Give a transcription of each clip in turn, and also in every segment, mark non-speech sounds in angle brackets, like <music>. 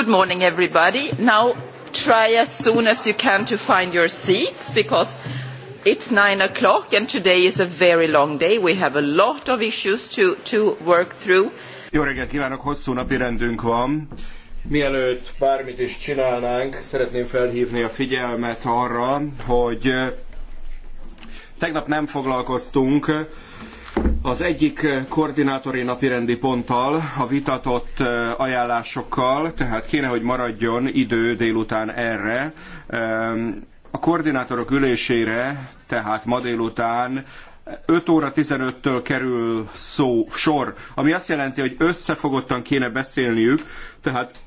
Good morning, everybody. Now try as soon as you can to find your seats because it's and today is a very long day. We have a lot of issues to, work through. Jó reggelt kívánok, hosszú napi rendünk van. Mielőtt bármit is csinálnánk, szeretném felhívni a figyelmet arra, hogy eh, tegnap nem foglalkoztunk az egyik eh, koordinátori napirendi ponttal, a vitatott eh, ajánlásokkal, tehát kéne, hogy maradjon idő délután erre. A koordinátorok ülésére, tehát ma délután 5 eh, óra 15-től kerül szó, sor, ami azt jelenti, hogy összefogottan kéne beszélniük, tehát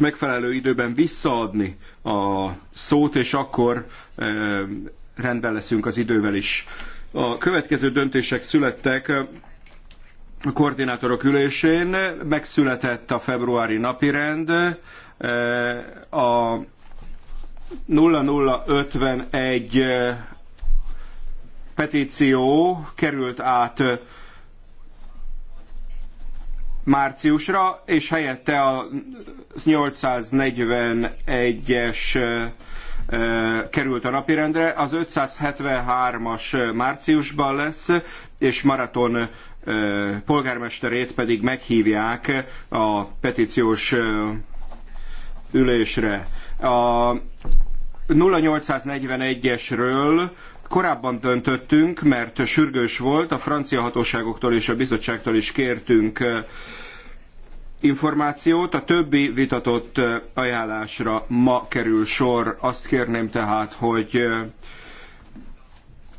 megfelelő időben visszaadni a szót, és akkor rendben leszünk az idővel is. A következő döntések születtek a koordinátorok ülésén, megszületett a februári napirend, a 0051 petíció került át márciusra, és helyette a 841-es került a napirendre. Az 573-as márciusban lesz, és maraton polgármesterét pedig meghívják a petíciós ülésre. A 0841-esről korábban döntöttünk, mert sürgős volt, a francia hatóságoktól és a bizottságtól is kértünk információt, a többi vitatott ajánlásra ma kerül sor. Azt kérném tehát, hogy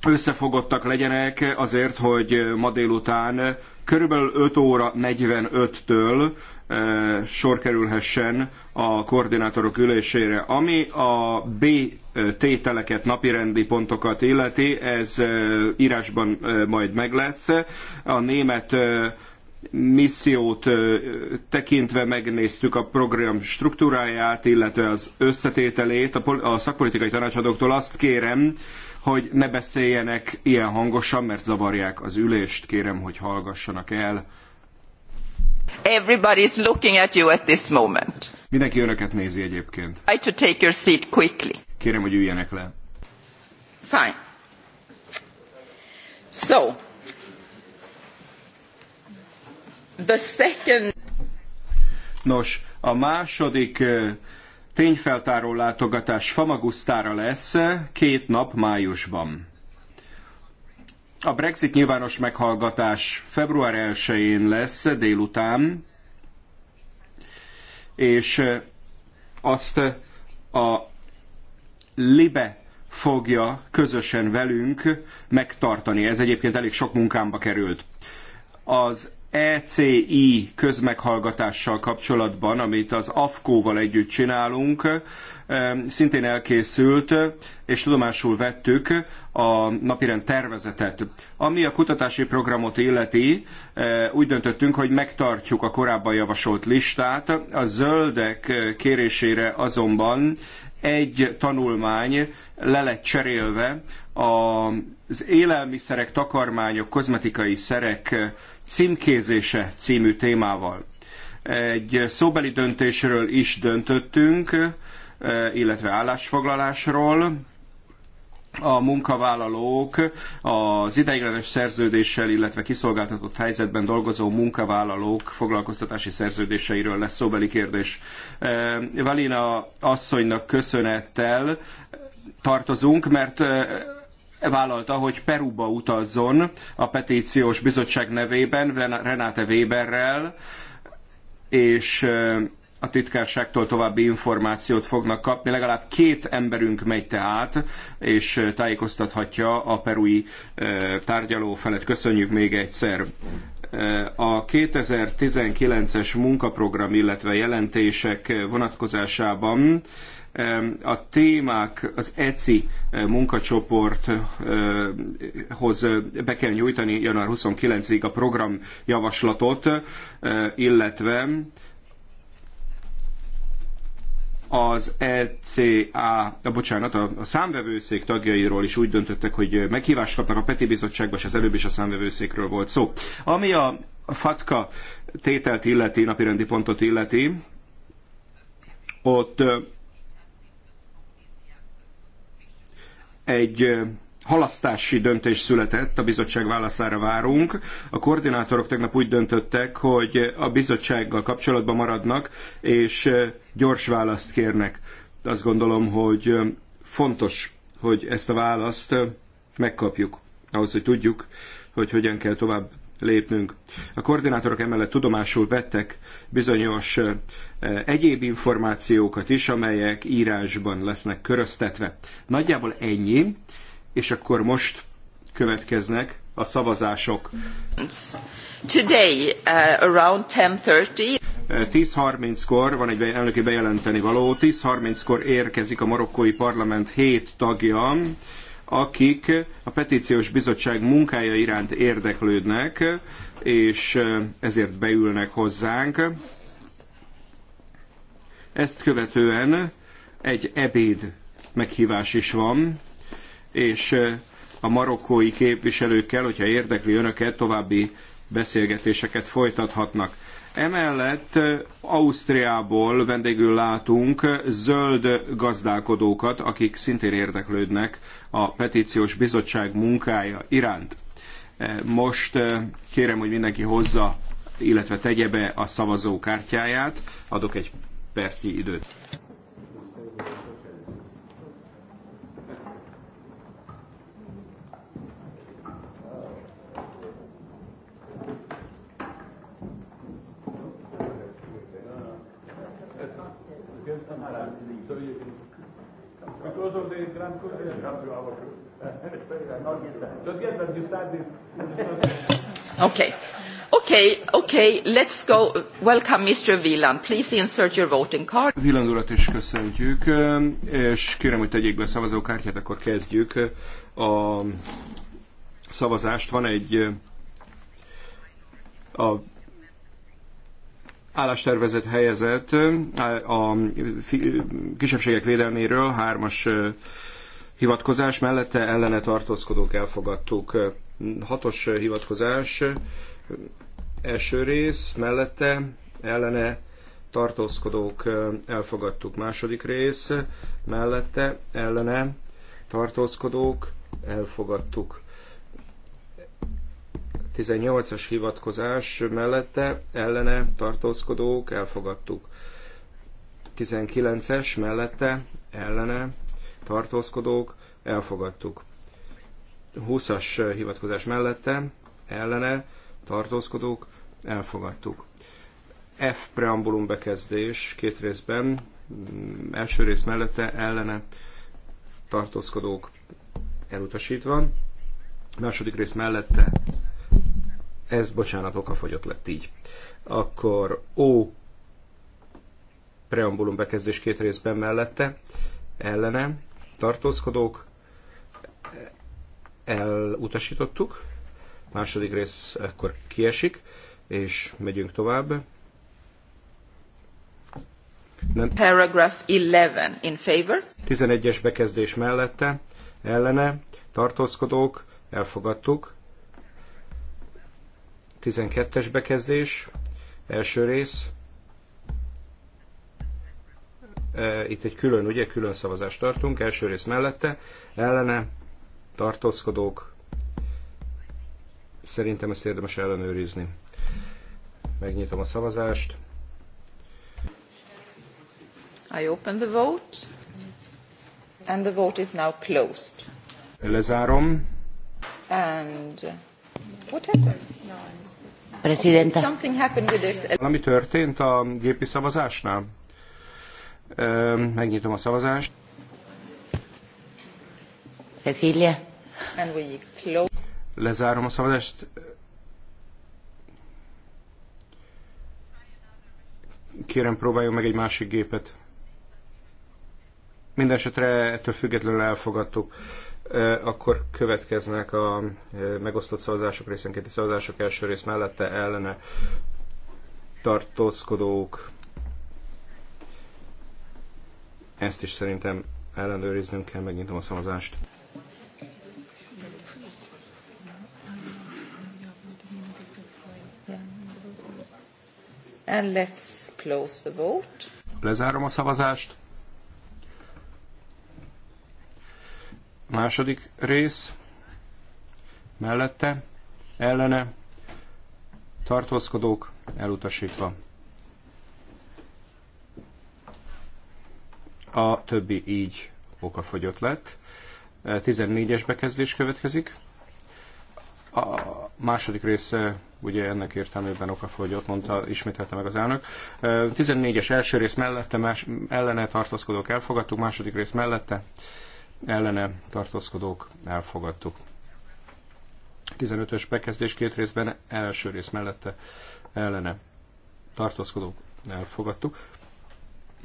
összefogottak legyenek azért, hogy ma délután körülbelül 5 óra 45-től sor kerülhessen a koordinátorok ülésére. Ami a B tételeket, napirendi pontokat illeti, ez írásban majd meg lesz. A német missziót tekintve megnéztük a program struktúráját, illetve az összetételét. A szakpolitikai tanácsadóktól azt kérem, hogy ne beszéljenek ilyen hangosan, mert zavarják az ülést. Kérem, hogy hallgassanak el. Everybody is looking at you at this moment. Mindenki önöket nézi egyébként. I to take your seat quickly. Kérem, hogy üljenek le. Fine. So, The second... Nos, a második tényfeltáró látogatás Famagusztára lesz két nap májusban. A Brexit nyilvános meghallgatás február 1-én lesz délután, és azt a Libe fogja közösen velünk megtartani. Ez egyébként elég sok munkámba került. Az ECI közmeghallgatással kapcsolatban, amit az AFKO-val együtt csinálunk, szintén elkészült, és tudomásul vettük a napirend tervezetet. Ami a kutatási programot illeti, e, úgy döntöttünk, hogy megtartjuk a korábban javasolt listát. A zöldek kérésére azonban egy tanulmány le lett cserélve az élelmiszerek, takarmányok, kozmetikai szerek címkézése című témával. Egy szóbeli döntésről is döntöttünk, e, illetve állásfoglalásról, a munkavállalók az ideiglenes szerződéssel, illetve kiszolgáltatott helyzetben dolgozó munkavállalók foglalkoztatási szerződéseiről lesz szóbeli kérdés. E, Valina asszonynak köszönettel tartozunk, mert e, vállalta, hogy Peruba utazzon a petíciós bizottság nevében, Renate Weberrel, és a titkárságtól további információt fognak kapni. Legalább két emberünk megy tehát, és tájékoztathatja a perui tárgyaló felett. Köszönjük még egyszer. Eh, a 2019-es munkaprogram, illetve jelentések eh, vonatkozásában eh, a témák az ECI munkacsoporthoz be kell nyújtani január 29-ig a programjavaslatot, illetve az ECA, a, bocsánat, a, a számvevőszék tagjairól is úgy döntöttek, hogy meghívást kapnak a Peti Bizottságba, és az előbb is a számvevőszékről volt szó. Ami a FATKA tételt illeti, napirendi pontot illeti, ott egy halasztási döntés született, a bizottság válaszára várunk. A koordinátorok tegnap úgy döntöttek, hogy a bizottsággal kapcsolatban maradnak, és gyors választ kérnek. Azt gondolom, hogy fontos, hogy ezt a választ megkapjuk, ahhoz, hogy tudjuk, hogy hogyan kell tovább lépnünk. A koordinátorok emellett tudomásul vettek bizonyos egyéb információkat is, amelyek írásban lesznek köröztetve. Nagyjából ennyi és akkor most következnek a szavazások. Today uh, around 10.30 10.30-kor eh, van egy elnöki bejelenteni való, 10.30-kor érkezik a marokkói parlament hét tagja, akik a petíciós bizottság munkája iránt érdeklődnek, és eh, ezért beülnek hozzánk. Ezt követően egy ebéd meghívás is van, és a marokkói képviselőkkel, hogyha érdekli önöket, további beszélgetéseket folytathatnak. Emellett Ausztriából vendégül látunk zöld gazdálkodókat, akik szintén érdeklődnek a petíciós bizottság munkája iránt. Most kérem, hogy mindenki hozza, illetve tegye be a szavazókártyáját. Adok egy percnyi időt. because of the grand Okay. Okay, okay, let's go. Welcome Mr. Wieland. Please insert your voting card. Wieland urat is köszöntjük, és kérem, hogy tegyék be a szavazókártyát, akkor kezdjük a szavazást. Van egy a állástervezet helyezett a kisebbségek védelméről hármas hivatkozás mellette ellene tartózkodók elfogadtuk. Hatos hivatkozás első rész mellette ellene tartózkodók elfogadtuk. Második rész mellette ellene tartózkodók elfogadtuk. 18-as hivatkozás mellette ellene tartózkodók elfogadtuk. 19-es mellette ellene tartózkodók elfogadtuk. 20-as hivatkozás mellette ellene tartózkodók elfogadtuk. F preambulum bekezdés két részben, mm, első rész mellette ellene tartózkodók elutasítva, második rész mellette ez, bocsánat, okafogyott lett így. Akkor O preambulum bekezdés két részben mellette, ellene, tartózkodók, elutasítottuk, második rész akkor kiesik, és megyünk tovább. Nem. Paragraph 11 in favor. 11-es bekezdés mellette, ellene, tartózkodók, elfogadtuk. 12-es bekezdés, első rész. E, itt egy külön, ugye, külön szavazást tartunk, első rész mellette, ellene, tartózkodók. Szerintem ezt érdemes ellenőrizni. Megnyitom a szavazást. I open the vote, and the vote is now closed. Lezárom. And what happened? No, Presidenta. Valami történt a gépi szavazásnál? Megnyitom a szavazást. Cecilia. Lezárom a szavazást. Kérem, próbáljon meg egy másik gépet. Mindenesetre ettől függetlenül elfogadtuk akkor következnek a megosztott szavazások részenkéti szavazások első rész mellette ellene tartózkodók. Ezt is szerintem ellenőriznünk kell, megnyitom a szavazást. And let's close the vote. Lezárom a szavazást. Második rész mellette, ellene, tartózkodók elutasítva. A többi így okafogyott lett. 14-es bekezdés következik. A második része ugye ennek értelmében okafogyott, mondta, ismételte meg az elnök. 14-es első rész mellette, más, ellene tartózkodók elfogadtuk, második rész mellette, ellene tartózkodók elfogadtuk. 15-ös bekezdés két részben, első rész mellette ellene tartózkodók elfogadtuk.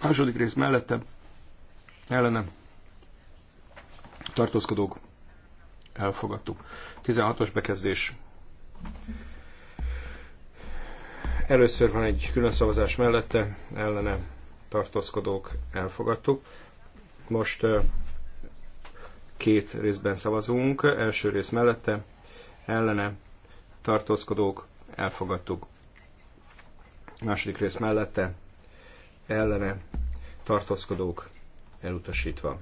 Második rész mellette ellene tartózkodók elfogadtuk. 16-os bekezdés. Először van egy külön szavazás mellette, ellene tartózkodók elfogadtuk. Most Két részben szavazunk, első rész mellette, ellene, tartózkodók, elfogadtuk. Második rész mellette, ellene, tartózkodók, elutasítva.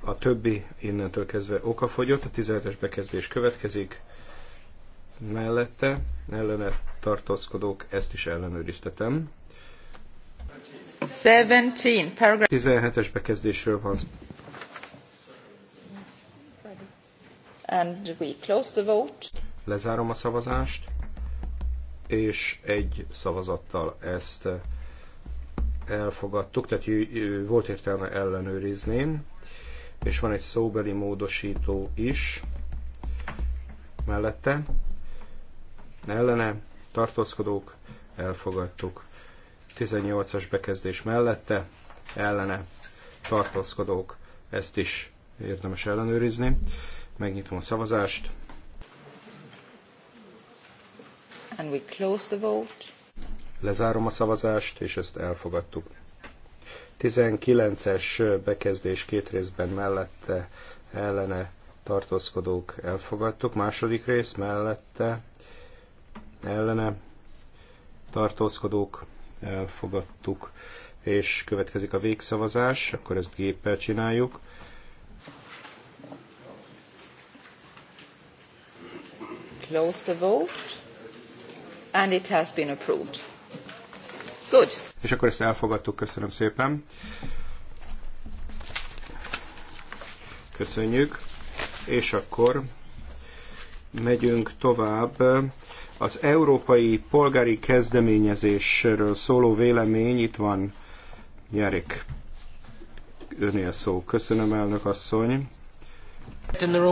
A többi innentől kezdve okafogyott, a 17-es bekezdés következik, mellette ellene tartózkodók, ezt is ellenőriztetem. 17, es bekezdésről van. And we close the vote. Lezárom a szavazást, és egy szavazattal ezt eh, elfogadtuk, tehát eh, volt értelme ellenőrizni, és van egy szóbeli módosító is mellette, ellene tartózkodók, elfogadtuk. 18-as bekezdés mellette, ellene tartózkodók, ezt is érdemes ellenőrizni. Megnyitom a szavazást. And we close the vote. Lezárom a szavazást, és ezt elfogadtuk. 19-es bekezdés két részben mellette ellene tartózkodók elfogadtuk, második rész mellette ellene tartózkodók elfogadtuk, és következik a végszavazás, akkor ezt géppel csináljuk. Close the vote, and it has been approved. Good. És akkor ezt elfogadtuk, köszönöm szépen. Köszönjük. És akkor megyünk tovább az európai polgári kezdeményezésről szóló vélemény itt van. Jerik, önél szó. Köszönöm, elnök asszony.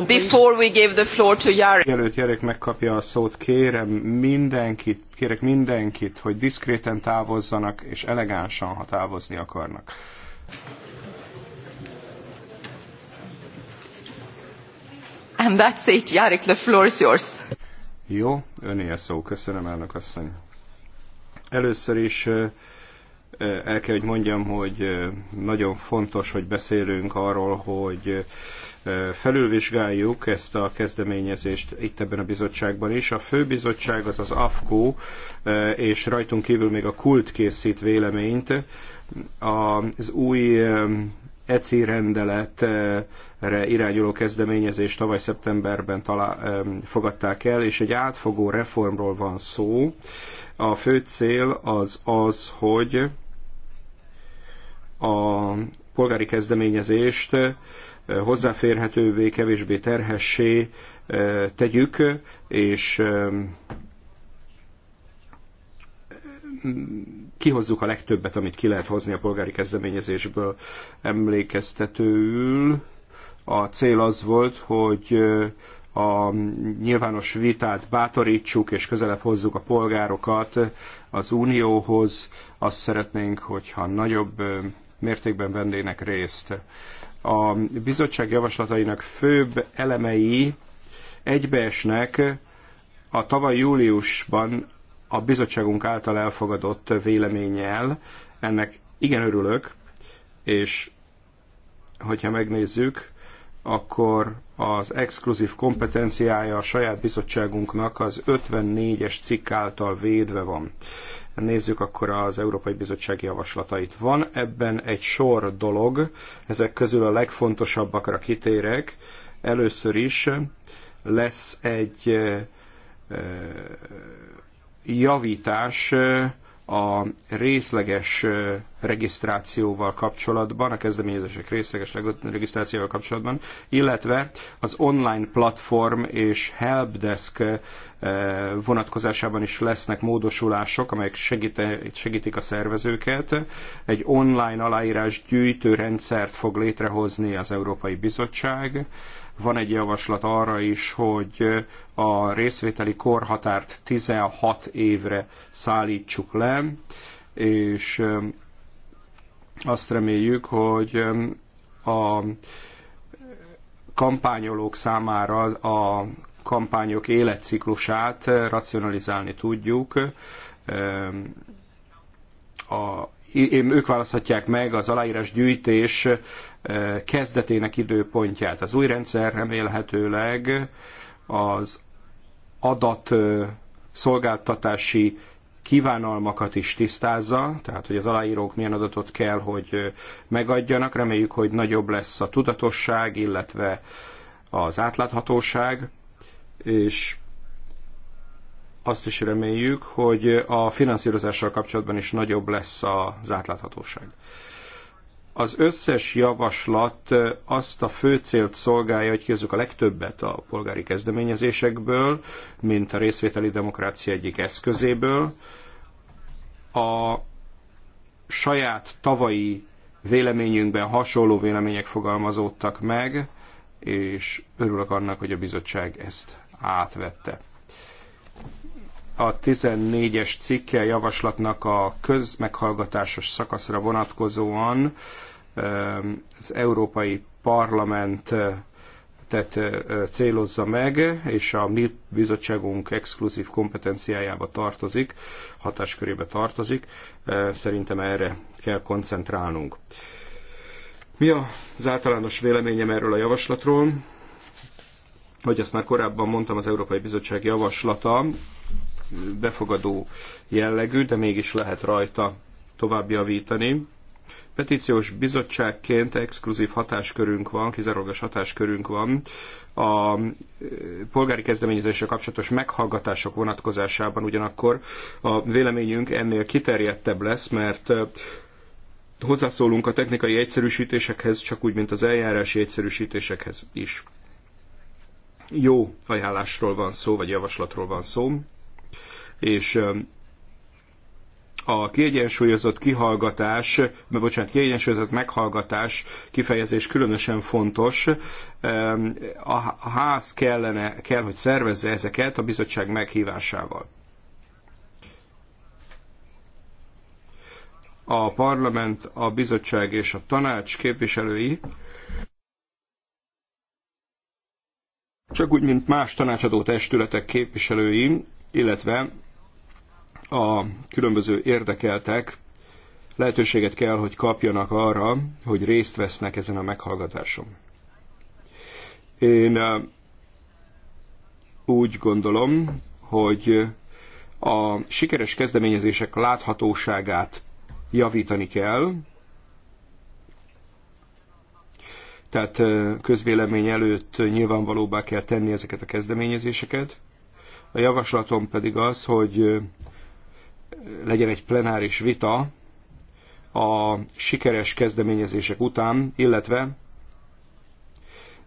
Before we give the floor to Jarek. Mielőtt Jarek megkapja a szót, kérem mindenkit, kérek mindenkit, hogy diszkréten távozzanak, és elegánsan, ha távozni akarnak. And that's it, Jarek, the floor is yours. Jó, öné a szó. Köszönöm, elnök asszony. Először is el kell, hogy mondjam, hogy nagyon fontos, hogy beszélünk arról, hogy felülvizsgáljuk ezt a kezdeményezést itt ebben a bizottságban is. A főbizottság az az AFKO, és rajtunk kívül még a KULT készít véleményt. Az új ECI rendeletre irányuló kezdeményezést tavaly szeptemberben talá, fogadták el, és egy átfogó reformról van szó. A fő cél az az, hogy a polgári kezdeményezést eh, hozzáférhetővé, kevésbé terhessé eh, tegyük, és kihozzuk a legtöbbet, amit ki lehet hozni a polgári kezdeményezésből emlékeztetőül. A cél az volt, hogy a nyilvános vitát bátorítsuk és közelebb hozzuk a polgárokat az unióhoz. Azt szeretnénk, hogyha nagyobb mértékben vennének részt. A bizottság javaslatainak főbb elemei egybeesnek a tavaly júliusban a bizottságunk által elfogadott véleménnyel. Ennek igen örülök, és hogyha megnézzük, akkor az exkluzív kompetenciája a saját bizottságunknak az 54-es cikk által védve van. Nézzük akkor az Európai Bizottság javaslatait. Van ebben egy sor dolog, ezek közül a legfontosabbakra kitérek. Először is lesz egy eh, javítás eh, a részleges eh, regisztrációval kapcsolatban, a kezdeményezések részleges regisztrációval kapcsolatban, illetve az online platform és helpdesk eh, vonatkozásában is lesznek módosulások, amelyek segítik a szervezőket. Egy online aláírás gyűjtő rendszert fog létrehozni az Európai Bizottság, van egy javaslat arra is, hogy a részvételi korhatárt 16 évre szállítsuk le, és um, azt reméljük, hogy um, a kampányolók számára a kampányok életciklusát racionalizálni tudjuk, um, ők választhatják meg az aláírás gyűjtés kezdetének időpontját. Az új rendszer remélhetőleg az adat szolgáltatási kívánalmakat is tisztázza, tehát hogy az aláírók milyen adatot kell, hogy megadjanak. Reméljük, hogy nagyobb lesz a tudatosság, illetve az átláthatóság, és azt is reméljük, hogy a finanszírozással kapcsolatban is nagyobb lesz az átláthatóság. Az összes javaslat azt a fő célt szolgálja, hogy kihozzuk a legtöbbet a polgári kezdeményezésekből, mint a részvételi demokrácia egyik eszközéből. A saját tavalyi véleményünkben hasonló vélemények fogalmazódtak meg, és örülök annak, hogy a bizottság ezt átvette a 14-es cikke javaslatnak a közmeghallgatásos szakaszra vonatkozóan ehm, az Európai Parlament tehát célozza meg, és a mi bizottságunk exkluzív kompetenciájába tartozik, hatáskörébe tartozik. Eh, szerintem erre kell koncentrálnunk. Mi az általános véleményem erről a javaslatról? Hogy ezt már korábban mondtam, az Európai Bizottság javaslata befogadó jellegű, de mégis lehet rajta tovább javítani. Petíciós bizottságként exkluzív hatáskörünk van, kizárólagos hatáskörünk van a e, polgári kezdeményezésre kapcsolatos meghallgatások vonatkozásában ugyanakkor a véleményünk ennél kiterjedtebb lesz, mert e, hozzászólunk a technikai egyszerűsítésekhez, csak úgy, mint az eljárási egyszerűsítésekhez is. Jó ajánlásról van szó, vagy javaslatról van szó és a kiegyensúlyozott kihallgatás, mert bocsánat, kiegyensúlyozott meghallgatás kifejezés különösen fontos. A ház kellene, kell, hogy szervezze ezeket a bizottság meghívásával. A parlament, a bizottság és a tanács képviselői csak úgy, mint más tanácsadó testületek képviselői, illetve a különböző érdekeltek lehetőséget kell, hogy kapjanak arra, hogy részt vesznek ezen a meghallgatáson. Én eh, úgy gondolom, hogy a sikeres kezdeményezések láthatóságát javítani kell, tehát eh, közvélemény előtt nyilvánvalóbbá kell tenni ezeket a kezdeményezéseket. A javaslatom pedig az, hogy eh, legyen egy plenáris vita a sikeres kezdeményezések után, illetve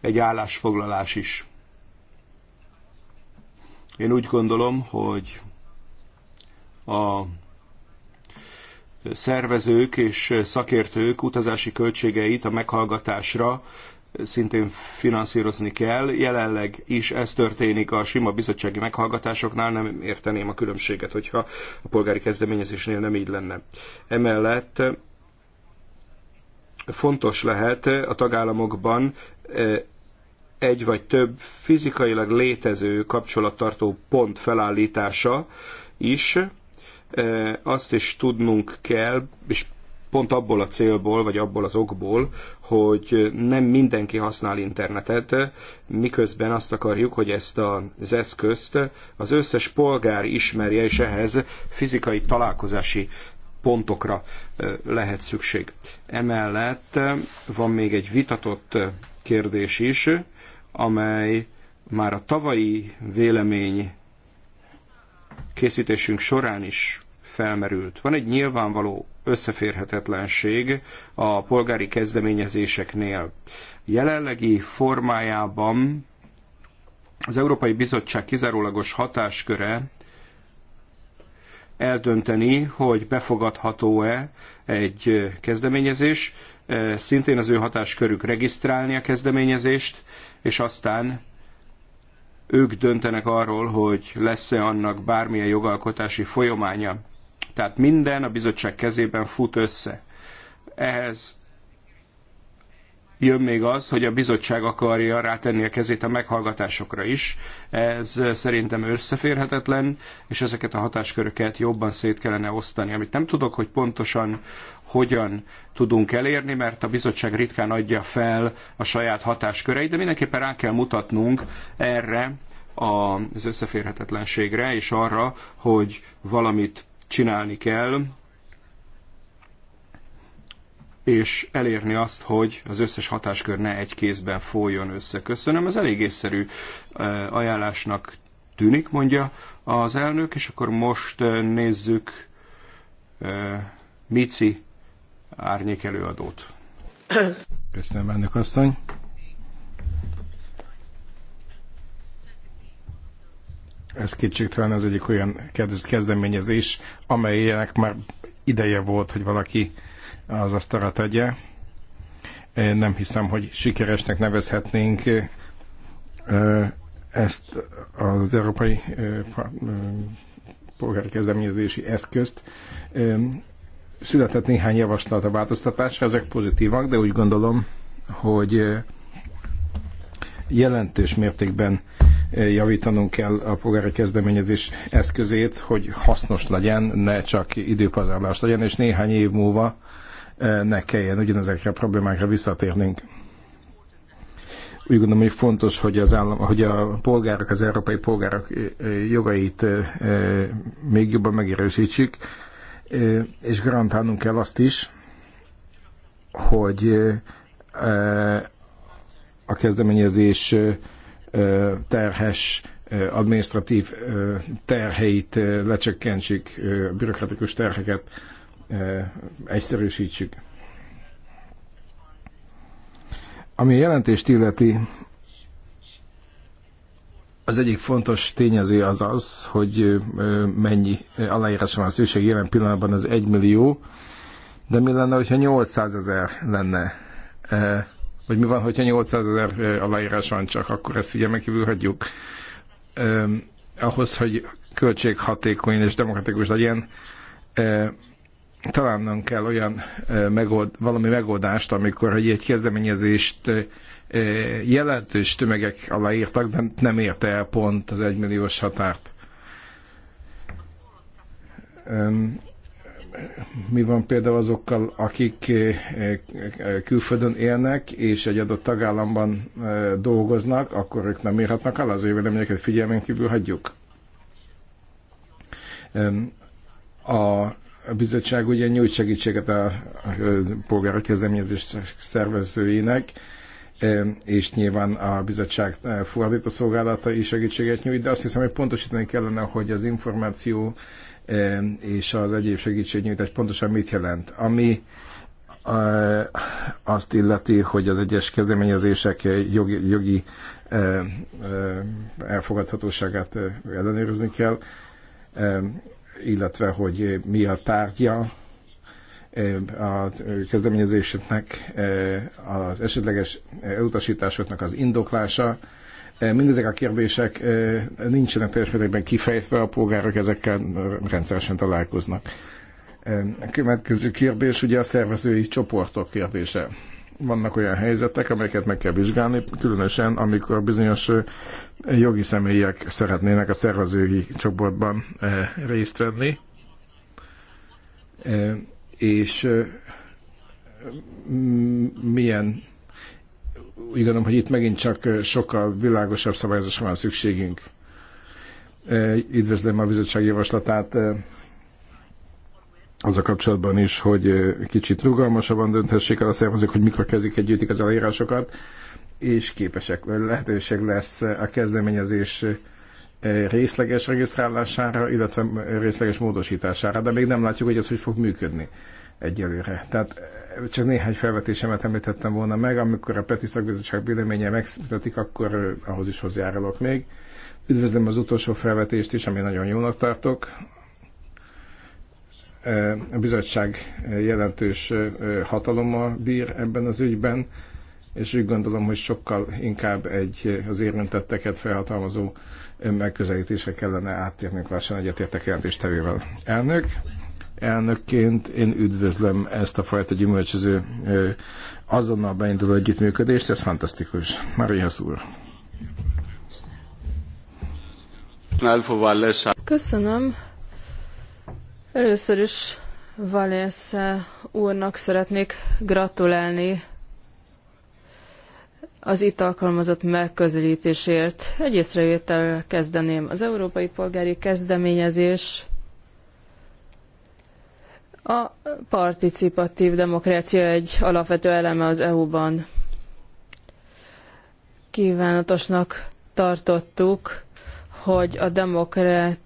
egy állásfoglalás is. Én úgy gondolom, hogy a szervezők és szakértők utazási költségeit a meghallgatásra szintén finanszírozni kell. Jelenleg is ez történik a sima bizottsági meghallgatásoknál, nem érteném a különbséget, hogyha a polgári kezdeményezésnél nem így lenne. Emellett fontos lehet a tagállamokban e, egy vagy több fizikailag létező kapcsolattartó pont felállítása is, e, azt is tudnunk kell, és pont abból a célból, vagy abból az okból, hogy nem mindenki használ internetet, miközben azt akarjuk, hogy ezt az eszközt az összes polgár ismerje, és ehhez fizikai találkozási pontokra lehet szükség. Emellett van még egy vitatott kérdés is, amely már a tavalyi vélemény készítésünk során is felmerült. Van egy nyilvánvaló összeférhetetlenség a polgári kezdeményezéseknél. Jelenlegi formájában az Európai Bizottság kizárólagos hatásköre eldönteni, hogy befogadható-e egy kezdeményezés, szintén az ő hatáskörük regisztrálni a kezdeményezést, és aztán ők döntenek arról, hogy lesz-e annak bármilyen jogalkotási folyamánya. Tehát minden a bizottság kezében fut össze. Ehhez jön még az, hogy a bizottság akarja rátenni a kezét a meghallgatásokra is. Ez szerintem összeférhetetlen, és ezeket a hatásköröket jobban szét kellene osztani. Amit nem tudok, hogy pontosan hogyan tudunk elérni, mert a bizottság ritkán adja fel a saját hatásköreit, de mindenképpen rá kell mutatnunk erre az összeférhetetlenségre, és arra, hogy valamit csinálni kell, és elérni azt, hogy az összes hatáskör ne egy kézben folyjon össze. Köszönöm, ez elég észszerű ajánlásnak tűnik, mondja az elnök, és akkor most nézzük Mici árnyék előadót. Köszönöm, elnök asszony. Ez kétségtelen az egyik olyan kezdeményezés, amelyének már ideje volt, hogy valaki az asztalra tegye. Nem hiszem, hogy sikeresnek nevezhetnénk ezt az európai polgári kezdeményezési eszközt. Született néhány javaslat a változtatásra, ezek pozitívak, de úgy gondolom, hogy jelentős mértékben javítanunk kell a polgári kezdeményezés eszközét, hogy hasznos legyen, ne csak időpazarlás legyen, és néhány év múlva e, ne kelljen ugyanezekre a problémákra visszatérnünk. Úgy gondolom, hogy fontos, hogy, az állam, hogy a polgárok, az európai polgárok e, e, jogait még jobban megerősítsük, és garantálnunk kell azt is, hogy a kezdeményezés terhes administratív terheit lecsökkentsük, bürokratikus terheket egyszerűsítsük. Ami a jelentést illeti, az egyik fontos tényező az az, hogy mennyi aláírásra van szükség. Jelen pillanatban az 1 millió, de mi lenne, hogyha 800 ezer lenne? Vagy mi van, hogyha 800 ezer aláírás van csak, akkor ezt figyelmen kívül hagyjuk. ahhoz, hogy költséghatékony és demokratikus legyen, találnunk kell olyan megold, valami megoldást, amikor egy, egy kezdeményezést jelentős tömegek aláírtak, de nem érte el pont az egymilliós határt mi van például azokkal, akik eh, eh, eh, külföldön élnek, és egy adott tagállamban dolgoznak, akkor ők nem írhatnak el az ő véleményeket figyelmen kívül hagyjuk. A bizottság ugye nyújt segítséget a polgári kezdeményezés szervezőinek, és nyilván a bizottság fordító szolgálata is segítséget nyújt, de azt hiszem, hogy pontosítani kellene, hogy az információ és az egyéb segítségnyújtás pontosan mit jelent. Ami azt illeti, hogy az egyes kezdeményezések jogi, jogi elfogadhatóságát ellenőrizni kell, illetve hogy mi a tárgya a kezdeményezéseknek, e, az esetleges e, elutasításoknak az indoklása, Mindezek a kérdések nincsenek teljes mértékben kifejtve, a polgárok ezekkel rendszeresen találkoznak. A következő kérdés ugye a szervezői csoportok kérdése. Vannak olyan helyzetek, amelyeket meg kell vizsgálni, különösen amikor bizonyos jogi személyek szeretnének a szervezői csoportban részt venni, és milyen úgy gondolom, hogy itt megint csak sokkal világosabb szabályozásra van szükségünk. Üdvözlöm a bizottság javaslatát az a kapcsolatban is, hogy kicsit rugalmasabban dönthessék el a szervezők, hogy mikor kezdik egy gyűjtik az aláírásokat, és képesek, lehetőség lesz a kezdeményezés részleges regisztrálására, illetve részleges módosítására, de még nem látjuk, hogy ez hogy fog működni egyelőre. Tehát csak néhány felvetésemet említettem volna meg, amikor a Peti Szakbizottság véleménye megszületik, akkor ahhoz is hozzájárulok még. Üdvözlöm az utolsó felvetést is, ami nagyon jónak tartok. A bizottság jelentős hatalommal bír ebben az ügyben, és úgy gondolom, hogy sokkal inkább egy az érintetteket felhatalmazó megközelítésre kellene áttérnünk lassan egyetértek jelentéstevővel. Elnök! elnökként én üdvözlöm ezt a fajta gyümölcsöző azonnal beinduló együttműködést, ez fantasztikus. Maria úr. Köszönöm. Először is Valész úrnak szeretnék gratulálni az itt alkalmazott megközelítésért. Egy észrevétellel kezdeném. Az Európai Polgári Kezdeményezés a participatív demokrácia egy alapvető eleme az EU-ban. Kívánatosnak tartottuk, hogy a demokrácia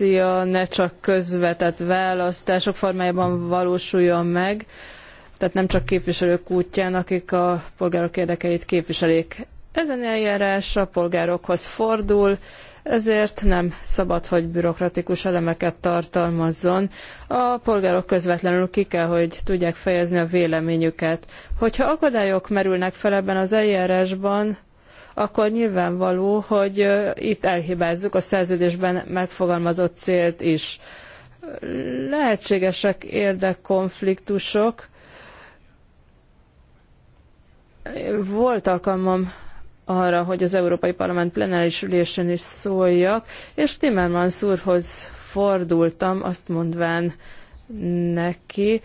demokrácia ne csak közvetett választások formájában valósuljon meg, tehát nem csak képviselők útján, akik a polgárok érdekeit képviselik. Ezen eljárás a polgárokhoz fordul, ezért nem szabad, hogy bürokratikus elemeket tartalmazzon. A polgárok közvetlenül ki kell, hogy tudják fejezni a véleményüket. Hogyha akadályok merülnek fel ebben az eljárásban, akkor nyilvánvaló, hogy itt elhibázzuk a szerződésben megfogalmazott célt is. Lehetségesek érdekkonfliktusok. Volt alkalmam arra, hogy az Európai Parlament plenáris ülésén is szóljak, és Timmermans úrhoz fordultam, azt mondván neki,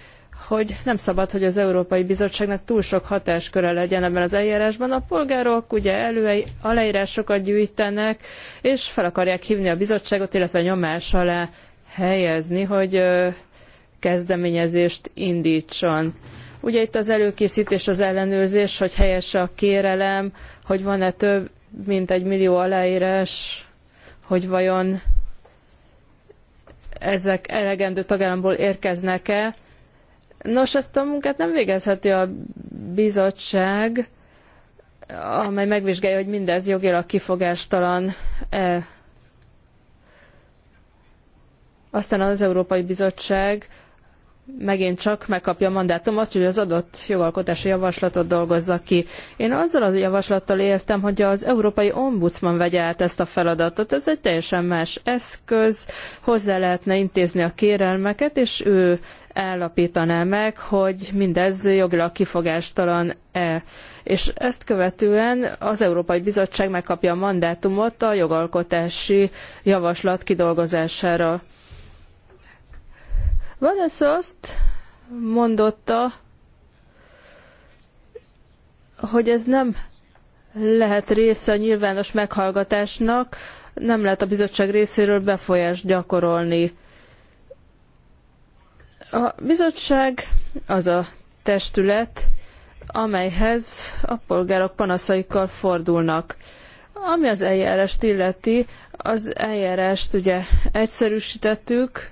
hogy nem szabad, hogy az Európai Bizottságnak túl sok hatásköre legyen ebben az eljárásban. A polgárok ugye elő, aláírásokat gyűjtenek, és fel akarják hívni a bizottságot, illetve nyomás alá helyezni, hogy kezdeményezést indítson. Ugye itt az előkészítés, az ellenőrzés, hogy helyes a kérelem, hogy van-e több, mint egy millió aláírás, hogy vajon ezek elegendő tagállamból érkeznek-e. Nos, ezt a munkát nem végezheti a bizottság, amely megvizsgálja, hogy mindez jogilag kifogástalan -e. Aztán az Európai Bizottság megint csak megkapja a mandátumot, hogy az adott jogalkotási javaslatot dolgozza ki. Én azzal a javaslattal éltem, hogy az Európai Ombudsman vegye át ezt a feladatot. Ez egy teljesen más eszköz, hozzá lehetne intézni a kérelmeket, és ő állapítaná meg, hogy mindez jogilag kifogástalan-e. És ezt követően az Európai Bizottság megkapja a mandátumot a jogalkotási javaslat kidolgozására. Vanessa azt mondotta, hogy ez nem lehet része a nyilvános meghallgatásnak, nem lehet a bizottság részéről befolyást gyakorolni. A bizottság az a testület, amelyhez a polgárok panaszaikkal fordulnak. Ami az eljárást illeti, az eljárást ugye egyszerűsítettük,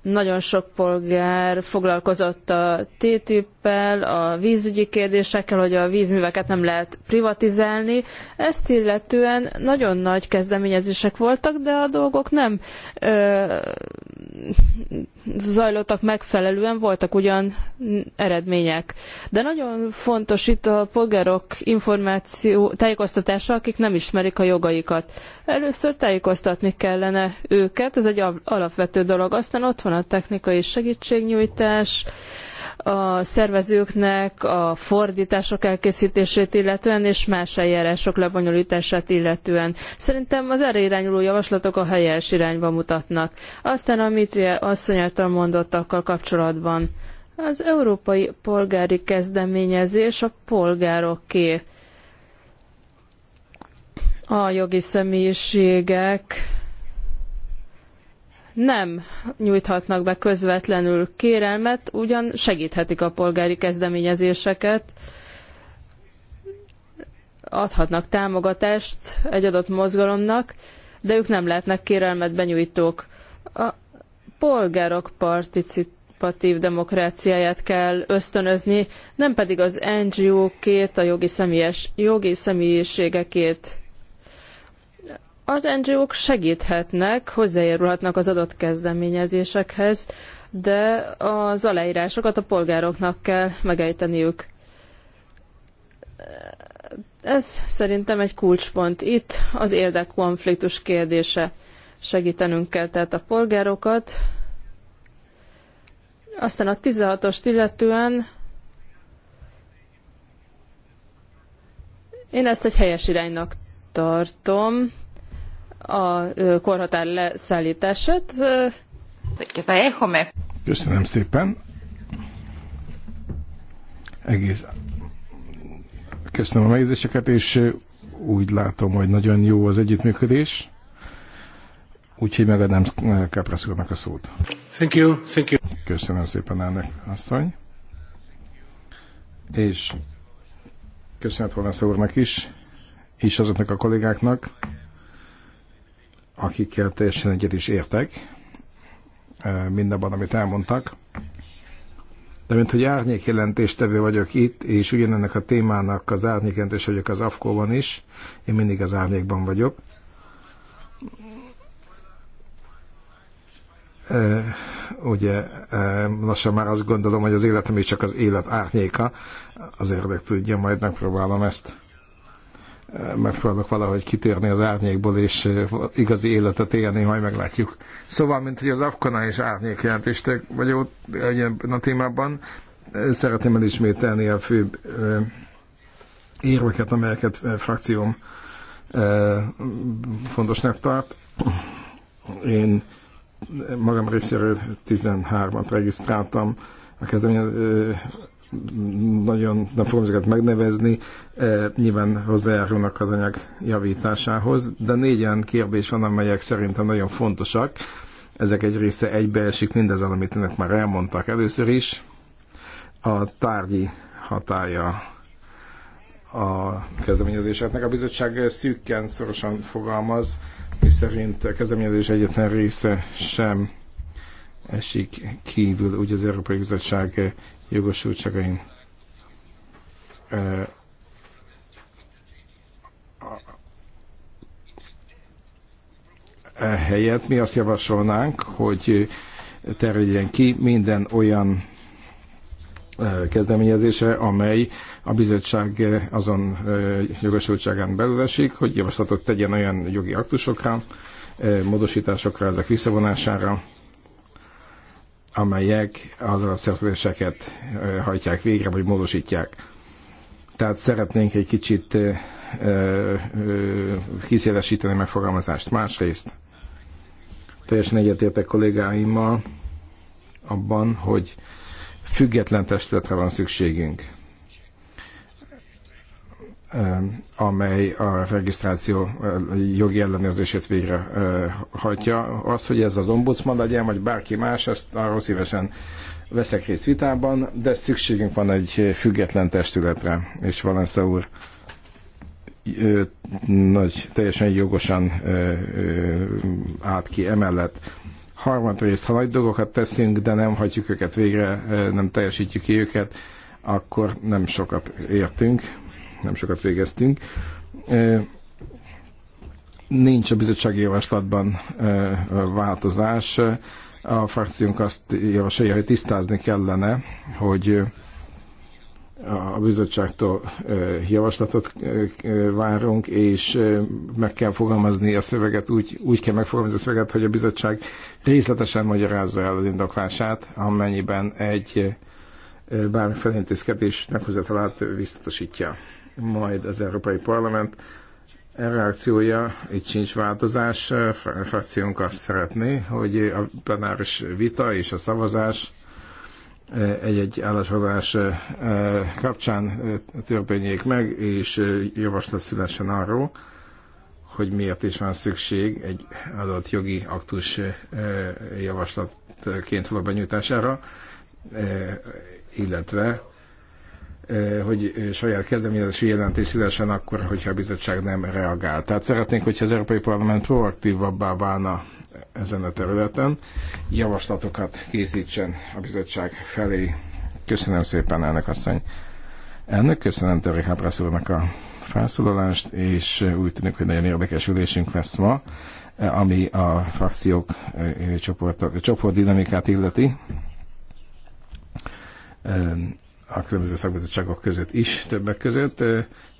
Nagyon sok polgár foglalkozott a TTIP-el, a vízügyi kérdésekkel, hogy a vízműveket nem lehet privatizálni. Ezt illetően nagyon nagy kezdeményezések voltak, de a dolgok nem ö, zajlottak megfelelően, voltak ugyan eredmények. De nagyon fontos itt a polgárok információ, tájékoztatása, akik nem ismerik a jogaikat. Először tájékoztatni kellene őket, ez egy alapvető dolog. Aztán ott van van a technikai segítségnyújtás, a szervezőknek a fordítások elkészítését illetően és más eljárások lebonyolítását illetően. Szerintem az erre irányuló javaslatok a helyes irányba mutatnak. Aztán a Mici asszony által mondottakkal kapcsolatban. Az európai polgári kezdeményezés a polgároké. A jogi személyiségek nem nyújthatnak be közvetlenül kérelmet, ugyan segíthetik a polgári kezdeményezéseket, adhatnak támogatást egy adott mozgalomnak, de ők nem lehetnek kérelmet benyújtók. A polgárok participatív demokráciáját kell ösztönözni, nem pedig az NGO-két, a jogi, személyes, jogi személyiségekét. Az NGO-k segíthetnek, hozzájárulhatnak az adott kezdeményezésekhez, de az aláírásokat a polgároknak kell megejteniük. Ez szerintem egy kulcspont. Itt az érdekkonfliktus kérdése. Segítenünk kell tehát a polgárokat. Aztán a 16-ost illetően én ezt egy helyes iránynak tartom a korhatár leszállítását. Köszönöm szépen. Egész. Köszönöm a megjegyzéseket, és úgy látom, hogy nagyon jó az együttműködés. Úgyhogy megadnám Káprasz úrnak a szót. Thank you, thank you. Köszönöm szépen, elnök asszony. És köszönet volna úrnak is, és azoknak a kollégáknak, akikkel teljesen egyet is értek mindenben, amit elmondtak. De mint hogy árnyék vagyok itt, és ugyanennek a témának az árnyék vagyok az afkóban is, én mindig az árnyékban vagyok. E, ugye e, lassan már azt gondolom, hogy az életem is csak az élet árnyéka, az érdek tudja, majd megpróbálom ezt megpróbálok valahogy kitérni az árnyékból, és igazi életet élni, majd meglátjuk. Szóval, mint hogy az Afkana és árnyék jelentéstek vagyok ebben a témában, szeretném elismételni a fő érveket, amelyeket frakcióm fontosnak tart. Én magam részéről 13-at regisztráltam a kezdeményezés nagyon nem fogom ezeket megnevezni, e, nyilván hozzájárulnak az anyag javításához, de négy olyan kérdés van, amelyek szerintem nagyon fontosak. Ezek egy része egybeesik mindez, amit önök már elmondtak először is. A tárgyi hatája a kezdeményezéseknek. A bizottság szűkken szorosan fogalmaz, miszerint a kezdeményezés egyetlen része sem esik kívül, úgy az Európai Bizottság jogosultságain e helyett mi azt javasolnánk, hogy terjedjen ki minden olyan kezdeményezése, amely a bizottság azon jogosultságán belül esik, hogy javaslatot tegyen olyan jogi aktusokra, módosításokra, ezek visszavonására, amelyek az alapszerződéseket hajtják végre, vagy módosítják. Tehát szeretnénk egy kicsit kiszélesíteni megfogalmazást. Másrészt teljesen egyetértek kollégáimmal abban, hogy független testületre van szükségünk Eh, amely a regisztráció eh, jogi ellenőrzését végrehajtja. Eh, az, hogy ez az ombudsman legyen, vagy bárki más, ezt arról szívesen veszek részt vitában, de szükségünk van egy független testületre, és Valensza úr nagy, teljesen jogosan állt ki emellett. Harmadrészt, ha nagy dolgokat teszünk, de nem hagyjuk őket végre, nem teljesítjük ki őket, akkor nem sokat értünk nem sokat végeztünk. Nincs a bizottsági javaslatban változás. A frakciónk azt javasolja, hogy tisztázni kellene, hogy a bizottságtól javaslatot várunk, és meg kell fogalmazni a szöveget, úgy, úgy kell megfogalmazni a szöveget, hogy a bizottság részletesen magyarázza el az indoklását, amennyiben egy bármiféle felintézkedés meghozatalát visszatosítja majd az Európai Parlament e reakciója, itt sincs változás, a e frakciónk azt szeretné, hogy a plenáris vita és a szavazás e, egy-egy állásfoglalás kapcsán történjék meg, és javaslat szülessen arról, hogy miért is van szükség egy adott jogi aktus javaslatként való benyújtására, illetve hogy saját kezdeményezési jelentés szívesen akkor, hogyha a bizottság nem reagál. Tehát szeretnénk, hogyha az Európai Parlament proaktívabbá válna ezen a területen, javaslatokat készítsen a bizottság felé. Köszönöm szépen, elnök asszony. Elnök, köszönöm Törri Hábrászolónak a felszólalást, és úgy tűnik, hogy nagyon érdekes ülésünk lesz ma, ami a frakciók csoport, csoport dinamikát illeti a különböző szakbizottságok között is többek között.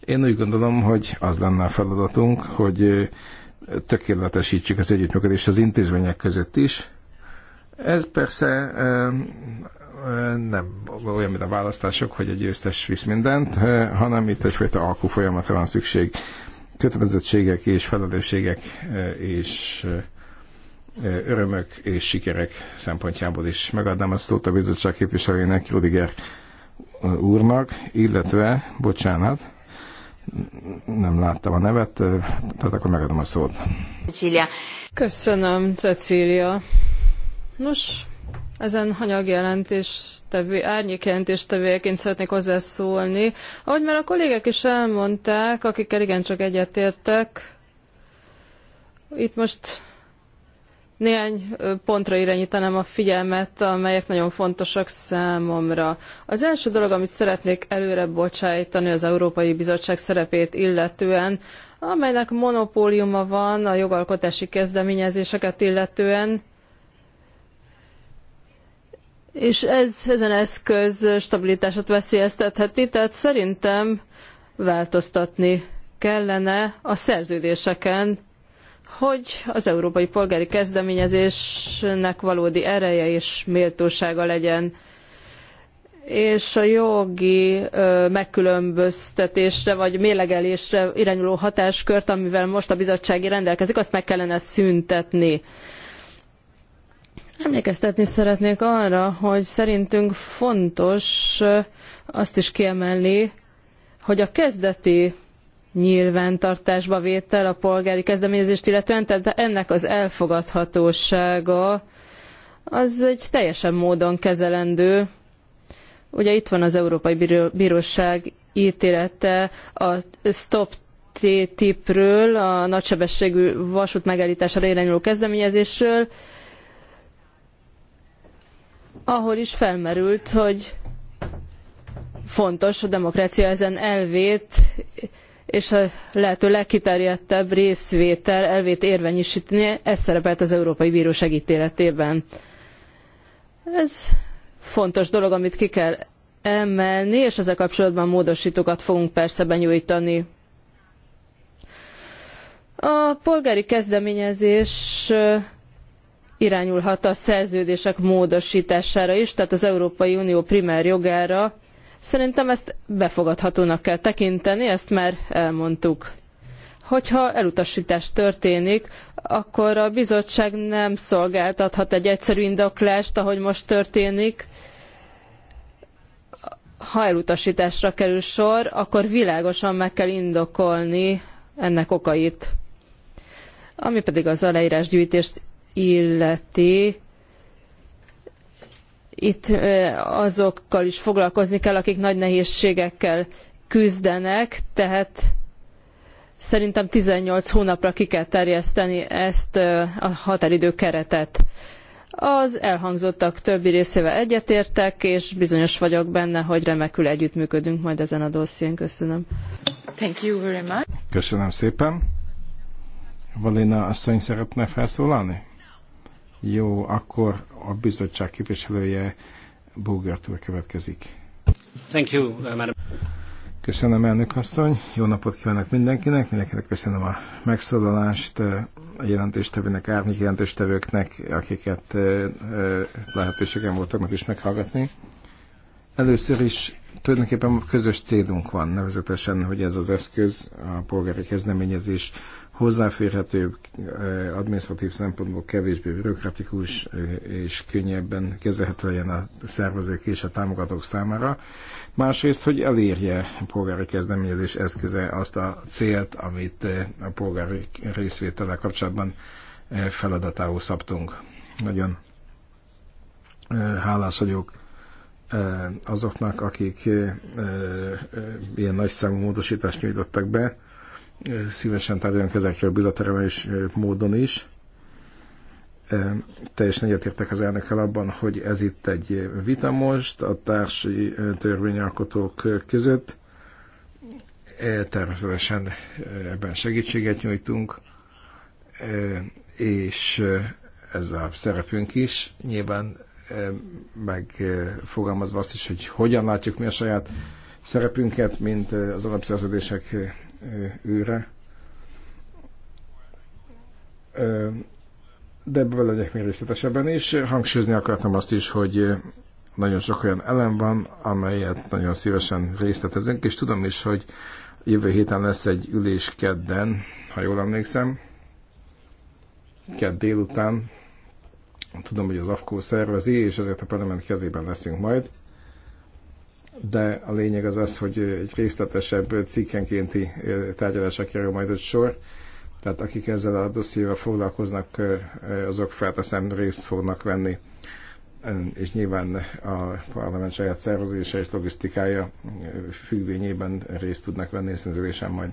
Én úgy gondolom, hogy az lenne a feladatunk, hogy tökéletesítsük az együttműködést az intézmények között is. Ez persze nem olyan, mint a választások, hogy egy győztes visz mindent, hanem itt egyfajta alkú folyamatra van szükség. Kötelezettségek és felelősségek és örömök és sikerek szempontjából is. Megadnám a szót a bizottság képviselőjének, Rudiger úrnak, illetve, bocsánat, nem láttam a nevet, tehát akkor megadom a szót. Cecilia. Köszönöm, Cecília. Nos, ezen anyagjelentés tevő, árnyékjelentés tevőjeként szeretnék hozzászólni. Ahogy már a kollégek is elmondták, akikkel igencsak egyetértek, itt most néhány pontra irányítanám a figyelmet, amelyek nagyon fontosak számomra. Az első dolog, amit szeretnék előre bocsájtani az Európai Bizottság szerepét illetően, amelynek monopóliuma van a jogalkotási kezdeményezéseket illetően, és ez, ezen eszköz stabilitását veszélyeztetheti, tehát szerintem változtatni kellene a szerződéseken, hogy az európai polgári kezdeményezésnek valódi ereje és méltósága legyen és a jogi ö, megkülönböztetésre vagy mélegelésre irányuló hatáskört, amivel most a bizottsági rendelkezik, azt meg kellene szüntetni. Emlékeztetni szeretnék arra, hogy szerintünk fontos azt is kiemelni, hogy a kezdeti nyilvántartásba vétel a polgári kezdeményezést illetően, tehát ennek az elfogadhatósága az egy teljesen módon kezelendő. Ugye itt van az Európai Bíróság ítélete a Stop TTIP-ről, a nagysebességű vasút megállítására irányuló kezdeményezésről, ahol is felmerült, hogy fontos a demokrácia ezen elvét és a lehető legkiterjedtebb részvétel elvét érvényesíteni, ez szerepelt az Európai Bíróság ítéletében. Ez fontos dolog, amit ki kell emelni, és ezzel kapcsolatban módosítókat fogunk persze benyújtani. A polgári kezdeményezés irányulhat a szerződések módosítására is, tehát az Európai Unió primár jogára, Szerintem ezt befogadhatónak kell tekinteni, ezt már elmondtuk. Hogyha elutasítás történik, akkor a bizottság nem szolgáltathat egy egyszerű indoklást, ahogy most történik, ha elutasításra kerül sor, akkor világosan meg kell indokolni ennek okait. Ami pedig az aláírásgyűjtést illeti, itt azokkal is foglalkozni kell, akik nagy nehézségekkel küzdenek, tehát szerintem 18 hónapra ki kell terjeszteni ezt a határidő keretet. Az elhangzottak többi részével egyetértek, és bizonyos vagyok benne, hogy remekül együttműködünk majd ezen a dosszién. Köszönöm. Thank you very much. Köszönöm szépen. Valina asszony szeretne felszólalni? Jó, akkor a bizottság képviselője Bogart következik. Thank you, uh, madam. Köszönöm, elnök asszony. Jó napot kívánok mindenkinek. Mindenkinek köszönöm a megszólalást uh, a jelentéstevőnek, árnyék jelentéstevőknek, akiket uh, lehetőségem volt annak is meghallgatni. Először is tulajdonképpen közös célunk van, nevezetesen, hogy ez az eszköz, a polgári kezdeményezés hozzáférhető, eh, administratív szempontból kevésbé bürokratikus eh, és könnyebben kezelhető legyen a szervezők és a támogatók számára. Másrészt, hogy elérje a polgári kezdeményezés eszköze azt a célt, amit eh, a polgári részvétele kapcsolatban feladatául szabtunk. Nagyon hálás vagyok azoknak, akik ilyen számú módosítást nyújtottak be, szívesen tárgyalunk ezekről bilaterális módon is. Teljesen egyetértek az elnökkel abban, hogy ez itt egy vita most a társi törvényalkotók között. Természetesen ebben segítséget nyújtunk, és ez a szerepünk is. Nyilván megfogalmazva azt is, hogy hogyan látjuk mi a saját szerepünket, mint az alapszerződések őre. De ebből legyek még részletesebben is. Hangsúlyozni akartam azt is, hogy nagyon sok olyan elem van, amelyet nagyon szívesen részletezünk, és tudom is, hogy jövő héten lesz egy ülés kedden, ha jól emlékszem, kedd délután. Tudom, hogy az AFKO szervezi, és ezért a parlament kezében leszünk majd de a lényeg az az, hogy egy részletesebb cikkenkénti tárgyalásra kerül majd ott sor. Tehát akik ezzel a dossziéval foglalkoznak, azok felteszem részt fognak venni. És nyilván a parlament saját szervezése és logisztikája függvényében részt tudnak venni ezen majd.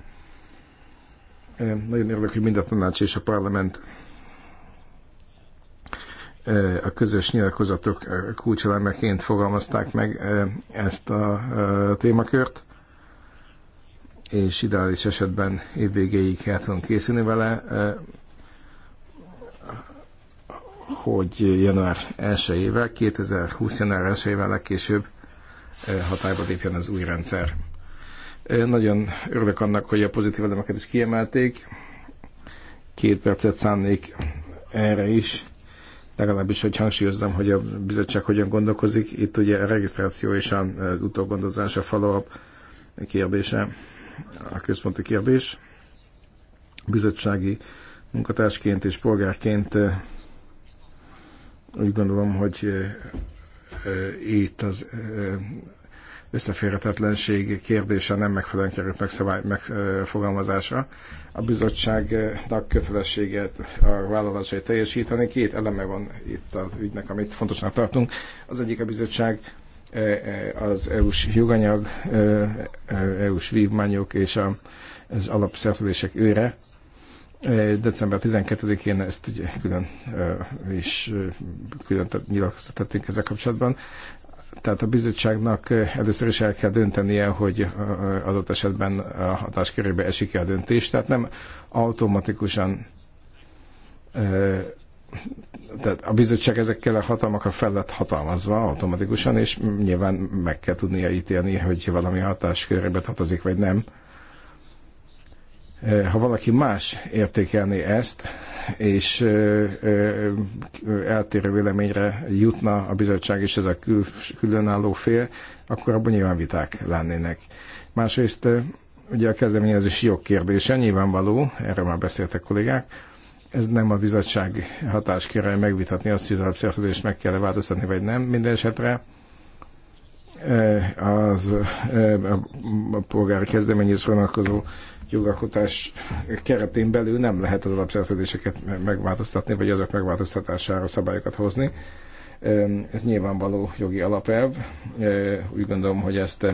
Nagyon örülök, hogy mind a tanács és a parlament a közös nyilatkozatok kulcselemeként fogalmazták meg ezt a témakört, és ideális esetben évvégéig el tudunk készülni vele, hogy január 1-ével, 2020. január 1-ével legkésőbb hatályba lépjen az új rendszer. Nagyon örülök annak, hogy a pozitív elemeket is kiemelték. Két percet szánnék erre is legalábbis, hogy hangsúlyozzam, hogy a bizottság hogyan gondolkozik. Itt ugye a regisztráció és az utógondozás, a follow-up kérdése, a központi kérdés. Bizottsági munkatársként és polgárként úgy gondolom, hogy itt az összeférhetetlenség kérdése nem megfelelően került megfogalmazásra. A bizottságnak kötelességet a vállalásait teljesíteni. Két eleme van itt az ügynek, amit fontosnak tartunk. Az egyik a bizottság az EU-s joganyag, EU-s vívmányok és az alapszerződések őre. December 12-én ezt ugye külön is külön nyilatkoztatunk ezzel kapcsolatban. Tehát a bizottságnak eh, először is el kell döntenie, hogy eh, adott esetben a hatáskörébe esik-e a döntés, tehát nem automatikusan eh, tehát a bizottság ezekkel a hatalmakra fel lett hatalmazva automatikusan, és nyilván meg kell tudnia ítélni, hogy valami hatáskörébe tartozik, vagy nem. Eh, ha valaki más értékelné ezt, és eh, eh, eltérő véleményre jutna a bizottság és ez a kül, különálló fél, akkor abban nyilván viták lennének. Másrészt ugye a kezdeményezés jogkérdése nyilvánvaló, erről már beszéltek kollégák, ez nem a bizottság hatásköre megvitatni azt, hogy a szerződést meg kell -e változtatni, vagy nem. Minden esetre az a polgári kezdeményezés vonatkozó jogalkotás keretén belül nem lehet az alapszerződéseket megváltoztatni, vagy azok megváltoztatására szabályokat hozni. Ez nyilvánvaló jogi alapelv. Úgy gondolom, hogy ezt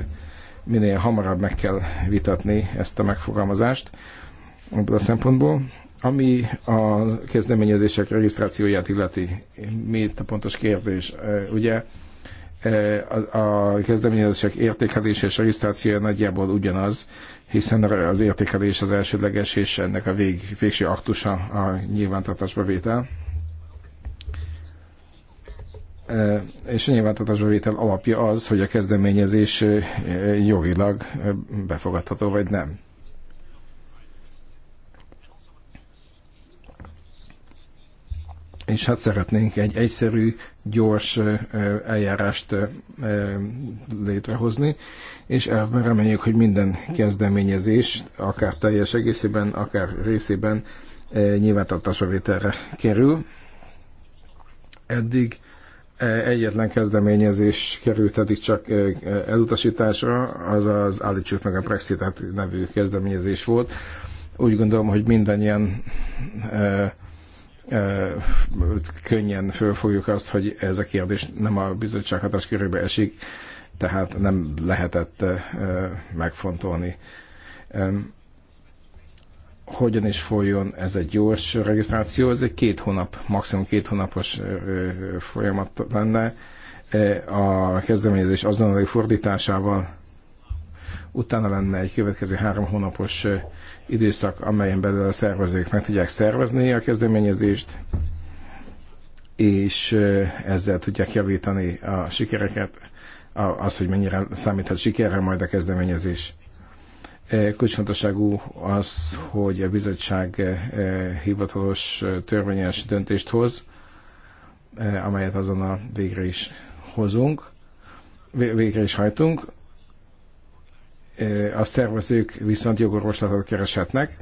minél hamarabb meg kell vitatni, ezt a megfogalmazást ebből a szempontból. Ami a kezdeményezések regisztrációját illeti, mi itt a pontos kérdés? Ugye Eh, a kezdeményezések értékelése és regisztrációja nagyjából ugyanaz, hiszen az értékelés az elsődleges, és ennek a vég, végső aktusa a nyilvántartásba vétel. Eh, és a nyilvántartásba vétel alapja az, hogy a kezdeményezés eh, jogilag befogadható vagy nem. és hát szeretnénk egy egyszerű, gyors eljárást létrehozni, és elben reméljük, hogy minden kezdeményezés, akár teljes egészében, akár részében nyilvántartásra vételre kerül. Eddig egyetlen kezdeményezés került eddig csak elutasításra, az az Állítsuk meg a brexit nevű kezdeményezés volt. Úgy gondolom, hogy mindannyian könnyen fölfogjuk azt, hogy ez a kérdés nem a bizottság hatáskörébe esik, tehát nem lehetett megfontolni. Hogyan is folyjon ez egy gyors regisztráció? Ez egy két hónap, maximum két hónapos folyamat lenne. A kezdeményezés azonnali fordításával utána lenne egy következő három hónapos időszak, amelyen belül a szervezők meg tudják szervezni a kezdeményezést, és ezzel tudják javítani a sikereket, az, hogy mennyire számíthat sikerre majd a kezdeményezés. Kulcsfontosságú az, hogy a bizottság hivatalos törvényes döntést hoz, amelyet azonnal végre is hozunk, végre is hajtunk a szervezők viszont jogorvoslatot kereshetnek.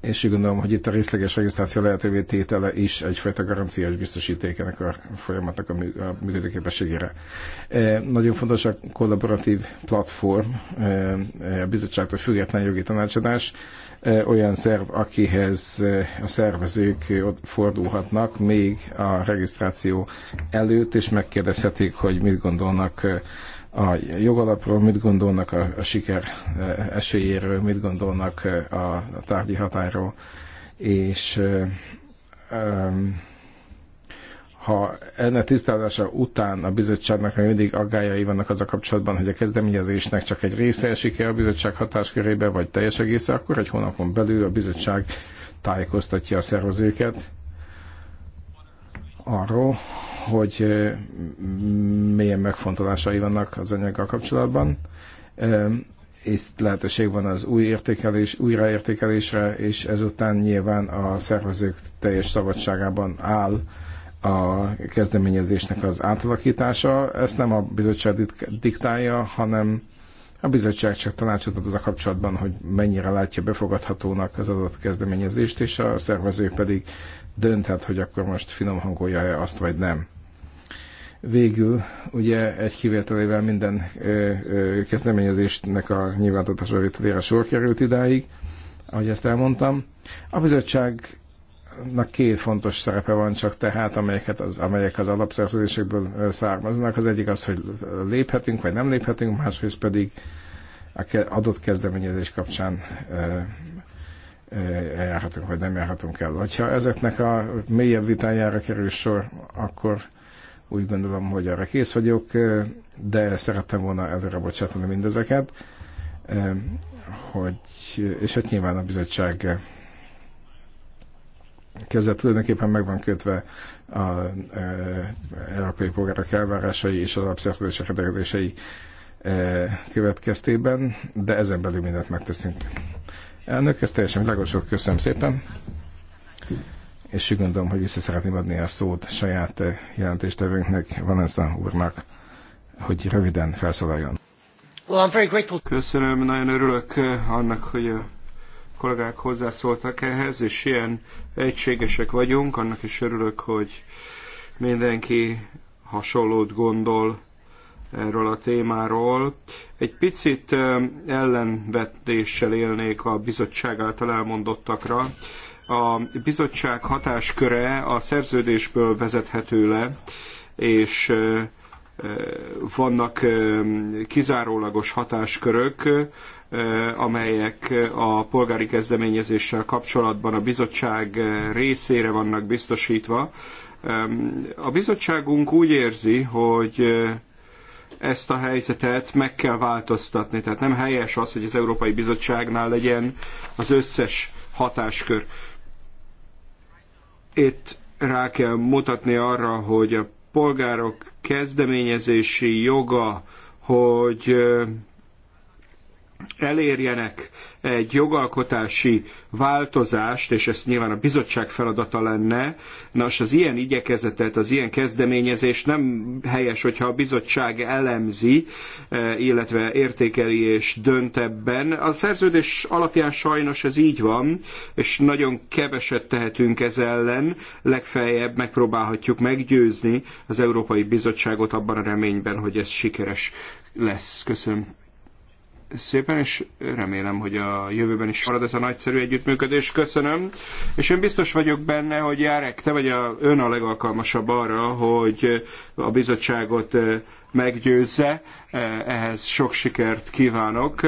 És úgy gondolom, hogy itt a részleges regisztráció lehetővé tétele is egyfajta garanciás biztosíték ennek a folyamatnak a, a működőképességére. Nagyon fontos a kollaboratív platform, a bizottságtól független jogi tanácsadás, olyan szerv, akihez a szervezők fordulhatnak még a regisztráció előtt, és megkérdezhetik, hogy mit gondolnak a jogalapról, mit gondolnak a, a siker esélyéről, mit gondolnak a tárgyi határól, és um, ha ennek tisztázása után a bizottságnak még mindig aggájai vannak az a kapcsolatban, hogy a kezdeményezésnek csak egy része esik el a bizottság hatáskörébe, vagy teljes egésze, akkor egy hónapon belül a bizottság tájékoztatja a szervezőket arról, hogy milyen megfontolásai vannak az anyaggal kapcsolatban. És lehetőség van az új értékelés, újraértékelésre, és ezután nyilván a szervezők teljes szabadságában áll, a kezdeményezésnek az átalakítása. Ezt nem a bizottság diktálja, hanem a bizottság csak tanácsot ad az a kapcsolatban, hogy mennyire látja befogadhatónak az adott kezdeményezést, és a szervező pedig dönthet, hogy akkor most finom hangolja-e azt, vagy nem. Végül, ugye egy kivételével minden ö, ö, kezdeményezésnek a nyilvántartásra vételére sor került idáig, ahogy ezt elmondtam. A bizottság na két fontos szerepe van csak tehát, amelyeket az, amelyek az alapszerződésekből származnak. Az egyik az, hogy léphetünk, vagy nem léphetünk, másrészt pedig a adott kezdeményezés kapcsán eljárhatunk, vagy nem járhatunk el. Ha ezeknek a mélyebb vitájára kerül sor, akkor úgy gondolom, hogy erre kész vagyok, de szerettem volna előre bocsátani mindezeket, hogy, és hát nyilván a bizottság kezdet tulajdonképpen meg van kötve a e, európai polgárok elvárásai és az alapszerződések rendelkezései e, következtében, de ezen belül mindent megteszünk. Elnök, ez teljesen világos köszönöm szépen, és úgy gondolom, hogy vissza szeretném adni a szót saját e, jelentéstevőnknek, Vanessa úrnak, hogy röviden felszólaljon. Well, I'm very grateful. Köszönöm, nagyon örülök annak, hogy kollégák hozzászóltak ehhez, és ilyen egységesek vagyunk, annak is örülök, hogy mindenki hasonlót gondol erről a témáról. Egy picit ellenvetéssel élnék a bizottság által elmondottakra. A bizottság hatásköre a szerződésből vezethető le, és vannak kizárólagos hatáskörök, amelyek a polgári kezdeményezéssel kapcsolatban a bizottság részére vannak biztosítva. A bizottságunk úgy érzi, hogy ezt a helyzetet meg kell változtatni. Tehát nem helyes az, hogy az Európai Bizottságnál legyen az összes hatáskör. Itt rá kell mutatni arra, hogy a polgárok kezdeményezési joga, hogy elérjenek egy jogalkotási változást, és ez nyilván a bizottság feladata lenne, nos, az ilyen igyekezetet, az ilyen kezdeményezést nem helyes, hogyha a bizottság elemzi, eh, illetve értékeli és dönt ebben. A szerződés alapján sajnos ez így van, és nagyon keveset tehetünk ez ellen, legfeljebb megpróbálhatjuk meggyőzni az Európai Bizottságot abban a reményben, hogy ez sikeres lesz. Köszönöm szépen, és remélem, hogy a jövőben is marad ez a nagyszerű együttműködés. Köszönöm. És én biztos vagyok benne, hogy Járek, te vagy a, ön a legalkalmasabb arra, hogy a bizottságot eh, meggyőzze. Eh, ehhez sok sikert kívánok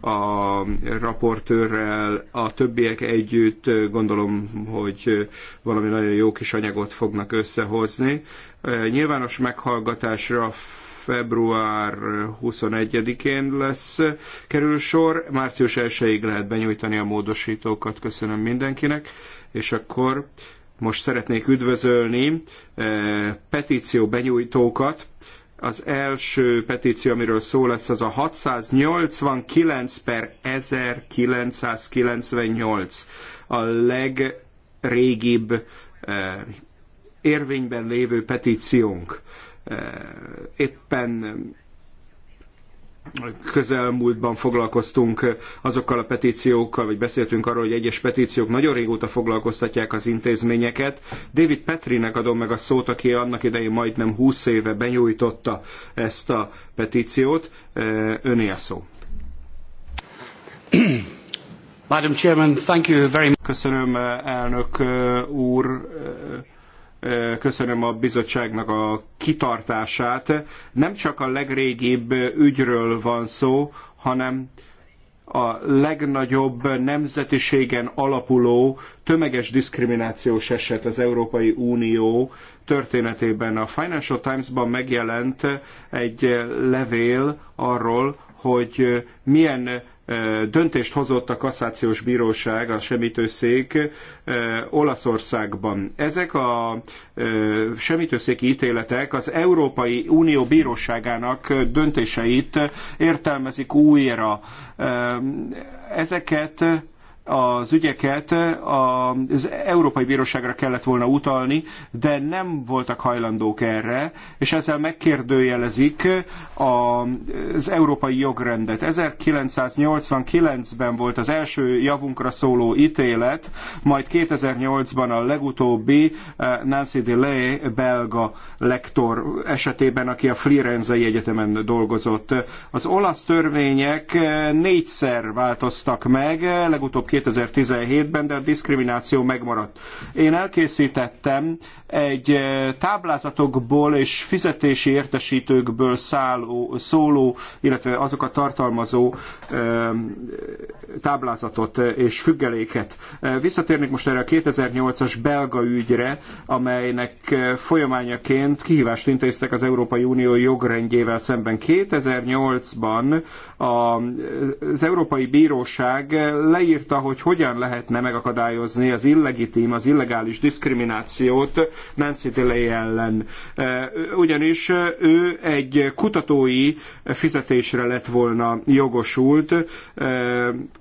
a raportőrrel, a többiek együtt. Eh, gondolom, hogy valami nagyon jó kis anyagot fognak összehozni. Nyilvános meghallgatásra február 21-én lesz kerül sor. Március 1-ig lehet benyújtani a módosítókat. Köszönöm mindenkinek. És akkor most szeretnék üdvözölni eh, petíció benyújtókat. Az első petíció, amiről szó lesz, az a 689 per 1998. A legrégibb eh, érvényben lévő petíciónk. Eh, éppen közelmúltban foglalkoztunk azokkal a petíciókkal, vagy beszéltünk arról, hogy egyes petíciók nagyon régóta foglalkoztatják az intézményeket. David Petrinek adom meg a szót, aki annak idején majdnem 20 éve benyújtotta ezt a petíciót. Eh, öné a szó. Madam Chairman, thank you very much. Köszönöm, eh, elnök úr köszönöm a bizottságnak a kitartását. Nem csak a legrégibb ügyről van szó, hanem a legnagyobb nemzetiségen alapuló tömeges diszkriminációs eset az Európai Unió történetében. A Financial Times-ban megjelent egy levél arról, hogy milyen döntést hozott a kasszációs bíróság, a semmitőszék Olaszországban. Ezek a semmitőszéki ítéletek az Európai Unió bíróságának döntéseit értelmezik újra. Ezeket az ügyeket az Európai Bíróságra kellett volna utalni, de nem voltak hajlandók erre, és ezzel megkérdőjelezik az európai jogrendet. 1989-ben volt az első javunkra szóló ítélet, majd 2008-ban a legutóbbi eh, Nancy Delay belga lektor esetében, aki a Firenzei Egyetemen dolgozott. Az olasz törvények eh, négyszer változtak meg, legutóbb 2017-ben, de a diszkrimináció megmaradt. Én elkészítettem egy eh, táblázatokból és fizetési értesítőkből szálló, szóló, illetve azokat tartalmazó eh, táblázatot és függeléket. Eh, visszatérnék most erre a 2008-as belga ügyre, amelynek folyamányaként kihívást intéztek az Európai Unió jogrendjével szemben. 2008-ban az Európai Bíróság leírta, hogy hogy hogyan lehetne megakadályozni az illegitim, az illegális diszkriminációt Nancy Delay ellen. Ugyanis ő egy kutatói fizetésre lett volna jogosult.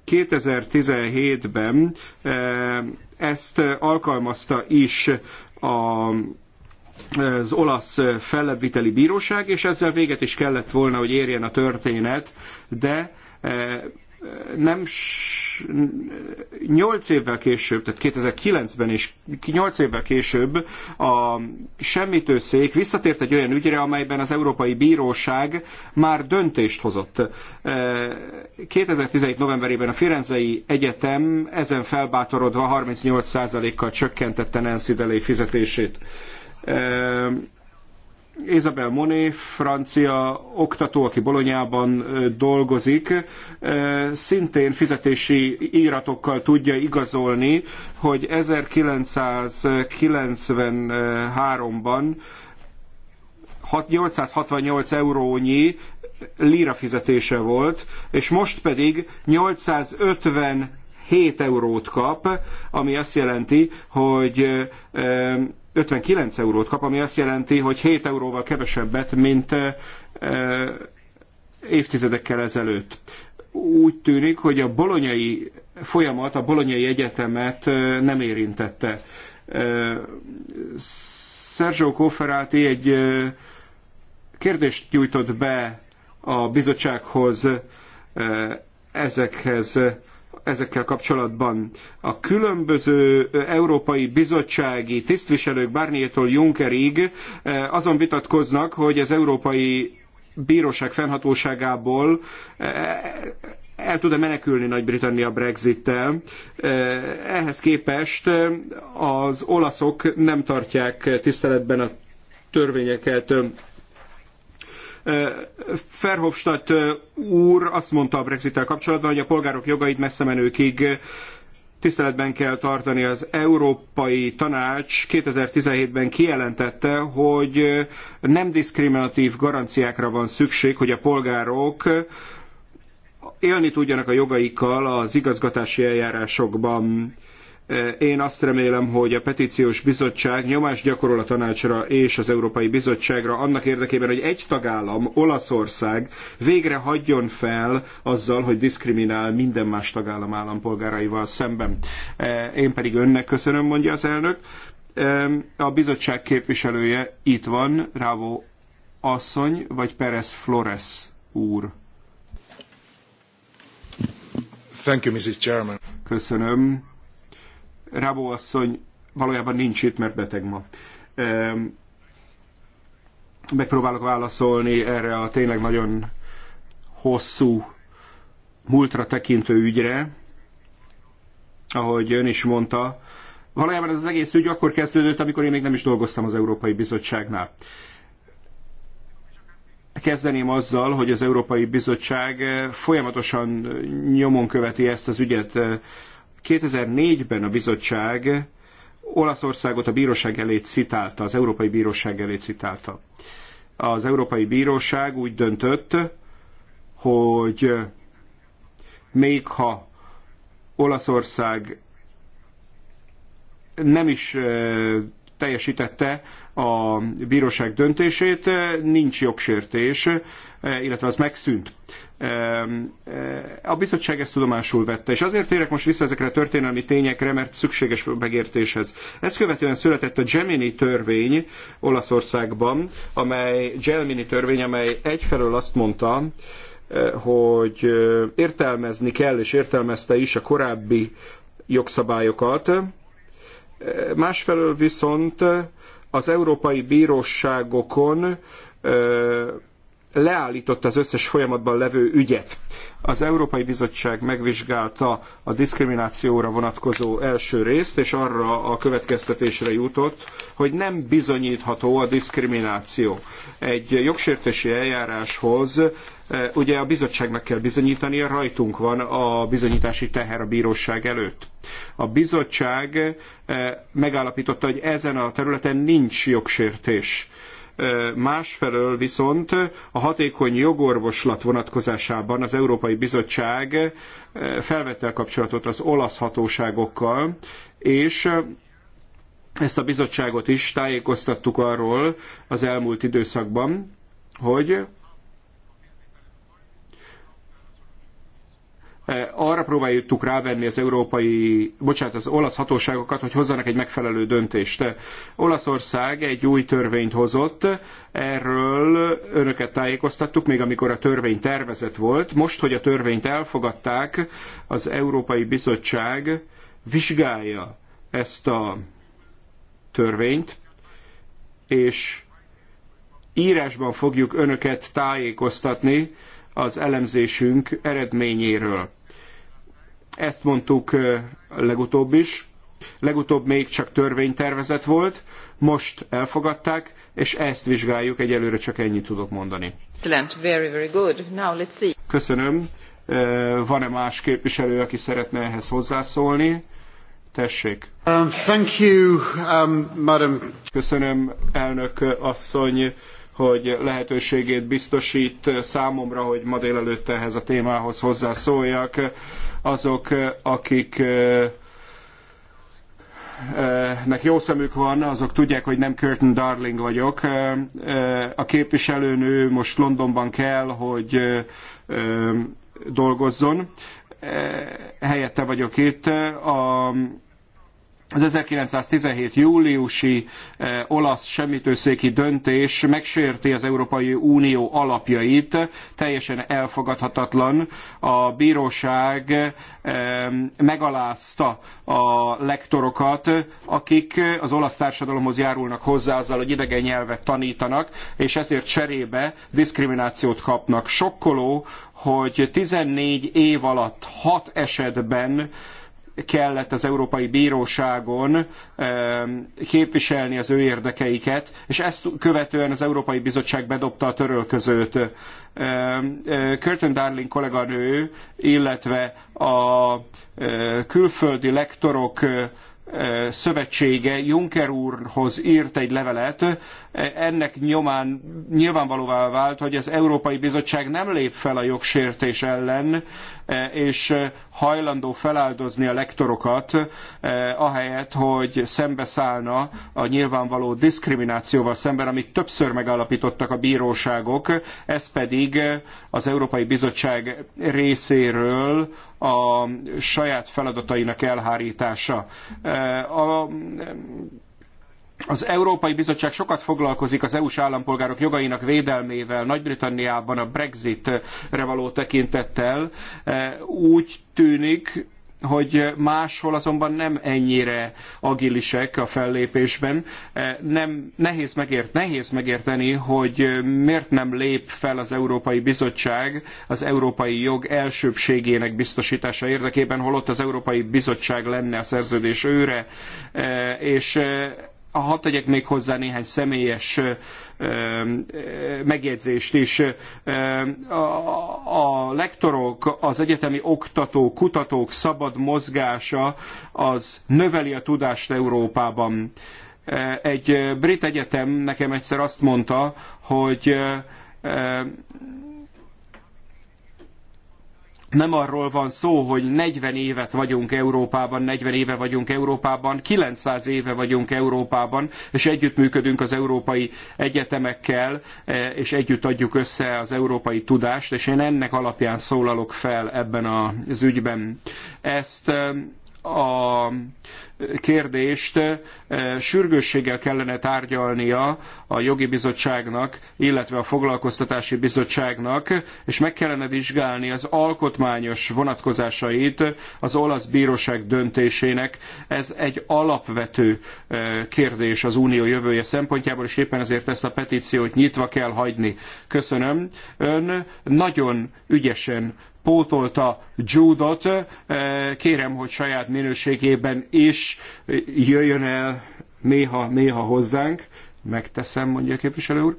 2017-ben ezt alkalmazta is a az olasz fellebbviteli bíróság, és ezzel véget is kellett volna, hogy érjen a történet, de nem 8 évvel később, tehát 2009-ben és 8 évvel később a semmitőszék visszatért egy olyan ügyre, amelyben az Európai Bíróság már döntést hozott. 2017 e, novemberében a Firenzei Egyetem ezen felbátorodva 38%-kal csökkentette Nancy Delay fizetését e, Isabel Monet, francia oktató, aki Bolonyában dolgozik, szintén fizetési íratokkal tudja igazolni, hogy 1993-ban 868 eurónyi lira fizetése volt, és most pedig 857 eurót kap, ami azt jelenti, hogy 59 eurót kap, ami azt jelenti, hogy 7 euróval kevesebbet, mint eh, eh, évtizedekkel ezelőtt. Úgy tűnik, hogy a bolonyai folyamat a bolonyai egyetemet eh, nem érintette. Sergio Cofferati egy kérdést nyújtott be a bizottsághoz ezekhez ezekkel kapcsolatban. A különböző európai bizottsági tisztviselők Barniertól Junckerig azon vitatkoznak, hogy az európai bíróság fennhatóságából el tud-e menekülni Nagy-Britannia Brexit-tel. Ehhez képest az olaszok nem tartják tiszteletben a törvényeket. Verhofstadt úr azt mondta a Brexit-tel kapcsolatban, hogy a polgárok jogait messze menőkig tiszteletben kell tartani. Az Európai Tanács 2017-ben kijelentette, hogy nem diszkriminatív garanciákra van szükség, hogy a polgárok élni tudjanak a jogaikkal az igazgatási eljárásokban. Én azt remélem, hogy a petíciós bizottság nyomást gyakorol a tanácsra és az Európai Bizottságra annak érdekében, hogy egy tagállam, Olaszország végre hagyjon fel azzal, hogy diszkriminál minden más tagállam állampolgáraival szemben. E, én pedig önnek köszönöm, mondja az elnök. E, a bizottság képviselője itt van, Rávó asszony, vagy Perez Flores úr. Thank you, Mrs. Chairman. Köszönöm Rabó asszony valójában nincs itt, mert beteg ma. Megpróbálok válaszolni erre a tényleg nagyon hosszú múltra tekintő ügyre, ahogy ön is mondta. Valójában ez az egész ügy akkor kezdődött, amikor én még nem is dolgoztam az Európai Bizottságnál. Kezdeném azzal, hogy az Európai Bizottság eh, folyamatosan nyomon követi ezt az ügyet eh, 2004-ben a bizottság Olaszországot a bíróság elé citálta, az Európai Bíróság elé citálta. Az Európai Bíróság úgy döntött, hogy még ha Olaszország nem is teljesítette a bíróság döntését, nincs jogsértés, illetve az megszűnt. Ehm, ehm, a bizottság ezt tudomásul vette, és azért térek most vissza ezekre a történelmi tényekre, mert szükséges megértéshez. Ezt követően született a Gemini törvény Olaszországban, amely Gemini törvény, amely egyfelől azt mondta, eh, hogy eh, értelmezni kell, és értelmezte is a korábbi jogszabályokat, Másfelől viszont az európai bíróságokon leállította az összes folyamatban levő ügyet. Az Európai Bizottság megvizsgálta a diszkriminációra vonatkozó első részt, és arra a következtetésre jutott, hogy nem bizonyítható a diszkrimináció. Egy jogsértési eljáráshoz eh, ugye a bizottságnak kell a rajtunk van a bizonyítási teher a bíróság előtt. A bizottság eh, megállapította, hogy ezen a területen nincs jogsértés Másfelől viszont a hatékony jogorvoslat vonatkozásában az Európai Bizottság felvette a kapcsolatot az olasz hatóságokkal, és ezt a bizottságot is tájékoztattuk arról az elmúlt időszakban, hogy Eh, arra próbáljuk rávenni az európai, bocsánat, az olasz hatóságokat, hogy hozzanak egy megfelelő döntést. Olaszország egy új törvényt hozott, erről önöket tájékoztattuk, még amikor a törvény tervezett volt. Most, hogy a törvényt elfogadták, az Európai Bizottság vizsgálja ezt a törvényt, és írásban fogjuk önöket tájékoztatni az elemzésünk eredményéről. Ezt mondtuk legutóbb is. Legutóbb még csak törvénytervezet volt, most elfogadták, és ezt vizsgáljuk, egyelőre csak ennyit tudok mondani. Very, very good. Now let's see. Köszönöm. Van-e más képviselő, aki szeretne ehhez hozzászólni? Tessék. Um, thank you, um, madam. Köszönöm, elnök asszony hogy lehetőségét biztosít számomra, hogy ma délelőtt ehhez a témához hozzászóljak. Azok, akik eh, eh, nek jó szemük van, azok tudják, hogy nem Curtin Darling vagyok. Eh, a képviselőnő most Londonban kell, hogy dolgozzon. Helyette vagyok itt. A az 1917. júliusi eh, olasz semmitőszéki döntés megsérti az Európai Unió alapjait, teljesen elfogadhatatlan. A bíróság eh, megalázta a lektorokat, akik az olasz társadalomhoz járulnak hozzá azzal, hogy idegen nyelvet tanítanak, és ezért cserébe diszkriminációt kapnak. Sokkoló, hogy 14 év alatt 6 esetben kellett az Európai Bíróságon képviselni az ő érdekeiket, és ezt követően az Európai Bizottság bedobta a törölközőt. Curtin Darling kolléganő, illetve a külföldi lektorok szövetsége Juncker úrhoz írt egy levelet, ennek nyomán nyilvánvalóvá vált, hogy az Európai Bizottság nem lép fel a jogsértés ellen, és hajlandó feláldozni a lektorokat, eh, ahelyett, hogy szembeszállna a nyilvánvaló diszkriminációval szemben, amit többször megállapítottak a bíróságok, ez pedig az Európai Bizottság részéről a saját feladatainak elhárítása. Eh, a az Európai Bizottság sokat foglalkozik az EU-s állampolgárok jogainak védelmével Nagy-Britanniában a Brexitre való tekintettel. E, úgy tűnik, hogy máshol azonban nem ennyire agilisek a fellépésben. E, nem, nehéz, megért, nehéz megérteni, hogy miért nem lép fel az Európai Bizottság az európai jog elsőbségének biztosítása érdekében, holott az Európai Bizottság lenne a szerződés őre, e, és hadd tegyek még hozzá néhány személyes megjegyzést is. A lektorok, az egyetemi oktatók, kutatók szabad mozgása az növeli a tudást Európában. Egy brit egyetem nekem egyszer azt mondta, hogy nem arról van szó, hogy 40 évet vagyunk Európában, 40 éve vagyunk Európában, 900 éve vagyunk Európában, és együttműködünk az európai egyetemekkel, e, és együtt adjuk össze az európai tudást, és én ennek alapján szólalok fel ebben az ügyben. Ezt e, a kérdést e, sürgősséggel kellene tárgyalnia a jogi bizottságnak, illetve a foglalkoztatási bizottságnak, és meg kellene vizsgálni az alkotmányos vonatkozásait az olasz bíróság döntésének. Ez egy alapvető e, kérdés az unió jövője szempontjából, és éppen ezért ezt a petíciót nyitva kell hagyni. Köszönöm. Ön nagyon ügyesen pótolta Judot. Kérem, hogy saját minőségében is jöjjön el néha-néha hozzánk. Megteszem, mondja a képviselő úr.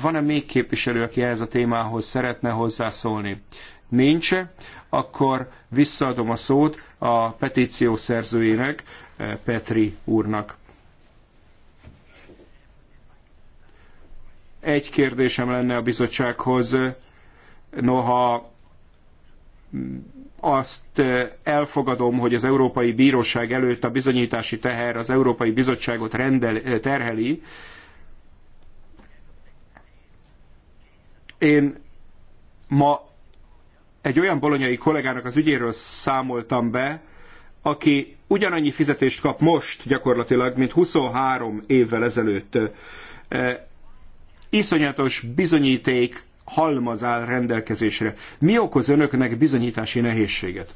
Van-e még képviselő, aki ehhez a témához szeretne hozzászólni? Nincs. Akkor visszaadom a szót a petíció szerzőjének, Petri úrnak. Egy kérdésem lenne a bizottsághoz. Noha azt elfogadom, hogy az Európai Bíróság előtt a bizonyítási teher az Európai Bizottságot rendel, terheli. Én ma egy olyan bolonyai kollégának az ügyéről számoltam be, aki ugyanannyi fizetést kap most gyakorlatilag, mint 23 évvel ezelőtt. Iszonyatos bizonyíték halmaz áll rendelkezésre. Mi okoz önöknek bizonyítási nehézséget?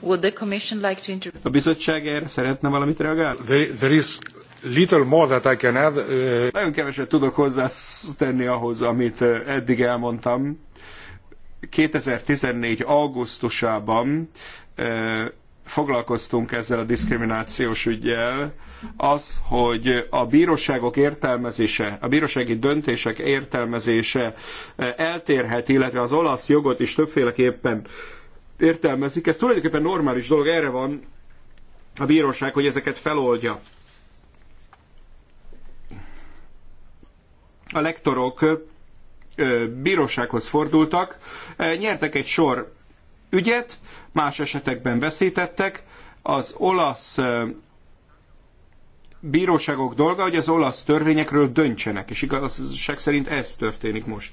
Would the commission like to inter- a bizottság erre szeretne valamit reagálni? There, there is little more that I can add. Uh... Nagyon keveset tudok hozzátenni ahhoz, amit uh, eddig elmondtam. 2014. augusztusában uh, foglalkoztunk ezzel a diszkriminációs ügyjel, az, hogy a bíróságok értelmezése, a bírósági döntések értelmezése eh, eltérhet, illetve az olasz jogot is többféleképpen értelmezik. Ez tulajdonképpen normális dolog, erre van a bíróság, hogy ezeket feloldja. A lektorok eh, bírósághoz fordultak, eh, nyertek egy sor ügyet, más esetekben veszítettek. Az olasz bíróságok dolga, hogy az olasz törvényekről döntsenek, és igazság szerint ez történik most.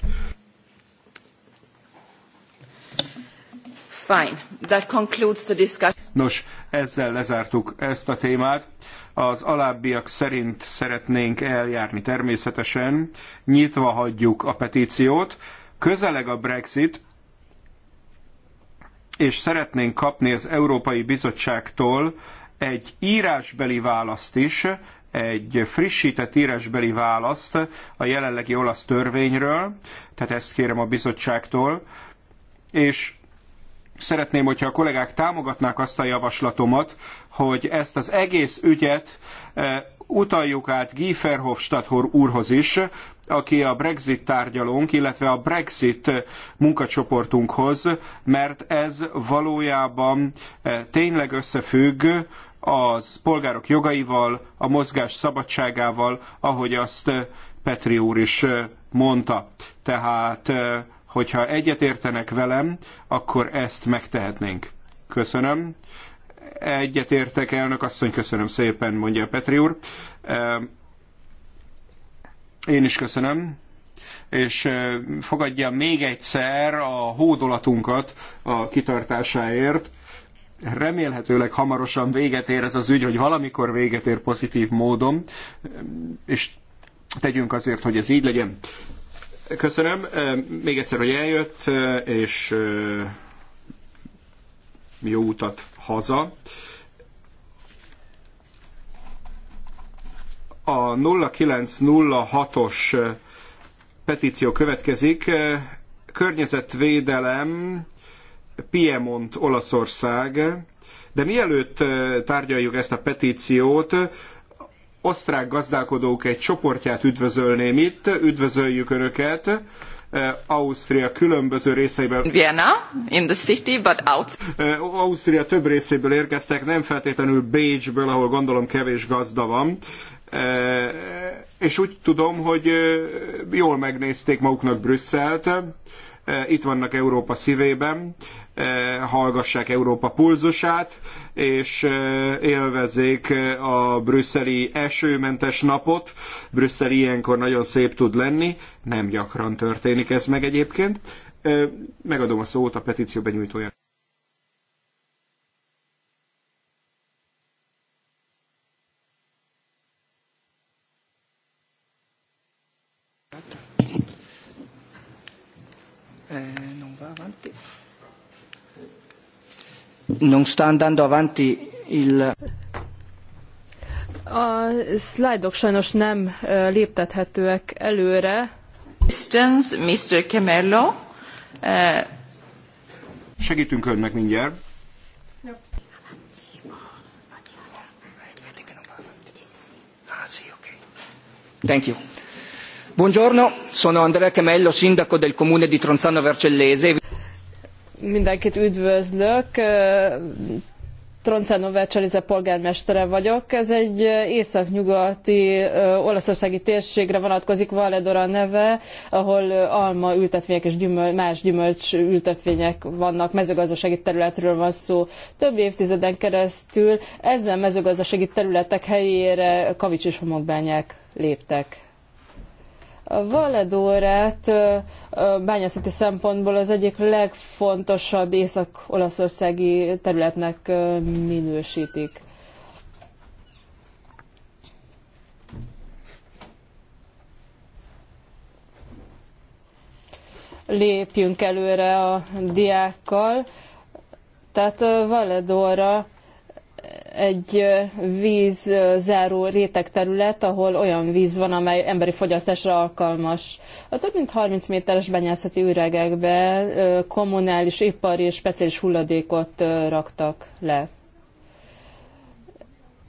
Fine. That concludes the discussion. Nos, ezzel lezártuk ezt a témát. Az alábbiak szerint szeretnénk eljárni természetesen. Nyitva hagyjuk a petíciót. Közeleg a Brexit, és szeretnénk kapni az Európai Bizottságtól egy írásbeli választ is, egy frissített írásbeli választ a jelenlegi olasz törvényről, tehát ezt kérem a bizottságtól, és szeretném, hogyha a kollégák támogatnák azt a javaslatomat, hogy ezt az egész ügyet eh, utaljuk át Guy Verhofstadt úrhoz is, aki a Brexit tárgyalónk, illetve a Brexit munkacsoportunkhoz, mert ez valójában eh, tényleg összefügg az polgárok jogaival, a mozgás szabadságával, ahogy azt eh, Petri úr is eh, mondta. Tehát, hogyha egyetértenek velem, akkor ezt megtehetnénk. Köszönöm. Egyetértek, elnök asszony, köszönöm szépen, mondja Petri úr. Én is köszönöm és fogadja még egyszer a hódolatunkat a kitartásáért. Remélhetőleg hamarosan véget ér ez az ügy, hogy valamikor véget ér pozitív módon, és tegyünk azért, hogy ez így legyen. Köszönöm még egyszer, hogy eljött, és jó utat haza. A 0906-os petíció következik. Környezetvédelem, Piemont, Olaszország. De mielőtt tárgyaljuk ezt a petíciót, osztrák gazdálkodók egy csoportját üdvözölném itt. Üdvözöljük Önöket! Ausztria különböző részeiben. Vienna, in the city, but out. Ausztria több részéből érkeztek, nem feltétlenül Bécsből, ahol gondolom kevés gazda van és úgy tudom, hogy jól megnézték maguknak Brüsszelt, itt vannak Európa szívében, hallgassák Európa pulzusát, és élvezzék a brüsszeli esőmentes napot. Brüsszel ilyenkor nagyon szép tud lenni, nem gyakran történik ez meg egyébként. Megadom a szót a petíció benyújtójának. non sta avanti il... A szlájdok sajnos nem léptethetőek előre. Assistance, Mr. Camello. Uh... Segítünk önnek mindjárt. Thank you. Buongiorno, sono Andrea Chemello, sindaco del comune di Tronzano Vercellese mindenkit üdvözlök. Troncano Vercselize polgármestere vagyok. Ez egy északnyugati olaszországi térségre vonatkozik, Valedora neve, ahol alma ültetvények és gyümöl, más gyümölcs ültetvények vannak, mezőgazdasági területről van szó. Több évtizeden keresztül ezen mezőgazdasági területek helyére kavics és homokbányák léptek. A Valedórát bányászati szempontból az egyik legfontosabb észak-olaszországi területnek minősítik. Lépjünk előre a diákkal. Tehát Valedóra egy vízzáró réteg terület, ahol olyan víz van, amely emberi fogyasztásra alkalmas. A több mint 30 méteres bányászati üregekbe kommunális, ipari és speciális hulladékot raktak le.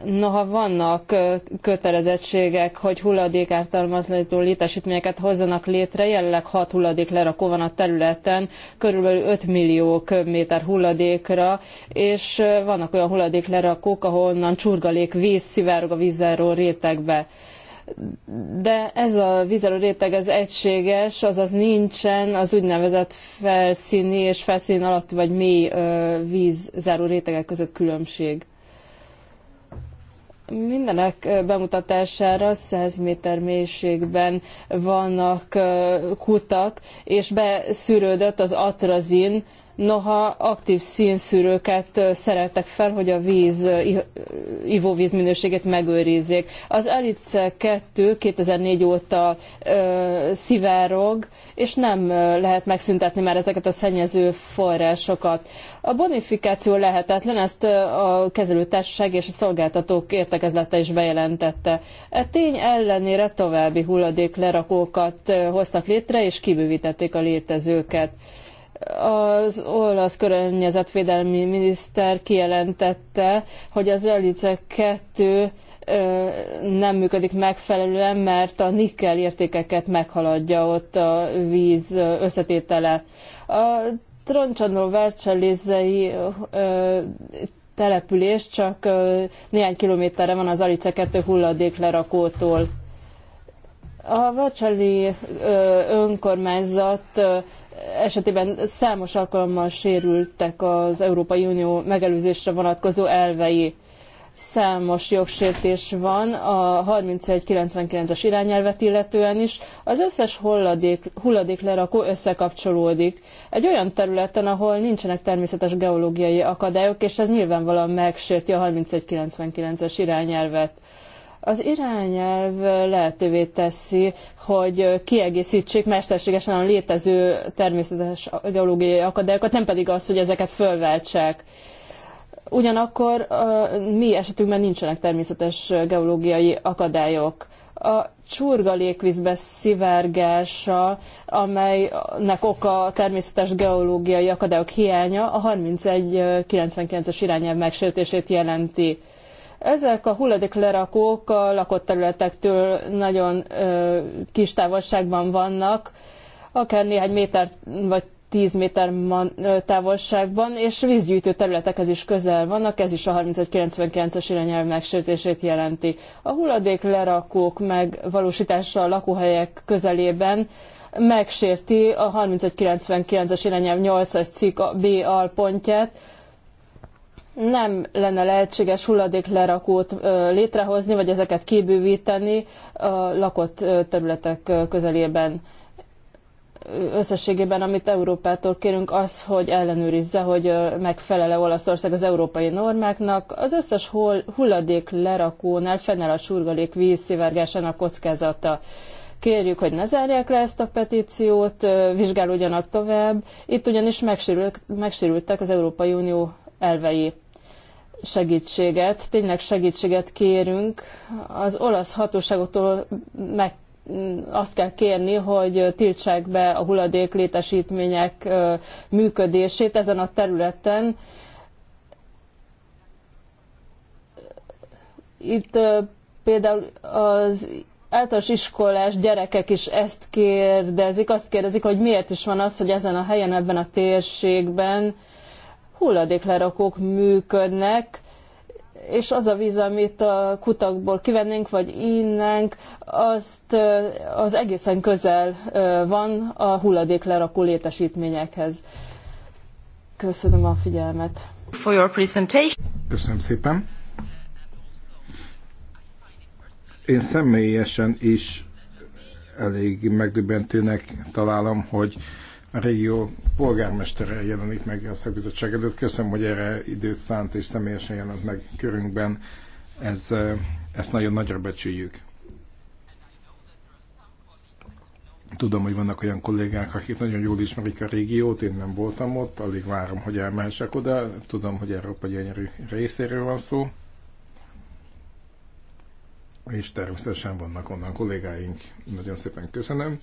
Noha vannak kötelezettségek, hogy hulladékártalmatlanító létesítményeket hozzanak létre, jelenleg hat hulladék lerakó van a területen, körülbelül 5 millió köbméter hulladékra, és vannak olyan hulladék lerakók, ahonnan csurgalék víz szivárog a vízzelró rétegbe. De ez a vízzelő réteg ez egységes, azaz nincsen az úgynevezett felszíni és felszín alatti vagy mély vízzáró rétegek között különbség mindenek bemutatására 100 méter mélységben vannak kutak, és beszűrődött az atrazin, Noha aktív színszűrőket szereltek fel, hogy a víz, ivóvíz minőségét megőrizzék. Az Alice 2 2004 óta ö, szivárog, és nem lehet megszüntetni már ezeket a szennyező forrásokat. A bonifikáció lehetetlen, ezt a kezelőtársaság és a szolgáltatók értekezlete is bejelentette. E tény ellenére további hulladéklerakókat hoztak létre, és kibővítették a létezőket az olasz környezetvédelmi miniszter kijelentette, hogy az Elice 2 nem működik megfelelően, mert a nikkel értékeket meghaladja ott a víz összetétele. A Troncsanó Vercellizei település csak néhány kilométerre van az Alice 2 hulladéklerakótól. A Vacsali önkormányzat esetében számos alkalommal sérültek az Európai Unió megelőzésre vonatkozó elvei. Számos jogsértés van a 3199-es irányelvet illetően is. Az összes hulladék, hulladék lerakó összekapcsolódik. Egy olyan területen, ahol nincsenek természetes geológiai akadályok, és ez nyilvánvalóan megsérti a 3199-es irányelvet. Az irányelv lehetővé teszi, hogy kiegészítsék mesterségesen a létező természetes geológiai akadályokat, nem pedig az, hogy ezeket fölváltsák. Ugyanakkor mi esetünkben nincsenek természetes geológiai akadályok a csurga légvízbe szivárgása, amelynek oka a természetes geológiai akadályok hiánya, a 3199-es irányelv megsértését jelenti. Ezek a hulladék lerakók a lakott területektől nagyon ö, kis távolságban vannak, akár néhány méter vagy tíz méter man, ö, távolságban, és vízgyűjtő területekhez is közel vannak, ez is a 3199-es irányelv megsértését jelenti. A hulladék lerakók megvalósítása a lakóhelyek közelében megsérti a 3199-es irányelv 8-as cikk B alpontját, nem lenne lehetséges hulladéklerakót létrehozni, vagy ezeket kibővíteni a lakott területek közelében. Összességében, amit Európától kérünk, az, hogy ellenőrizze, hogy megfelele Olaszország az európai normáknak. Az összes hol, hulladék lerakónál fennel a surgalék vízszivárgásának kockázata kérjük, hogy ne zárják le ezt a petíciót, vizsgálódjanak tovább. Itt ugyanis megsérültek az Európai Unió elvei segítséget, tényleg segítséget kérünk. Az olasz hatóságoktól meg azt kell kérni, hogy tiltsák be a hulladék létesítmények működését ezen a területen. Itt például az általános iskolás gyerekek is ezt kérdezik, azt kérdezik, hogy miért is van az, hogy ezen a helyen, ebben a térségben hulladéklerakók működnek, és az a víz, amit a kutakból kivennénk, vagy innenk, azt az egészen közel van a hulladéklerakó létesítményekhez. Köszönöm a figyelmet. For your presentation. Köszönöm szépen. Én személyesen is elég megdöbbentőnek találom, hogy a régió polgármestere jelenik meg a szakbizottság előtt. Köszönöm, hogy erre időt szánt és személyesen jelent meg körünkben. Ez, ezt nagyon nagyra becsüljük. Tudom, hogy vannak olyan kollégák, akik nagyon jól ismerik a régiót, én nem voltam ott, alig várom, hogy elmehessek oda. Tudom, hogy Európa gyönyörű részéről van szó. És természetesen vannak onnan kollégáink. Nagyon szépen köszönöm.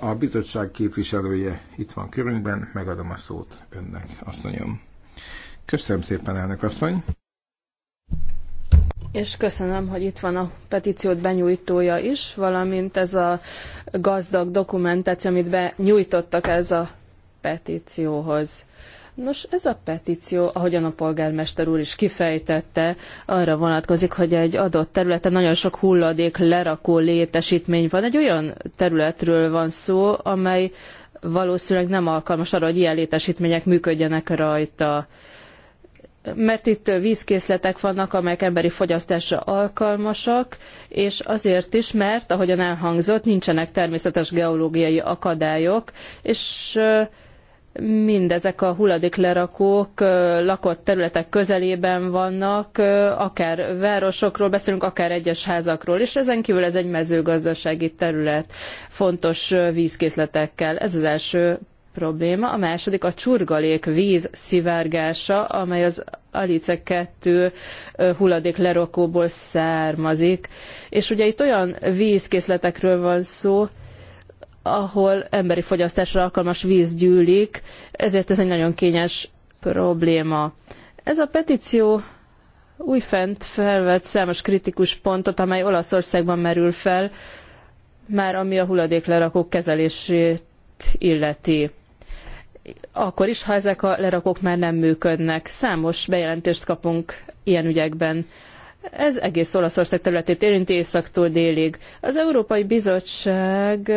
A bizottság képviselője itt van körünkben, megadom a szót önnek, asszonyom. Köszönöm szépen, elnök asszony! És köszönöm, hogy itt van a petíciót benyújtója is, valamint ez a gazdag dokumentáció, amit benyújtottak ez a petícióhoz. Nos, ez a petíció, ahogyan a polgármester úr is kifejtette, arra vonatkozik, hogy egy adott területen nagyon sok hulladék lerakó létesítmény van. Egy olyan területről van szó, amely valószínűleg nem alkalmas arra, hogy ilyen létesítmények működjenek rajta. Mert itt vízkészletek vannak, amelyek emberi fogyasztásra alkalmasak, és azért is, mert, ahogyan elhangzott, nincsenek természetes geológiai akadályok, és mindezek a hulladéklerakók lakott területek közelében vannak, akár városokról beszélünk, akár egyes házakról, és ezen kívül ez egy mezőgazdasági terület fontos vízkészletekkel. Ez az első probléma. A második a csurgalék víz szivárgása, amely az Alice 2 hulladék lerakóból származik. És ugye itt olyan vízkészletekről van szó, ahol emberi fogyasztásra alkalmas víz gyűlik, ezért ez egy nagyon kényes probléma. Ez a petíció újfent felvett számos kritikus pontot, amely Olaszországban merül fel, már ami a hulladéklerakók kezelését illeti. Akkor is, ha ezek a lerakók már nem működnek. Számos bejelentést kapunk ilyen ügyekben. Ez egész Olaszország területét érinti északtól délig. Az Európai Bizottság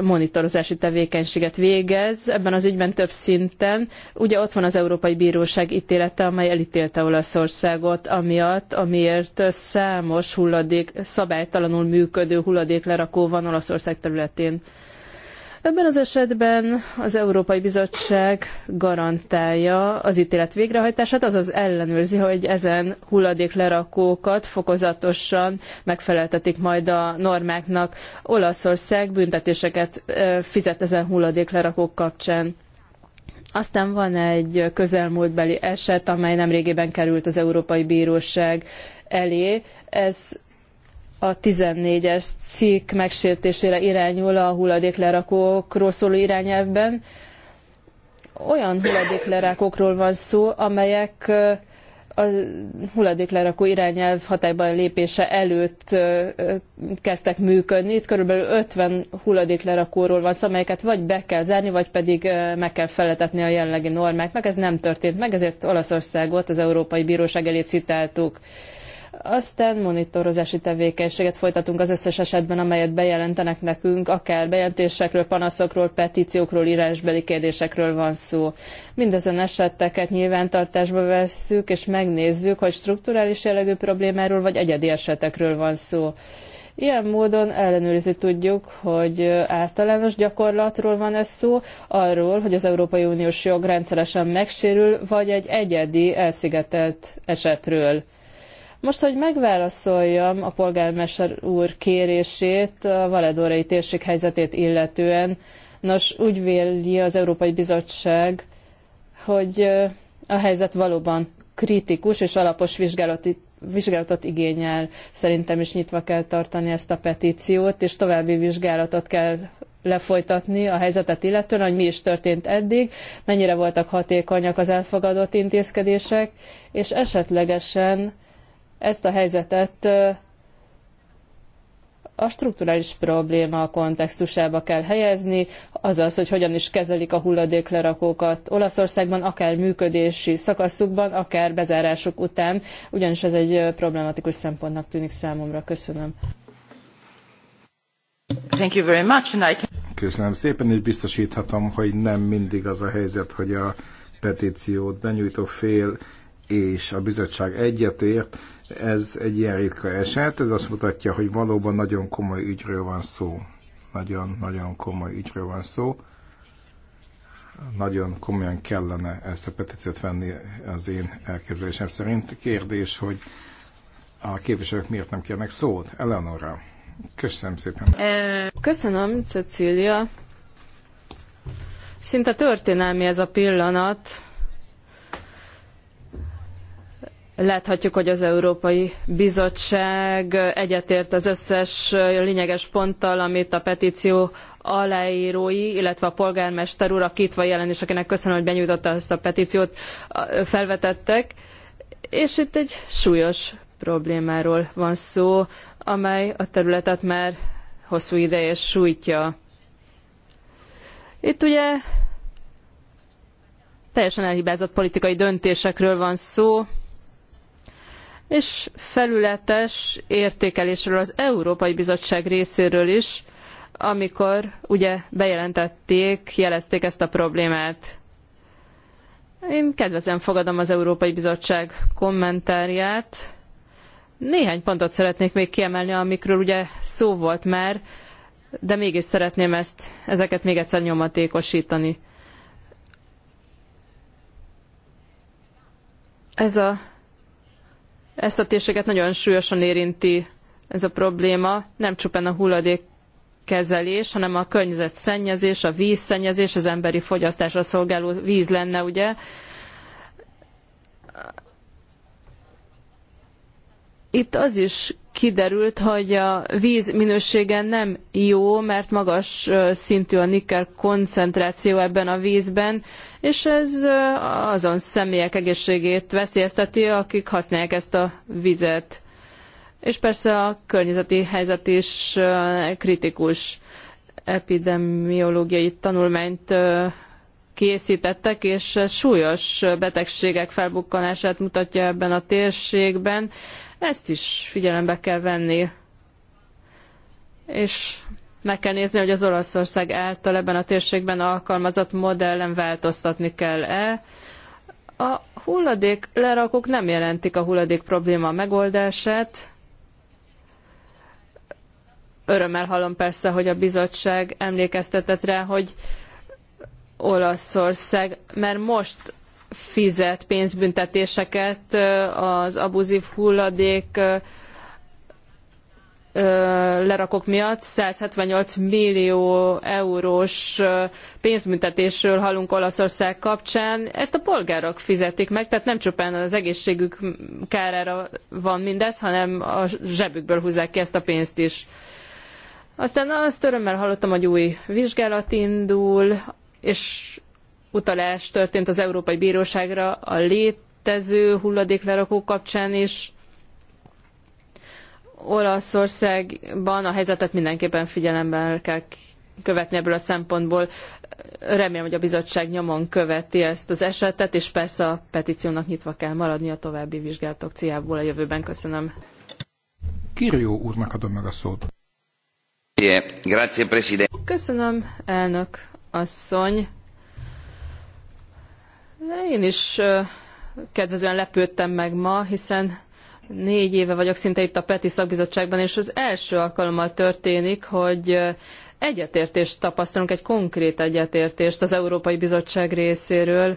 monitorozási tevékenységet végez ebben az ügyben több szinten. Ugye ott van az Európai Bíróság ítélete, amely elítélte Olaszországot, amiatt, amiért számos hulladék, szabálytalanul működő hulladéklerakó van Olaszország területén. Ebben az esetben az Európai Bizottság garantálja az ítélet végrehajtását, azaz ellenőrzi, hogy ezen hulladéklerakókat fokozatosan megfeleltetik majd a normáknak. Olaszország büntetéseket fizet ezen hulladéklerakók kapcsán. Aztán van egy közelmúltbeli eset, amely nemrégében került az Európai Bíróság elé. Ez a 14-es cikk megsértésére irányul a hulladéklerakókról szóló irányelvben. Olyan hulladéklerakókról van szó, amelyek a hulladéklerakó irányelv hatályban lépése előtt kezdtek működni. Itt körülbelül 50 hulladéklerakóról van szó, amelyeket vagy be kell zárni, vagy pedig meg kell feletetni a jelenlegi normáknak. Ez nem történt meg, ezért Olaszországot az Európai Bíróság elé citáltuk. Aztán monitorozási tevékenységet folytatunk az összes esetben, amelyet bejelentenek nekünk, akár bejelentésekről, panaszokról, petíciókról, írásbeli kérdésekről van szó. Mindezen eseteket nyilvántartásba vesszük, és megnézzük, hogy strukturális jellegű problémáról vagy egyedi esetekről van szó. Ilyen módon ellenőrizni tudjuk, hogy általános gyakorlatról van ez szó, arról, hogy az Európai Uniós jog rendszeresen megsérül, vagy egy egyedi elszigetelt esetről. Most, hogy megválaszoljam a polgármester úr kérését a Valedorai térség helyzetét illetően, nos, úgy véli az Európai Bizottság, hogy a helyzet valóban kritikus és alapos vizsgálati vizsgálatot igényel. Szerintem is nyitva kell tartani ezt a petíciót, és további vizsgálatot kell lefolytatni a helyzetet illetően, hogy mi is történt eddig, mennyire voltak hatékonyak az elfogadott intézkedések, és esetlegesen ezt a helyzetet a strukturális probléma kontextusába kell helyezni, azaz, hogy hogyan is kezelik a hulladéklerakókat Olaszországban, akár működési szakaszukban, akár bezárásuk után, ugyanis ez egy problematikus szempontnak tűnik számomra. Köszönöm. Thank you very much, and I can... Köszönöm szépen, és biztosíthatom, hogy nem mindig az a helyzet, hogy a petíciót benyújtó fél és a bizottság egyetért, ez egy ilyen ritka eset, ez azt mutatja, hogy valóban nagyon komoly ügyről van szó. Nagyon-nagyon komoly ügyről van szó. Nagyon komolyan kellene ezt a petíciót venni az én elképzelésem szerint. Kérdés, hogy a képviselők miért nem kérnek szót? Eleonora, köszönöm szépen. Köszönöm, Cecília. Szinte történelmi ez a pillanat, Láthatjuk, hogy az Európai Bizottság egyetért az összes lényeges ponttal, amit a petíció aláírói, illetve a polgármester úr, aki itt van jelen, és akinek köszönöm, hogy benyújtotta ezt a petíciót, felvetettek. És itt egy súlyos problémáról van szó, amely a területet már hosszú ideje sújtja. Itt ugye teljesen elhibázott politikai döntésekről van szó, és felületes értékelésről az Európai Bizottság részéről is, amikor ugye bejelentették, jelezték ezt a problémát. Én kedvezen fogadom az Európai Bizottság kommentárját. Néhány pontot szeretnék még kiemelni, amikről ugye szó volt már, de mégis szeretném ezt, ezeket még egyszer nyomatékosítani. Ez a ezt a térséget nagyon súlyosan érinti ez a probléma, nem csupán a hulladék kezelés, hanem a környezetszennyezés, a vízszennyezés, az emberi fogyasztásra szolgáló víz lenne, ugye? Itt az is kiderült, hogy a víz minősége nem jó, mert magas szintű a nikkel koncentráció ebben a vízben, és ez azon személyek egészségét veszélyezteti, akik használják ezt a vizet. És persze a környezeti helyzet is kritikus epidemiológiai tanulmányt készítettek, és ez súlyos betegségek felbukkanását mutatja ebben a térségben, ezt is figyelembe kell venni, és meg kell nézni, hogy az Olaszország által ebben a térségben alkalmazott modellen változtatni kell-e. A hulladék lerakók nem jelentik a hulladék probléma megoldását. Örömmel hallom persze, hogy a bizottság emlékeztetett rá, hogy Olaszország, mert most fizet pénzbüntetéseket az abuzív hulladék lerakok miatt 178 millió eurós pénzbüntetésről hallunk Olaszország kapcsán. Ezt a polgárok fizetik meg, tehát nem csupán az egészségük kárára van mindez, hanem a zsebükből húzzák ki ezt a pénzt is. Aztán azt örömmel hallottam, hogy új vizsgálat indul, és utalás történt az Európai Bíróságra a létező hulladéklerakó kapcsán is. Olaszországban a helyzetet mindenképpen figyelemben kell követni ebből a szempontból. Remélem, hogy a bizottság nyomon követi ezt az esetet, és persze a petíciónak nyitva kell maradni a további vizsgálatok céljából a jövőben. Köszönöm. Kirjó úrnak adom meg a szót. Köszönöm, elnök asszony. Én is kedvezően lepődtem meg ma, hiszen négy éve vagyok szinte itt a PETI szakbizottságban, és az első alkalommal történik, hogy egyetértést tapasztalunk, egy konkrét egyetértést az Európai Bizottság részéről,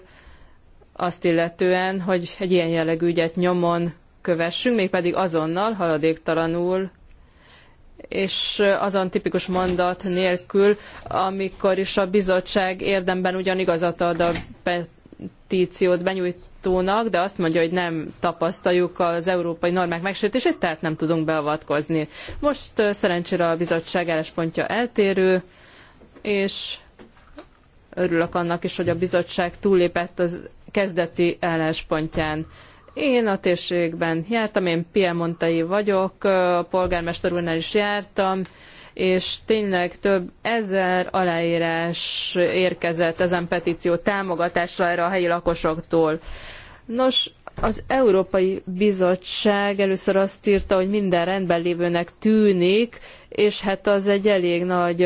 azt illetően, hogy egy ilyen jellegű ügyet nyomon kövessünk, mégpedig azonnal, haladéktalanul, és azon tipikus mondat nélkül, amikor is a bizottság érdemben ugyan igazat ad a petíciót benyújtónak, de azt mondja, hogy nem tapasztaljuk az európai normák megsértését, tehát nem tudunk beavatkozni. Most szerencsére a bizottság álláspontja eltérő, és örülök annak is, hogy a bizottság túllépett az kezdeti álláspontján. Én a térségben jártam, én Piemontei vagyok, a polgármester úrnál is jártam, és tényleg több ezer aláírás érkezett ezen petíció támogatásra erre a helyi lakosoktól. Nos, az Európai Bizottság először azt írta, hogy minden rendben lévőnek tűnik, és hát az egy elég nagy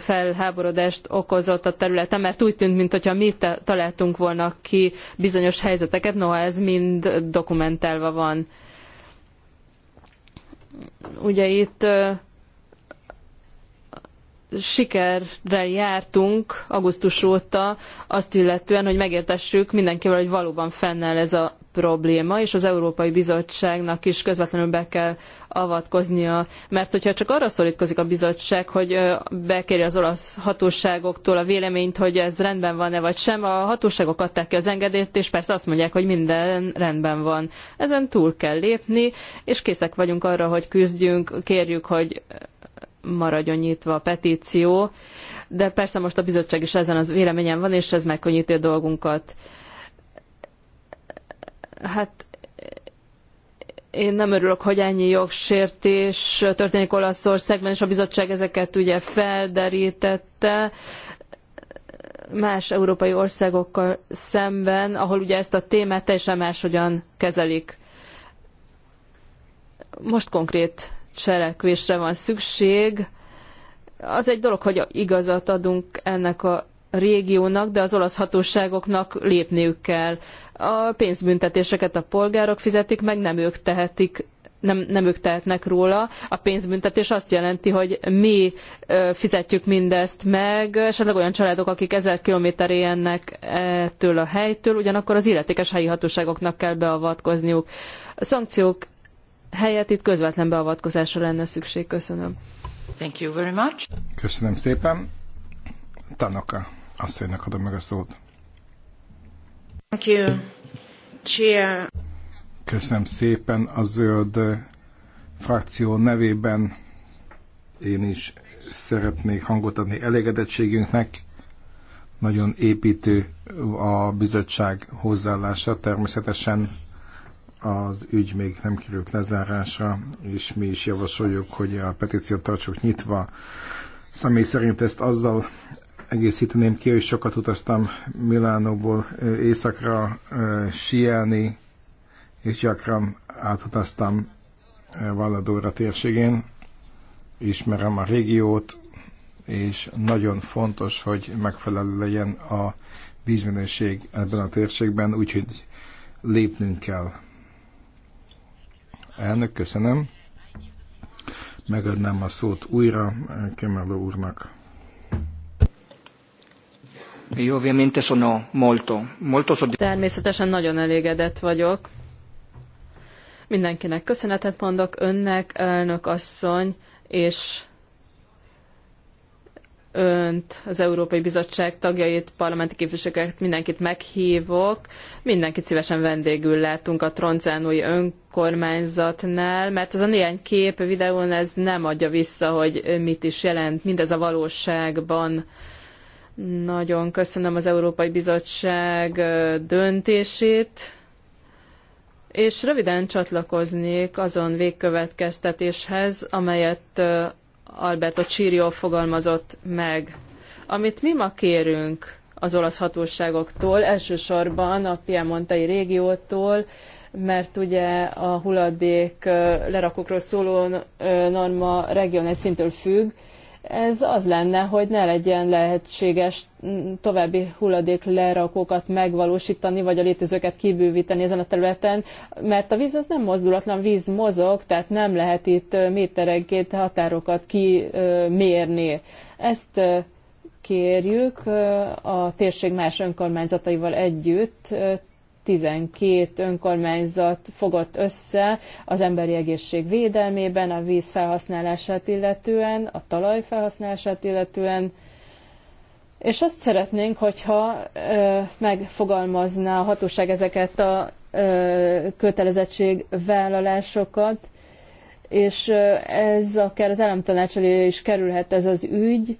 felháborodást okozott a területen, mert úgy tűnt, mintha mi találtunk volna ki bizonyos helyzeteket, noha ez mind dokumentálva van. Ugye itt sikerrel jártunk augusztus óta azt illetően, hogy megértessük mindenkivel, hogy valóban fennáll ez a probléma, és az Európai Bizottságnak is közvetlenül be kell avatkoznia. Mert hogyha csak arra szorítkozik a bizottság, hogy bekéri az olasz hatóságoktól a véleményt, hogy ez rendben van-e vagy sem, a hatóságok adták ki az engedélyt, és persze azt mondják, hogy minden rendben van. Ezen túl kell lépni, és készek vagyunk arra, hogy küzdjünk, kérjük, hogy maradjon nyitva a petíció, de persze most a bizottság is ezen az véleményen van, és ez megkönnyíti a dolgunkat. Hát én nem örülök, hogy ennyi jogsértés történik Olaszországban, és a bizottság ezeket ugye felderítette más európai országokkal szemben, ahol ugye ezt a témát teljesen máshogyan kezelik. Most konkrét cselekvésre van szükség. Az egy dolog, hogy igazat adunk ennek a régiónak, de az olasz hatóságoknak lépniük kell. A pénzbüntetéseket a polgárok fizetik, meg nem ők tehetik nem, nem ők tehetnek róla. A pénzbüntetés azt jelenti, hogy mi fizetjük mindezt meg, esetleg olyan családok, akik ezer kilométer élnek ettől a helytől, ugyanakkor az illetékes helyi hatóságoknak kell beavatkozniuk. A szankciók helyett itt közvetlen beavatkozásra lenne szükség. Köszönöm. Thank you very much. Köszönöm szépen. Tanaka, asszonynak adom meg a szót. Thank you. Cheer. Köszönöm szépen a zöld frakció nevében. Én is szeretnék hangot adni elégedettségünknek. Nagyon építő a bizottság hozzáállása. Természetesen az ügy még nem került lezárásra, és mi is javasoljuk, hogy a petíciót tartsuk nyitva. Személy szerint ezt azzal egészíteném ki, hogy sokat utaztam Milánóból eh, északra eh, sielni, és gyakran átutaztam eh, Valladóra térségén, ismerem a régiót, és nagyon fontos, hogy megfelelő legyen a vízminőség ebben a térségben, úgyhogy lépnünk kell. Elnök, köszönöm. Megadnám a szót újra Kemelő úrnak. molto, molto Természetesen nagyon elégedett vagyok. Mindenkinek köszönetet mondok önnek, elnök asszony, és önt, az Európai Bizottság tagjait, parlamenti képviselőket, mindenkit meghívok. Mindenkit szívesen vendégül látunk a Troncánói önkormányzatnál, mert ez a néhány kép videón ez nem adja vissza, hogy mit is jelent mindez a valóságban. Nagyon köszönöm az Európai Bizottság döntését, és röviden csatlakoznék azon végkövetkeztetéshez, amelyet Alberto Csirio fogalmazott meg. Amit mi ma kérünk az olasz hatóságoktól, elsősorban a Piemontai régiótól, mert ugye a hulladék lerakókról szóló norma regionális szintől függ, ez az lenne, hogy ne legyen lehetséges további hulladék lerakókat megvalósítani, vagy a létezőket kibővíteni ezen a területen, mert a víz az nem mozdulatlan, víz mozog, tehát nem lehet itt méterenként határokat kimérni. Ezt kérjük a térség más önkormányzataival együtt, 12 önkormányzat fogott össze az emberi egészség védelmében, a víz felhasználását illetően, a talaj felhasználását illetően, és azt szeretnénk, hogyha ö, megfogalmazná a hatóság ezeket a ö, kötelezettségvállalásokat, és ez akár az államtanácsra is kerülhet ez az ügy,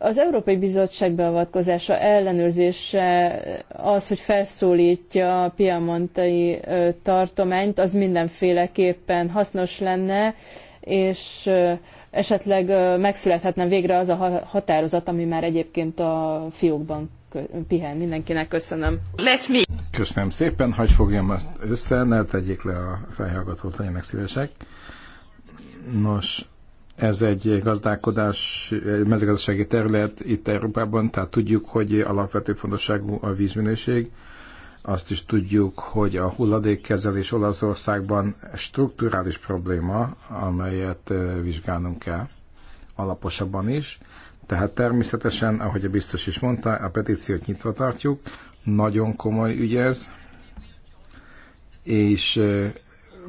az Európai Bizottság beavatkozása ellenőrzése az, hogy felszólítja a piamontai tartományt, az mindenféleképpen hasznos lenne, és esetleg megszülethetne végre az a határozat, ami már egyébként a fiókban pihen. Mindenkinek köszönöm. Let me. Köszönöm szépen, hagyj fogjam azt össze, ne tegyék le a felhallgatót, legyenek szívesek. Nos, ez egy gazdálkodás, mezőgazdasági terület itt Európában, tehát tudjuk, hogy alapvető fontosságú a vízminőség. Azt is tudjuk, hogy a hulladékkezelés Olaszországban strukturális probléma, amelyet vizsgálnunk kell alaposabban is. Tehát természetesen, ahogy a biztos is mondta, a petíciót nyitva tartjuk. Nagyon komoly ügy ez, és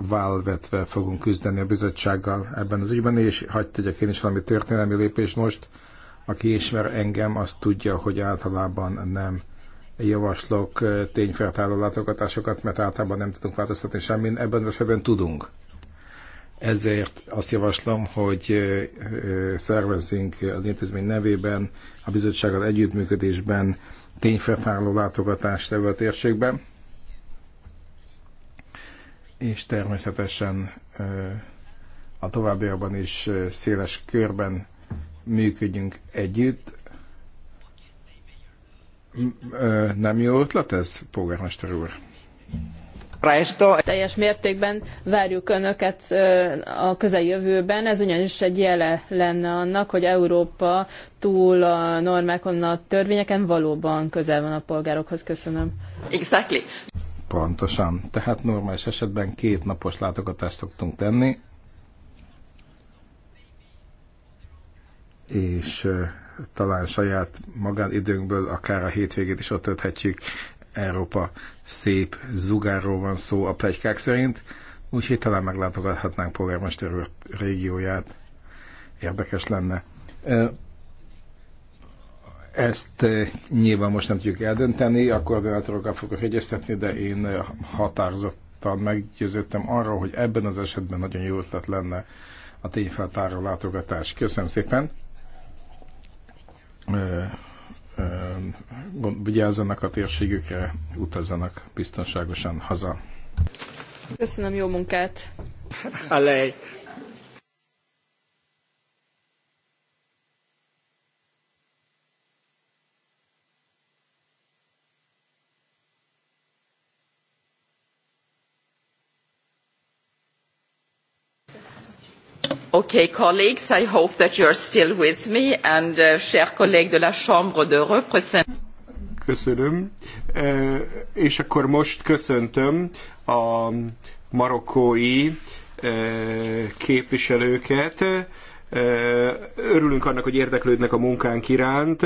válvetve fogunk küzdeni a bizottsággal ebben az ügyben, és hagyd tegyek én is valami történelmi lépést most. Aki ismer engem, azt tudja, hogy általában nem javaslok tényfeltáró látogatásokat, mert általában nem tudunk változtatni semmit, ebben az esetben tudunk. Ezért azt javaslom, hogy szervezzünk az intézmény nevében, a bizottsággal együttműködésben tényfeltáró látogatást ebben a térségben és természetesen a továbbiakban is széles körben működjünk együtt. Nem jó ötlet ez, polgármester úr? Teljes mértékben várjuk Önöket a közeljövőben, ez ugyanis egy jele lenne annak, hogy Európa túl a normákon, a törvényeken valóban közel van a polgárokhoz. Köszönöm. Exactly. Pontosan. Tehát normális esetben két napos látogatást szoktunk tenni, és talán saját magánidőnkből akár a hétvégét is ott tölthetjük. Európa szép zugáról van szó a plegykák szerint, úgyhogy talán meglátogathatnánk polgármester régióját. Érdekes lenne. Ezt eh, nyilván most nem tudjuk eldönteni, a koordinátorokkal fogok egyeztetni, de én eh, határozottan meggyőződtem arról, hogy ebben az esetben nagyon jó ötlet lenne a tényfeltáró látogatás. Köszönöm szépen! Eh, vigyázzanak a térségükre, utazzanak biztonságosan haza. Köszönöm, jó munkát! Alej! Okay, colleagues, I hope that you are still with me and uh, chers collègues de la Chambre de représentants. Köszönöm. E, és akkor most köszöntöm a marokkói e, képviselőket. E, örülünk annak, hogy érdeklődnek a munkánk iránt.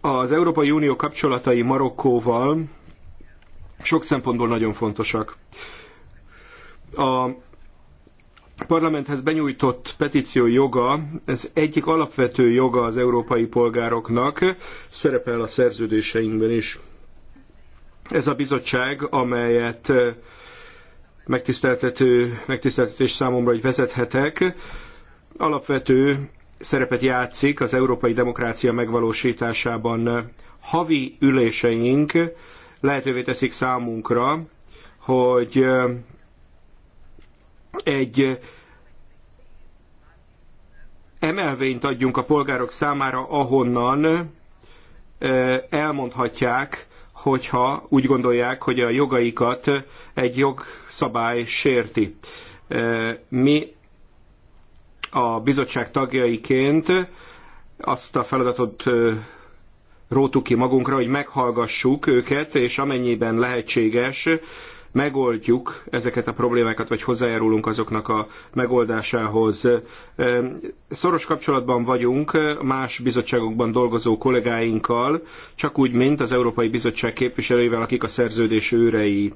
Az Európai Unió kapcsolatai Marokkóval sok szempontból nagyon fontosak. A parlamenthez benyújtott petíció joga, ez egyik alapvető joga az európai polgároknak, szerepel a szerződéseinkben is. Ez a bizottság, amelyet megtiszteltető, megtiszteltetés számomra, hogy vezethetek, alapvető szerepet játszik az európai demokrácia megvalósításában. Havi üléseink lehetővé teszik számunkra, hogy egy emelvényt adjunk a polgárok számára, ahonnan elmondhatják, hogyha úgy gondolják, hogy a jogaikat egy jogszabály sérti. Mi a bizottság tagjaiként azt a feladatot rótuk ki magunkra, hogy meghallgassuk őket, és amennyiben lehetséges, megoldjuk ezeket a problémákat, vagy hozzájárulunk azoknak a megoldásához. Szoros kapcsolatban vagyunk más bizottságokban dolgozó kollégáinkkal, csak úgy, mint az Európai Bizottság képviselőivel, akik a szerződés őrei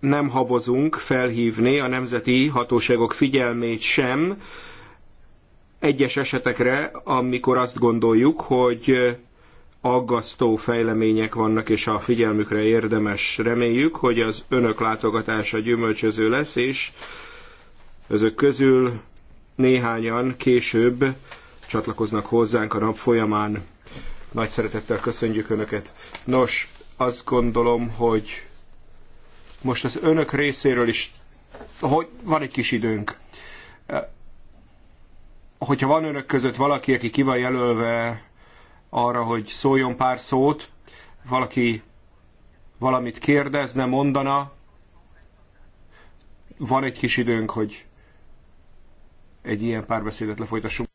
nem habozunk felhívni a nemzeti hatóságok figyelmét sem egyes esetekre, amikor azt gondoljuk, hogy aggasztó fejlemények vannak, és a figyelmükre érdemes. Reméljük, hogy az önök látogatása gyümölcsöző lesz, és ezek közül néhányan később csatlakoznak hozzánk a nap folyamán. Nagy szeretettel köszönjük Önöket. Nos, azt gondolom, hogy most az Önök részéről is hogy van egy kis időnk. Hogyha van Önök között valaki, aki ki van jelölve arra, hogy szóljon pár szót, valaki valamit kérdezne, mondana. Van egy kis időnk, hogy egy ilyen párbeszédet lefolytassunk.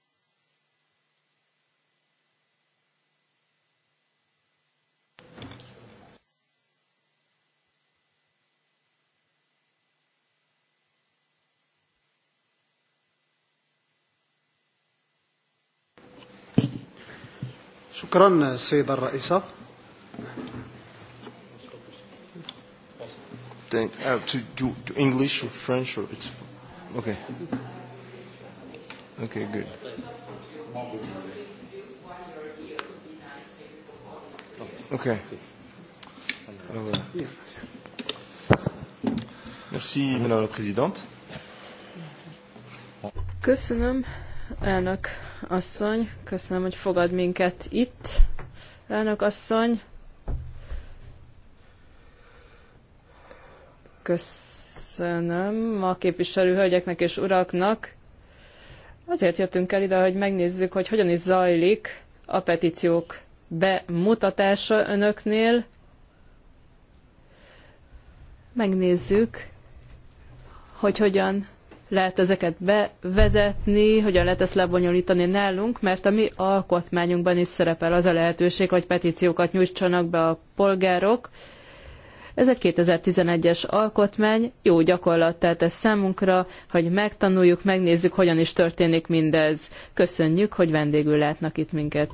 شكرا سيدة الرئيسة Thank, uh, to, to, to English or French or it's okay. Okay, good. Okay. Voilà. Merci, Madame la Présidente. Köszönöm, elnök asszony, köszönöm, hogy fogad minket itt. Elnök asszony, köszönöm a hölgyeknek és uraknak. Azért jöttünk el ide, hogy megnézzük, hogy hogyan is zajlik a petíciók bemutatása önöknél. Megnézzük, hogy hogyan lehet ezeket bevezetni, hogyan lehet ezt lebonyolítani nálunk, mert a mi alkotmányunkban is szerepel az a lehetőség, hogy petíciókat nyújtsanak be a polgárok. Ez egy 2011-es alkotmány, jó gyakorlat tehát ez számunkra, hogy megtanuljuk, megnézzük, hogyan is történik mindez. Köszönjük, hogy vendégül látnak itt minket.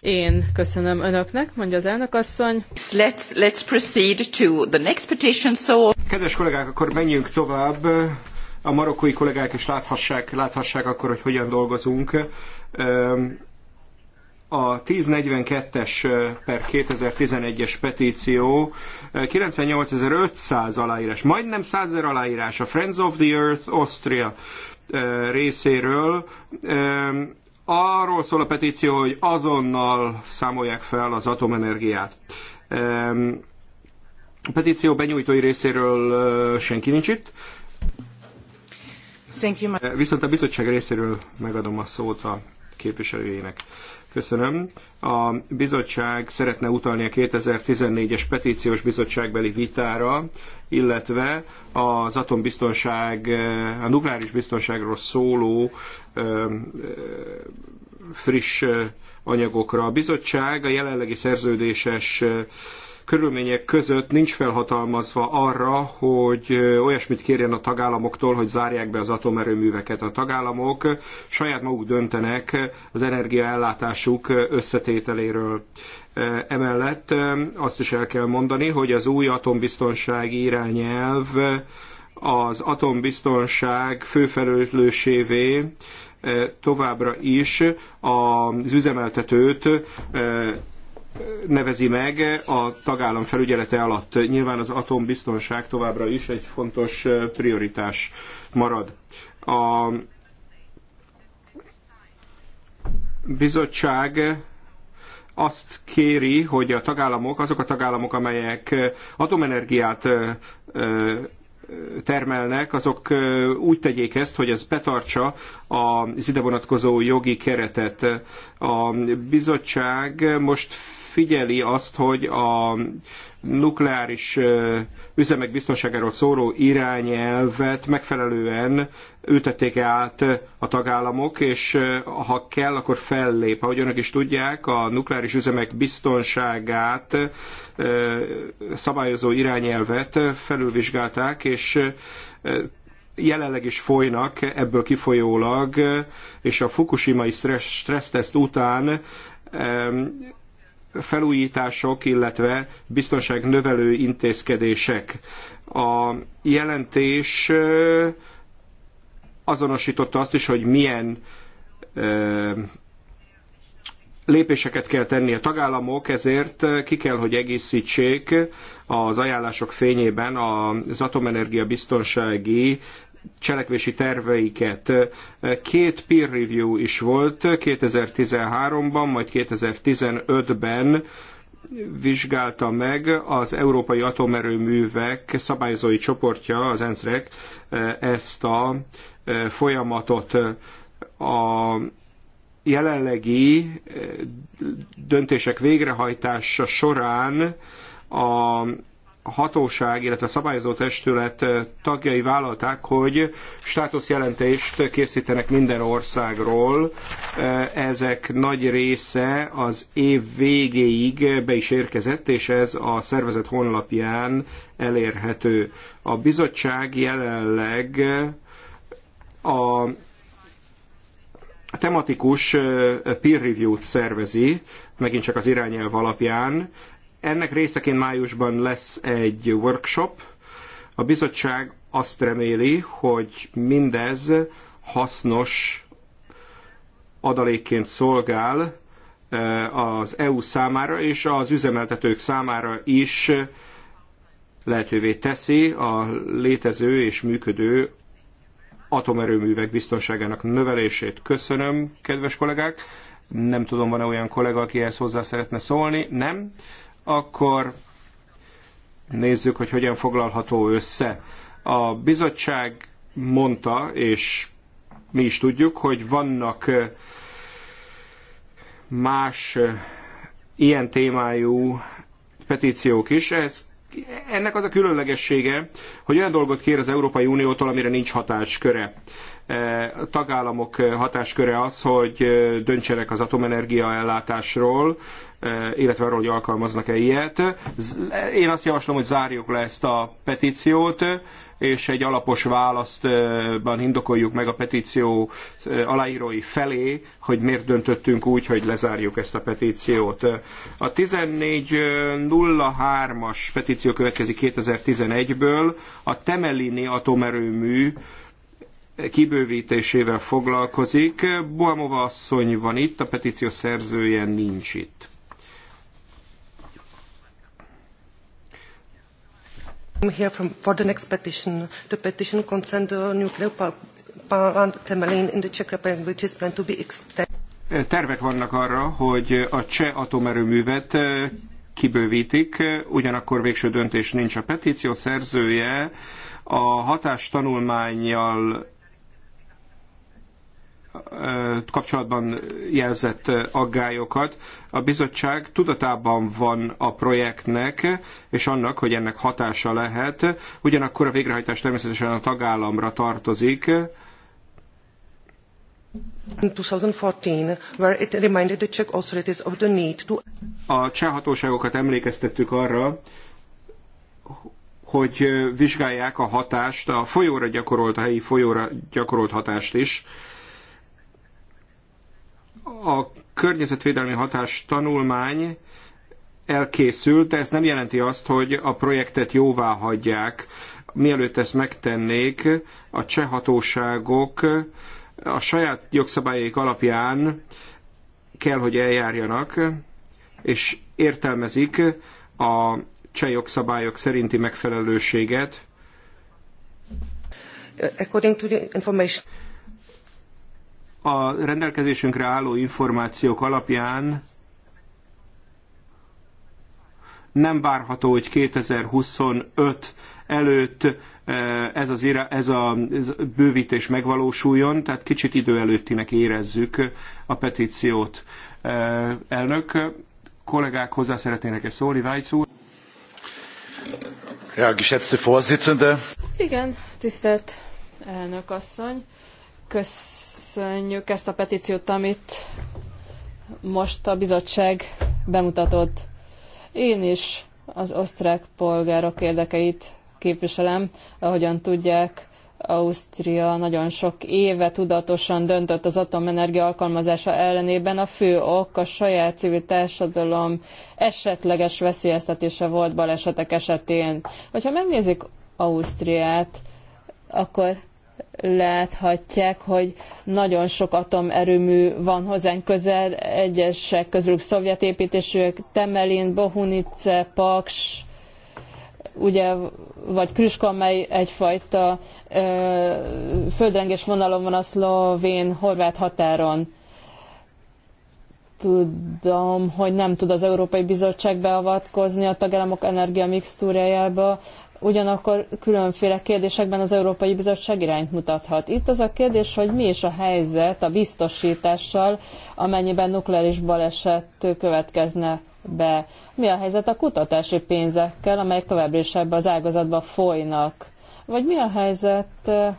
Én köszönöm önöknek, mondja az elnök asszony. Let's, let's proceed to the next petition, so... Kedves kollégák, akkor menjünk tovább. A marokkói kollégák is láthassák, láthassák akkor, hogy hogyan dolgozunk. A 1042-es per 2011-es petíció 98.500 aláírás, majdnem 100 000 aláírás, a Friends of the Earth Austria részéről Arról szól a petíció, hogy azonnal számolják fel az atomenergiát. A petíció benyújtói részéről senki nincs itt. Viszont a bizottság részéről megadom a szót a képviselőjének. Köszönöm. A bizottság szeretne utalni a 2014-es petíciós bizottságbeli vitára, illetve az atombiztonság, a nukleáris biztonságról szóló friss anyagokra. A bizottság a jelenlegi szerződéses körülmények között nincs felhatalmazva arra, hogy olyasmit kérjen a tagállamoktól, hogy zárják be az atomerőműveket. A tagállamok saját maguk döntenek az energiaellátásuk összetételéről. Emellett azt is el kell mondani, hogy az új atombiztonsági irányelv az atombiztonság főfelelősévé továbbra is az üzemeltetőt nevezi meg a tagállam felügyelete alatt. Nyilván az atombiztonság továbbra is egy fontos prioritás marad. A bizottság azt kéri, hogy a tagállamok, azok a tagállamok, amelyek atomenergiát termelnek, azok úgy tegyék ezt, hogy ez betartsa az ide vonatkozó jogi keretet. A bizottság most figyeli azt, hogy a nukleáris üzemek biztonságáról szóró irányelvet megfelelően ültették át a tagállamok, és ha kell, akkor fellép. Ahogy önök is tudják, a nukleáris üzemek biztonságát szabályozó irányelvet felülvizsgálták, és jelenleg is folynak ebből kifolyólag, és a stressz stresszteszt után felújítások, illetve biztonságnövelő intézkedések. A jelentés azonosította azt is, hogy milyen lépéseket kell tenni a tagállamok, ezért ki kell, hogy egészítsék az ajánlások fényében az atomenergia biztonsági cselekvési terveiket. Két peer review is volt 2013-ban, majd 2015-ben vizsgálta meg az Európai Atomerőművek szabályozói csoportja, az ENSZREK, ezt a folyamatot. A jelenlegi döntések végrehajtása során a hatóság, illetve szabályozó testület tagjai vállalták, hogy státuszjelentést készítenek minden országról. Ezek nagy része az év végéig be is érkezett, és ez a szervezet honlapján elérhető. A bizottság jelenleg a tematikus peer review-t szervezi, megint csak az irányelv alapján, ennek részeként májusban lesz egy workshop. A bizottság azt reméli, hogy mindez hasznos adalékként szolgál e, az EU számára és az üzemeltetők számára is lehetővé teszi a létező és működő atomerőművek biztonságának növelését. Köszönöm, kedves kollégák! Nem tudom, van-e olyan kollega, aki ehhez hozzá szeretne szólni? Nem? akkor nézzük, hogy hogyan foglalható össze. A bizottság mondta, és mi is tudjuk, hogy vannak más ilyen témájú petíciók is. Ez, ennek az a különlegessége, hogy olyan dolgot kér az Európai Uniótól, amire nincs hatásköre. Eh, tagállamok hatásköre az, hogy eh, döntsenek az atomenergia ellátásról, eh, illetve arról, hogy alkalmaznak-e ilyet. Én azt javaslom, hogy zárjuk le ezt a petíciót, és egy alapos választban indokoljuk meg a petíció aláírói felé, hogy miért döntöttünk úgy, hogy lezárjuk ezt a petíciót. A 1403-as petíció következik 2011-ből, a Temelini atomerőmű kibővítésével foglalkozik. Buamova asszony van itt, a petíció szerzője nincs itt. I'm here from, for the next petition. The petition concerns the nuclear plant Temelin in the Czech Republic, which is planned to be extended. Tervek vannak arra, hogy a cseh atomerőművet eh, kibővítik, eh, ugyanakkor végső döntés nincs a petíció szerzője. A hatástanulmányjal kapcsolatban jelzett aggályokat. A bizottság tudatában van a projektnek, és annak, hogy ennek hatása lehet. Ugyanakkor a végrehajtás természetesen a tagállamra tartozik. 2014, A cseh hatóságokat emlékeztettük arra, hogy vizsgálják a hatást, a folyóra gyakorolt, a helyi folyóra gyakorolt hatást is a környezetvédelmi hatás tanulmány elkészült, de ez nem jelenti azt, hogy a projektet jóvá hagyják. Mielőtt ezt megtennék, a cseh hatóságok a saját jogszabályaik alapján kell, hogy eljárjanak, és értelmezik a cseh jogszabályok szerinti megfelelőséget. According to the information a rendelkezésünkre álló információk alapján nem várható, hogy 2025 előtt eh, ez, az, ez a ez a bővítés megvalósuljon, tehát kicsit idő előttinek érezzük a petíciót. Eh, elnök, kollégák hozzá szeretnének-e szólni, Vájc úr? Ja, geschätzte Vorsitzende. Igen, tisztelt elnök asszony. Köszönjük ezt a petíciót, amit most a bizottság bemutatott. Én is az osztrák polgárok érdekeit képviselem, ahogyan tudják, Ausztria nagyon sok éve tudatosan döntött az atomenergia alkalmazása ellenében. A fő ok a saját civil társadalom esetleges veszélyeztetése volt balesetek esetén. Hogyha megnézik Ausztriát, akkor láthatják, hogy nagyon sok atomerőmű van hozzánk közel, egyesek közülük szovjet építésűek, Temelin, Bohunice, Paks, ugye, vagy Krüska, amely egyfajta ö, földrengés vonalon van a szlovén-horvát határon. Tudom, hogy nem tud az Európai Bizottság beavatkozni a tagállamok energiamixtúrájába, ugyanakkor különféle kérdésekben az Európai Bizottság irányt mutathat. Itt az a kérdés, hogy mi is a helyzet a biztosítással, amennyiben nukleáris baleset következne be. Mi a helyzet a kutatási pénzekkel, amelyek továbbra is ebbe az ágazatba folynak? Vagy mi a helyzet eh,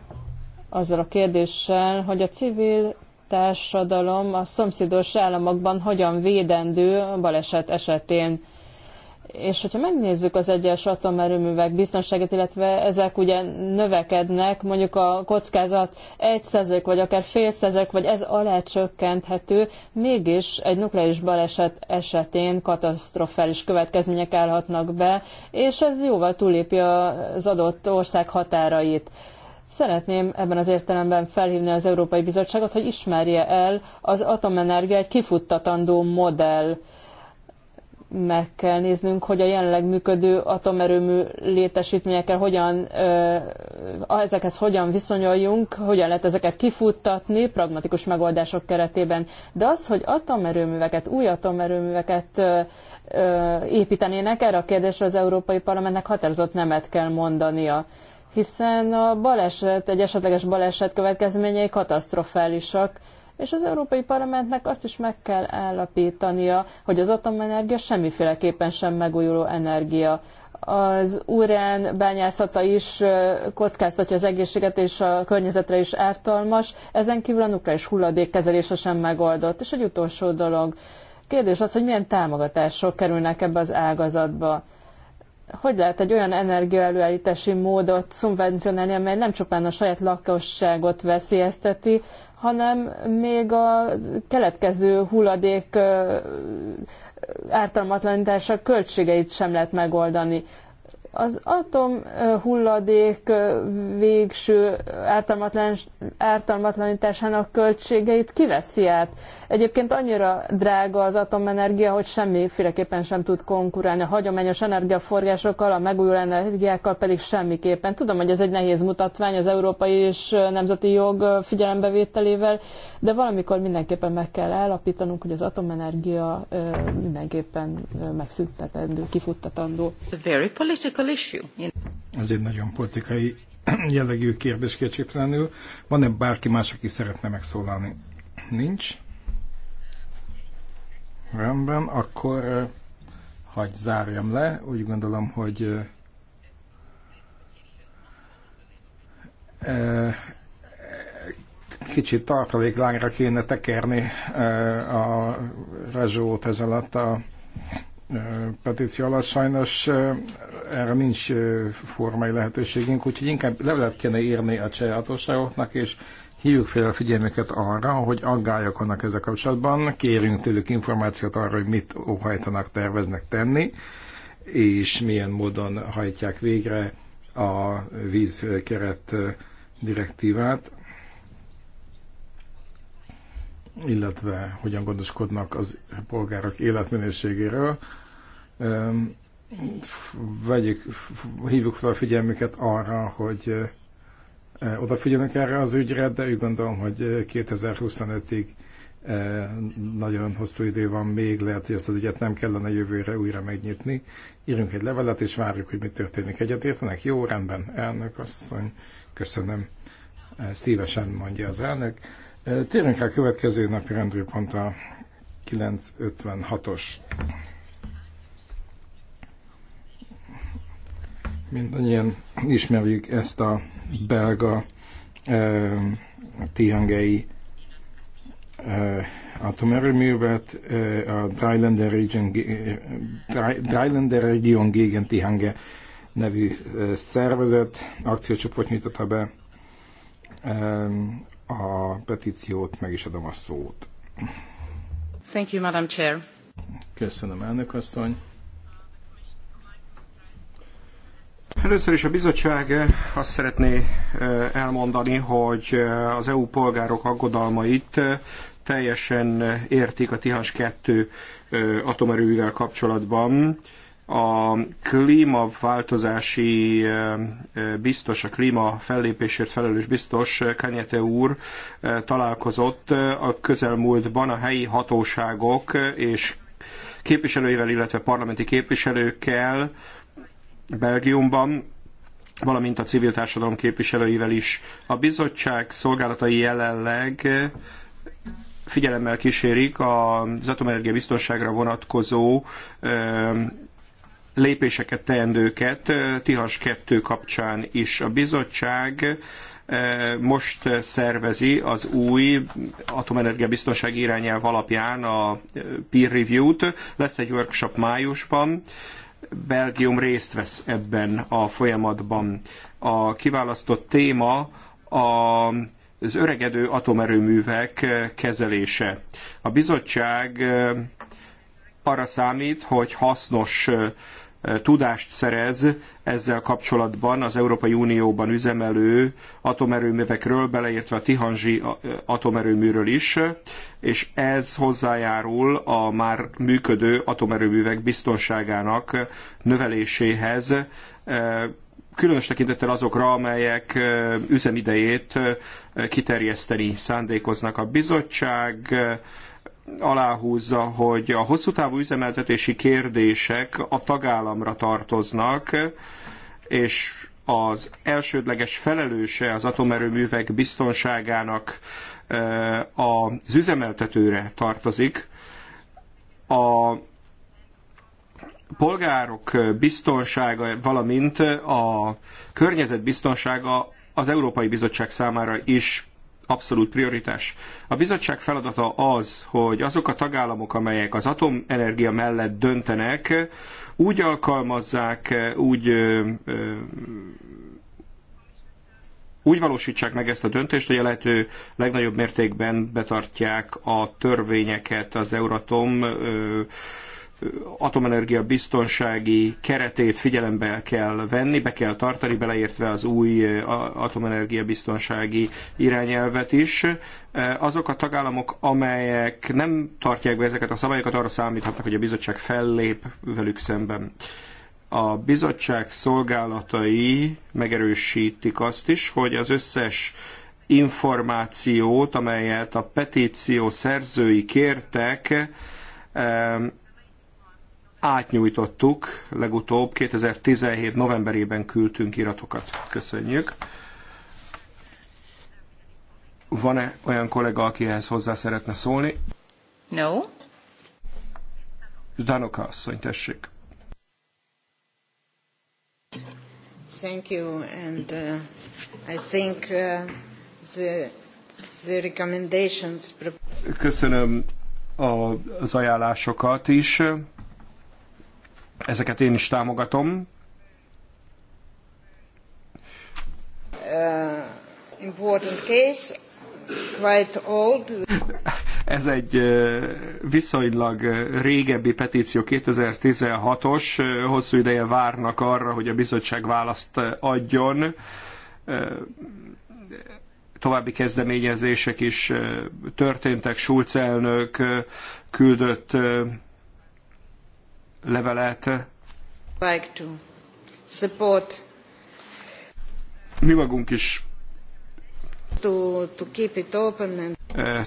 azzal a kérdéssel, hogy a civil társadalom a szomszédos államokban hogyan védendő baleset esetén? És hogyha megnézzük az egyes atomerőművek biztonságát, illetve ezek ugye növekednek, mondjuk a kockázat százalék, vagy akár fél százalék, vagy ez alá csökkenthető, mégis egy nukleáris baleset esetén katasztrofális következmények állhatnak be, és ez jóval túlépi az adott ország határait. Szeretném ebben az értelemben felhívni az Európai Bizottságot, hogy ismerje el az atomenergia egy kifuttatandó modell meg kell néznünk, hogy a jelenleg működő atomerőmű létesítményekkel hogyan, ezekhez hogyan viszonyuljunk, hogyan lehet ezeket kifuttatni pragmatikus megoldások keretében. De az, hogy atomerőműveket, új atomerőműveket építenének, erre a kérdésre az Európai Parlamentnek határozott nemet kell mondania hiszen a baleset, egy esetleges baleset következményei katasztrofálisak, és az Európai Parlamentnek azt is meg kell állapítania, hogy az atomenergia semmiféleképpen sem megújuló energia. Az urán bányászata is kockáztatja az egészséget és a környezetre is ártalmas, ezen kívül a nukleáris hulladék kezelése sem megoldott. És egy utolsó dolog, kérdés az, hogy milyen támogatások kerülnek ebbe az ágazatba hogy lehet egy olyan energiaelőállítási módot szubvencionálni, amely nem csupán a saját lakosságot veszélyezteti, hanem még a keletkező hulladék ártalmatlanítása költségeit sem lehet megoldani. Az atom hulladék végső ártalmatlan, ártalmatlanításának költségeit kiveszi át. Egyébként annyira drága az atomenergia, hogy semmiféleképpen sem tud konkurálni a hagyományos energiaforgásokkal, a megújuló energiákkal pedig semmiképpen. Tudom, hogy ez egy nehéz mutatvány az európai és nemzeti jog figyelembevételével, de valamikor mindenképpen meg kell állapítanunk, hogy az atomenergia mindenképpen megszüntetendő, kifuttatandó. Very political political issue. Ez egy nagyon politikai <clears throat> jellegű kérdés kétségtelenül. Van-e bárki más, aki szeretne megszólalni? Nincs. Rendben, akkor hagy zárjam le. Úgy gondolom, hogy kicsit tartaléklányra kéne tekerni a rezsót ez alatt a petíció alatt sajnos erre nincs formai lehetőségünk, úgyhogy inkább levelet kéne írni a cseh hatóságoknak, és hívjuk fel a figyelmüket arra, hogy aggályok vannak ezzel kapcsolatban, kérünk tőlük információt arra, hogy mit óhajtanak, terveznek tenni, és milyen módon hajtják végre a vízkeret direktívát, illetve hogyan gondoskodnak az polgárok életminőségéről. Vegyük, hívjuk fel a figyelmüket arra, hogy eh, odafigyelnek erre az ügyre, de úgy gondolom, hogy 2025-ig eh, nagyon hosszú idő van még, lehet, hogy ezt az ügyet nem kellene jövőre újra megnyitni. Írjunk egy levelet, és várjuk, hogy mi történik. Egyetértenek? Jó, rendben, elnök asszony, köszönöm. Eh, szívesen mondja az elnök. Térjünk el a következő napi rendőri pont a 956-os. Mindannyian ismerjük ezt a belga eh, tihangei eh, atomerőművet, a Drylander Region, Drylander Region Gegen Tihange nevű szervezet, akciócsoport nyújtotta be a petíciót, meg is adom a szót. Thank you, Madam Chair. Köszönöm, elnök asszony. Először is a bizottság eh, azt szeretné eh, elmondani, hogy eh, az EU polgárok aggodalmait teljesen értik a Tihans 2 atomerővel kapcsolatban a klímaváltozási eh, eh, biztos, a klíma fellépésért felelős biztos eh, Kenyete úr találkozott a közelmúltban a helyi hatóságok és képviselőivel, illetve parlamenti képviselőkkel Belgiumban, valamint a civil társadalom képviselőivel is. A bizottság szolgálatai jelenleg figyelemmel kísérik az atomenergia biztonságra vonatkozó lépéseket, teendőket Tihas 2 kapcsán is. A bizottság most szervezi az új atomenergia biztonsági irányelv alapján a peer review-t. Lesz egy workshop májusban. Belgium részt vesz ebben a folyamatban. A kiválasztott téma a az öregedő atomerőművek kezelése. A bizottság arra számít, hogy hasznos tudást szerez ezzel kapcsolatban az Európai Unióban üzemelő atomerőművekről, beleértve a Tihanzsi atomerőműről is, és ez hozzájárul a már működő atomerőművek biztonságának növeléséhez, különös tekintettel azokra, amelyek üzemidejét kiterjeszteni szándékoznak a bizottság, aláhúzza, hogy a hosszú távú üzemeltetési kérdések a tagállamra tartoznak, és az elsődleges felelőse az atomerőművek biztonságának e, az üzemeltetőre tartozik. A polgárok biztonsága, valamint a környezet biztonsága az Európai Bizottság számára is abszolút prioritás. A bizottság feladata az, hogy azok a tagállamok, amelyek az atomenergia mellett döntenek, úgy alkalmazzák, úgy úgy valósítsák meg ezt a döntést, hogy a lehető legnagyobb mértékben betartják a törvényeket az Euratom atomenergia biztonsági keretét figyelembe kell venni, be kell tartani, beleértve az új atomenergia biztonsági irányelvet is. Azok a tagállamok, amelyek nem tartják be ezeket a szabályokat, arra számíthatnak, hogy a bizottság fellép velük szemben. A bizottság szolgálatai megerősítik azt is, hogy az összes információt, amelyet a petíció szerzői kértek, átnyújtottuk legutóbb, 2017 novemberében küldtünk iratokat. Köszönjük. Van-e olyan kollega, aki ehhez hozzá szeretne szólni? No. Danoka asszony, tessék. Thank you, and uh, I think uh, the, the recommendations... Köszönöm a, az ajánlásokat is. Ezeket én is támogatom. Uh, important case, quite old. Ez egy uh, viszonylag uh, régebbi petíció, 2016-os, uh, hosszú ideje várnak arra, hogy a bizottság választ adjon további kezdeményezések is történtek. Schulz elnök küldött levelet. Like to support. Mi magunk is to, to keep it open and...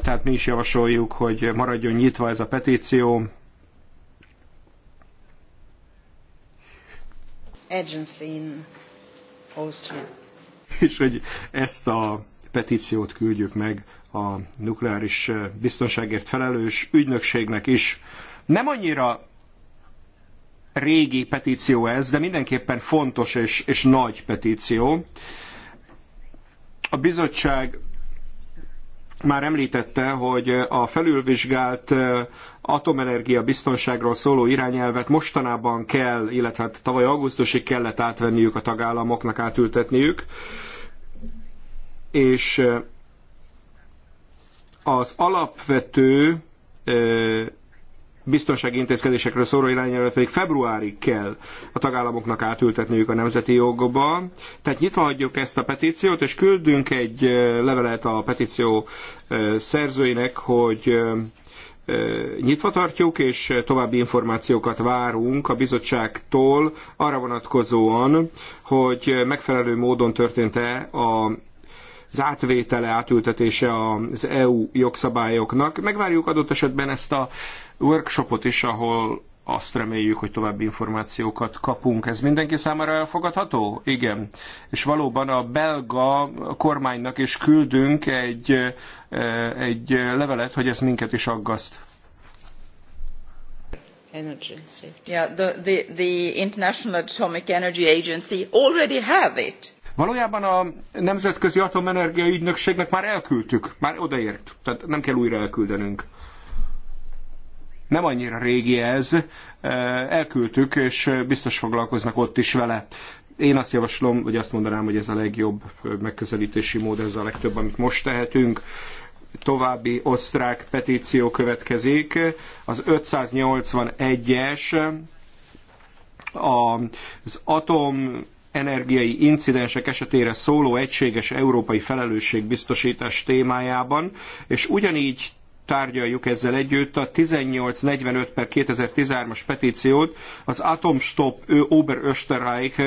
Tehát mi is javasoljuk, hogy maradjon nyitva ez a petíció. Agency in Austria. És hogy ezt a petíciót küldjük meg a nukleáris biztonságért felelős ügynökségnek is. Nem annyira régi petíció ez, de mindenképpen fontos és, és nagy petíció. A bizottság már említette, hogy a felülvizsgált atomenergia biztonságról szóló irányelvet mostanában kell, illetve hát tavaly augusztusig kellett átvenniük a tagállamoknak, átültetniük, és az alapvető biztonsági intézkedésekről szóló irányelvet pedig februárig kell a tagállamoknak átültetniük a nemzeti jogba. Tehát nyitva hagyjuk ezt a petíciót, és küldünk egy levelet a petíció szerzőinek, hogy nyitva tartjuk, és további információkat várunk a bizottságtól arra vonatkozóan, hogy megfelelő módon történt-e a az átvétele, átültetése az EU jogszabályoknak. Megvárjuk adott esetben ezt a workshopot is, ahol azt reméljük, hogy további információkat kapunk. Ez mindenki számára elfogadható? Igen. És valóban a belga kormánynak is küldünk egy, eh, egy levelet, hogy ez minket is aggaszt. Energy yeah, the, the, the International Atomic Energy Agency already have it. Valójában a Nemzetközi Atomenergia Ügynökségnek már elküldtük, már odaért, tehát nem kell újra elküldenünk nem annyira régi ez, elküldtük, és biztos foglalkoznak ott is vele. Én azt javaslom, vagy azt mondanám, hogy ez a legjobb megközelítési mód, ez a legtöbb, amit most tehetünk további osztrák petíció következik. Az 581-es az atom energiai incidensek esetére szóló egységes európai felelősség biztosítás témájában, és ugyanígy tárgyaljuk ezzel együtt a 1845 per 2013-as petíciót az Atomstop Oberösterreich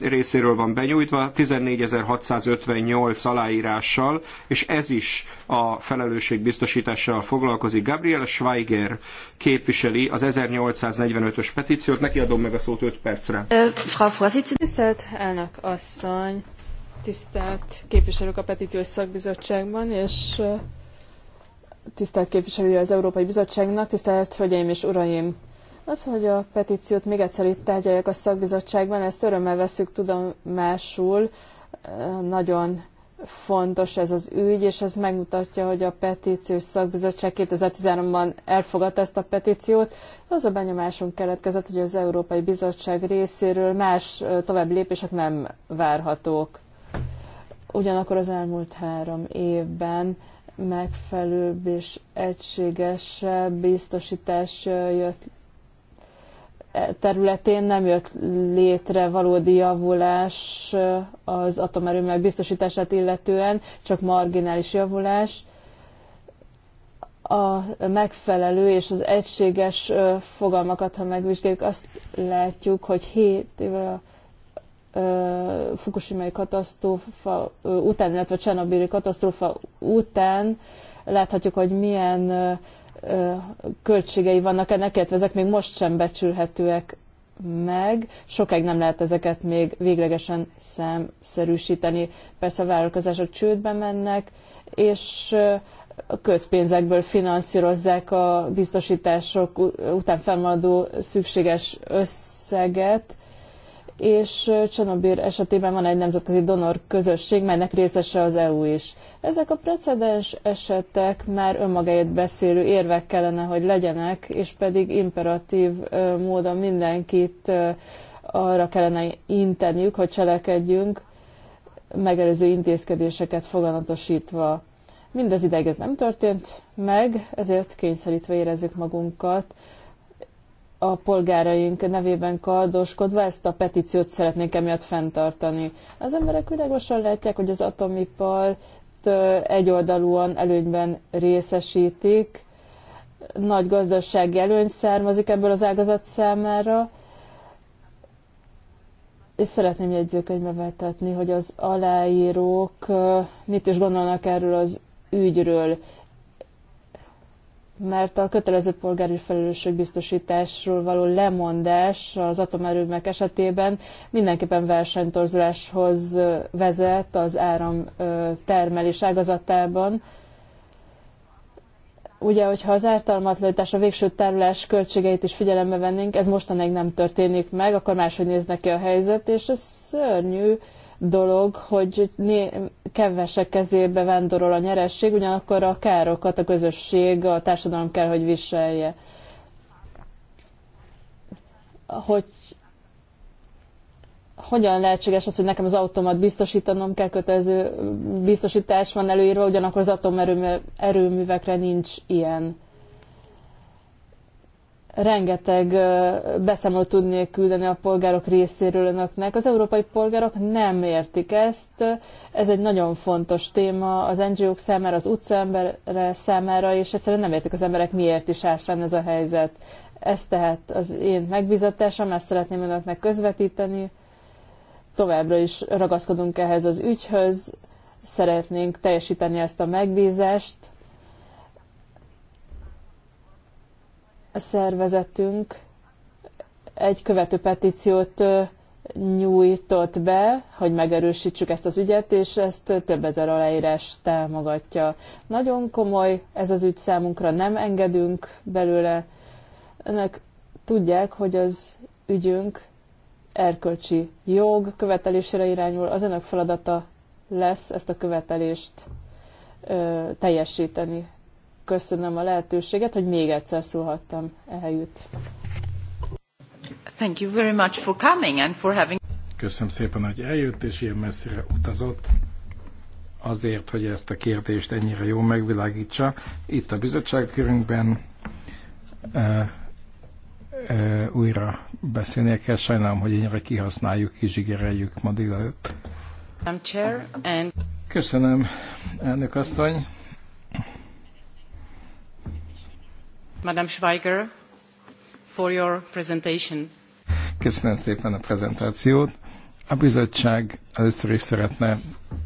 részéről van benyújtva 14.658 aláírással, és ez is a felelősség felelősségbiztosítással foglalkozik. Gabriel Schweiger képviseli az 1845-ös petíciót, neki adom meg a szót 5 percre. Frau tisztelt elnök asszony, tisztelt képviselők a petíciós szakbizottságban, és tisztelt képviselője az Európai Bizottságnak, tisztelt Hölgyeim és Uraim! Az, hogy a petíciót még egyszer itt tárgyalják a szakbizottságban, ezt örömmel veszük tudomásul. Nagyon fontos ez az ügy, és ez megmutatja, hogy a petíciós szakbizottság 2013-ban elfogadta ezt a petíciót. Az a benyomásunk keletkezett, hogy az Európai Bizottság részéről más további lépések nem várhatók. Ugyanakkor az elmúlt három évben megfelelőbb és egységesebb biztosítás jött e, területén nem jött létre valódi javulás az atomerőmek biztosítását illetően, csak marginális javulás. A megfelelő és az egységes fogalmakat, ha megvizsgáljuk, azt látjuk, hogy 7 évvel a fukushimai katasztrófa után, illetve Csernobili katasztrófa után láthatjuk, hogy milyen költségei vannak ennek, illetve ezek még most sem becsülhetőek meg. Sokáig nem lehet ezeket még véglegesen számszerűsíteni. Persze a vállalkozások csődbe mennek, és a közpénzekből finanszírozzák a biztosítások után felmaradó szükséges összeget, és Csanobír esetében van egy nemzetközi donor közösség, melynek részese az EU is. Ezek a precedens esetek már önmagáért beszélő érvek kellene, hogy legyenek, és pedig imperatív módon mindenkit arra kellene inteniük, hogy cselekedjünk, megelőző intézkedéseket foganatosítva. Mindez ideig ez nem történt meg, ezért kényszerítve érezzük magunkat a polgáraink nevében kardoskodva ezt a petíciót szeretnék emiatt fenntartani. Az emberek világosan látják, hogy az atomipart egyoldalúan előnyben részesítik, nagy gazdasági előny származik ebből az ágazat számára, és szeretném jegyzőkönyvbe vetetni, hogy az aláírók mit is gondolnak erről az ügyről mert a kötelező polgári felelősségbiztosításról való lemondás az atomerőmek esetében mindenképpen versenytorzuláshoz vezet az áram termelés ágazatában. Ugye, hogyha az ártalmatlanítás a végső tárolás költségeit is figyelembe vennénk, ez mostanáig nem történik meg, akkor máshogy néz neki a helyzet, és ez szörnyű, dolog, hogy né kevesek kezébe vándorol a nyeresség, ugyanakkor a károkat a közösség, a társadalom kell, hogy viselje. Hogy hogyan lehetséges az, hogy nekem az automat biztosítanom kell, kötelező biztosítás van előírva, ugyanakkor az atomerőművekre nincs ilyen rengeteg beszámolót tudnék küldeni a polgárok részéről önöknek. Az európai polgárok nem értik ezt. Ez egy nagyon fontos téma az NGO-k számára, az utcaembere számára, és egyszerűen nem értik az emberek, miért is áll ez a helyzet. Ez tehát az én megbizatásom, ezt szeretném önöknek közvetíteni. Továbbra is ragaszkodunk ehhez az ügyhöz, szeretnénk teljesíteni ezt a megbízást, A szervezetünk egy követő petíciót nyújtott be, hogy megerősítsük ezt az ügyet, és ezt több ezer aláírás támogatja. Nagyon komoly ez az ügy számunkra, nem engedünk belőle. Önök tudják, hogy az ügyünk erkölcsi jog követelésére irányul, az önök feladata lesz ezt a követelést ö, teljesíteni köszönöm a lehetőséget, hogy még egyszer szólhattam eljut. Thank you very much for coming and for having... Köszönöm szépen, hogy eljött és ilyen messzire utazott azért, hogy ezt a kérdést ennyire jól megvilágítsa. Itt a bizottság uh, uh, újra beszélni kell. Sajnálom, hogy ennyire kihasználjuk, kizsigereljük ma délelőtt. Köszönöm, elnök asszony. Madame Schweiger, for your presentation. Köszönöm szépen a prezentációt. A bizottság először is szeretne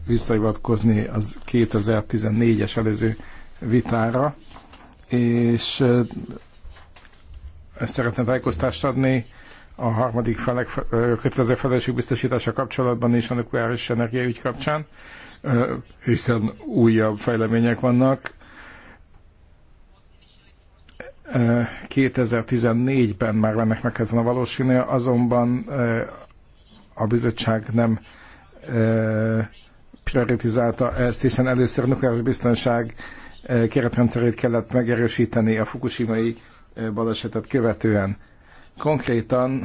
visszahivatkozni az 2014-es előző vitára, és szeretne tájékoztást adni a harmadik felek kötelező felelősségbiztosítása kapcsolatban és a nukleáris energiaügy kapcsán, hiszen újabb fejlemények vannak, 2014-ben már ennek meg kellett volna valósulni, azonban eh, a bizottság nem eh, prioritizálta ezt, hiszen először a nukleáris biztonság eh, keretrendszerét kellett megerősíteni a fukushimai balesetet követően. Konkrétan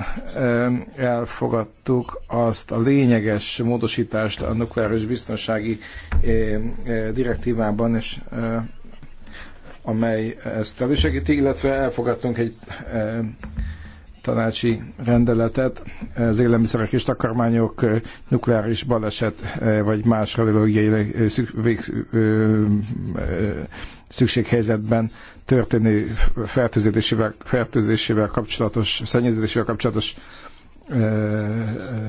elfogadtuk azt a lényeges módosítást a nukleáris biztonsági direktívában, és amely ezt elősegíti, illetve elfogadtunk egy e, tanácsi rendeletet az élelmiszerek és takarmányok e, nukleáris baleset e, vagy más radiológiai e, szük, vég, e, e, szükséghelyzetben történő fertőzésével, fertőzésével kapcsolatos, szennyeződésével kapcsolatos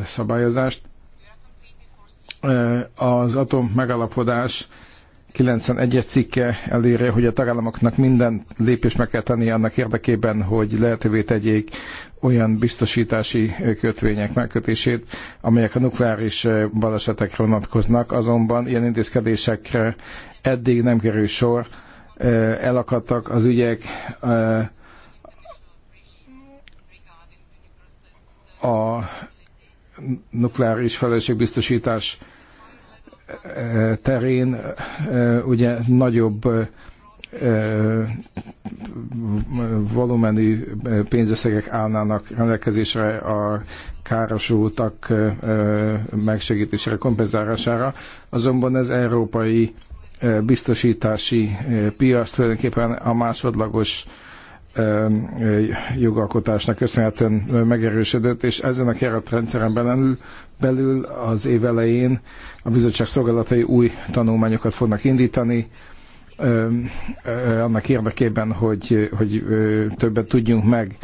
szabályozást. Az atom megalapodás 91-es cikke elérje, hogy a tagállamoknak minden lépést meg kell tenni annak érdekében, hogy lehetővé tegyék olyan biztosítási kötvények megkötését, amelyek a nukleáris balesetekre vonatkoznak, azonban ilyen intézkedésekre eddig nem kerül sor, elakadtak az ügyek, a nukleáris felelősségbiztosítás biztosítás terén ugye nagyobb volumenű pénzösszegek állnának rendelkezésre a károsultak megsegítésre, kompenzálására. Azonban ez európai biztosítási piac tulajdonképpen a másodlagos jogalkotásnak köszönhetően megerősödött, és ezen a keretrendszeren belül belül az év elején a bizottság szolgálatai új tanulmányokat fognak indítani, annak érdekében, hogy, hogy többet tudjunk meg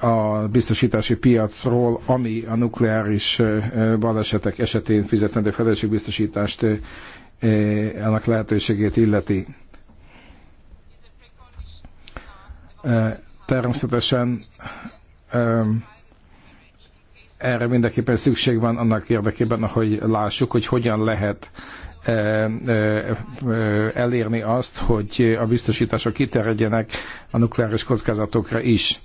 a biztosítási piacról, ami a nukleáris balesetek esetén fizetendő felelősségbiztosítást annak lehetőségét illeti. Természetesen erre mindenképpen szükség van annak érdekében, hogy lássuk, hogy hogyan lehet eh, eh, eh, elérni azt, hogy a biztosítások kiterjedjenek a nukleáris kockázatokra is.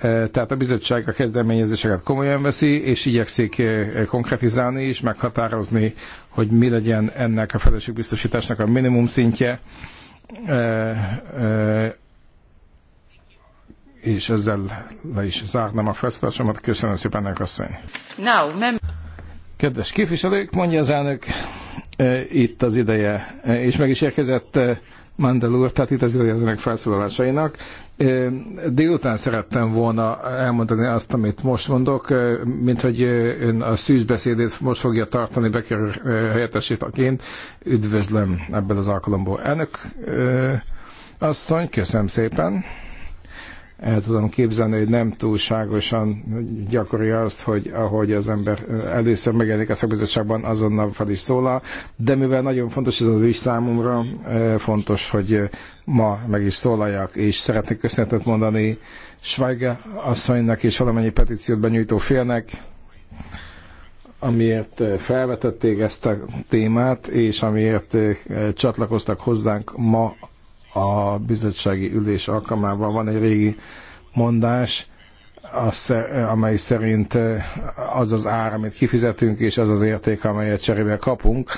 Tehát a bizottság a kezdeményezéseket komolyan veszi, és igyekszik konkretizálni is, meghatározni, hogy mi legyen ennek a felelősségbiztosításnak a minimum szintje és ezzel le is zárnám a felszólásomat. Köszönöm szépen, ennek asszony. Now, mem- Kedves képviselők, mondja az elnök, e, itt az ideje, e, és meg is érkezett e, Mandel úr, tehát itt az ideje az önök felszólalásainak. Délután szerettem volna elmondani azt, amit most mondok, mint hogy ön a szűzbeszédét most fogja tartani, bekerül helyettesítaként. Üdvözlöm ebben az alkalomból. Elnök asszony, köszönöm szépen el tudom képzelni, hogy nem túlságosan gyakori azt, hogy ahogy az ember először megjelenik a szakbizottságban, azonnal fel is szólal, de mivel nagyon fontos ez az is számomra, fontos, hogy ma meg is szólaljak, és szeretnék köszönetet mondani Schweiger asszonynak és valamennyi petíciót benyújtó félnek, amiért felvetették ezt a témát, és amiért csatlakoztak hozzánk ma a bizottsági ülés alkalmával van egy régi mondás, amely szerint eh, az az ár, amit kifizetünk, és az az érték, amelyet cserébe kapunk.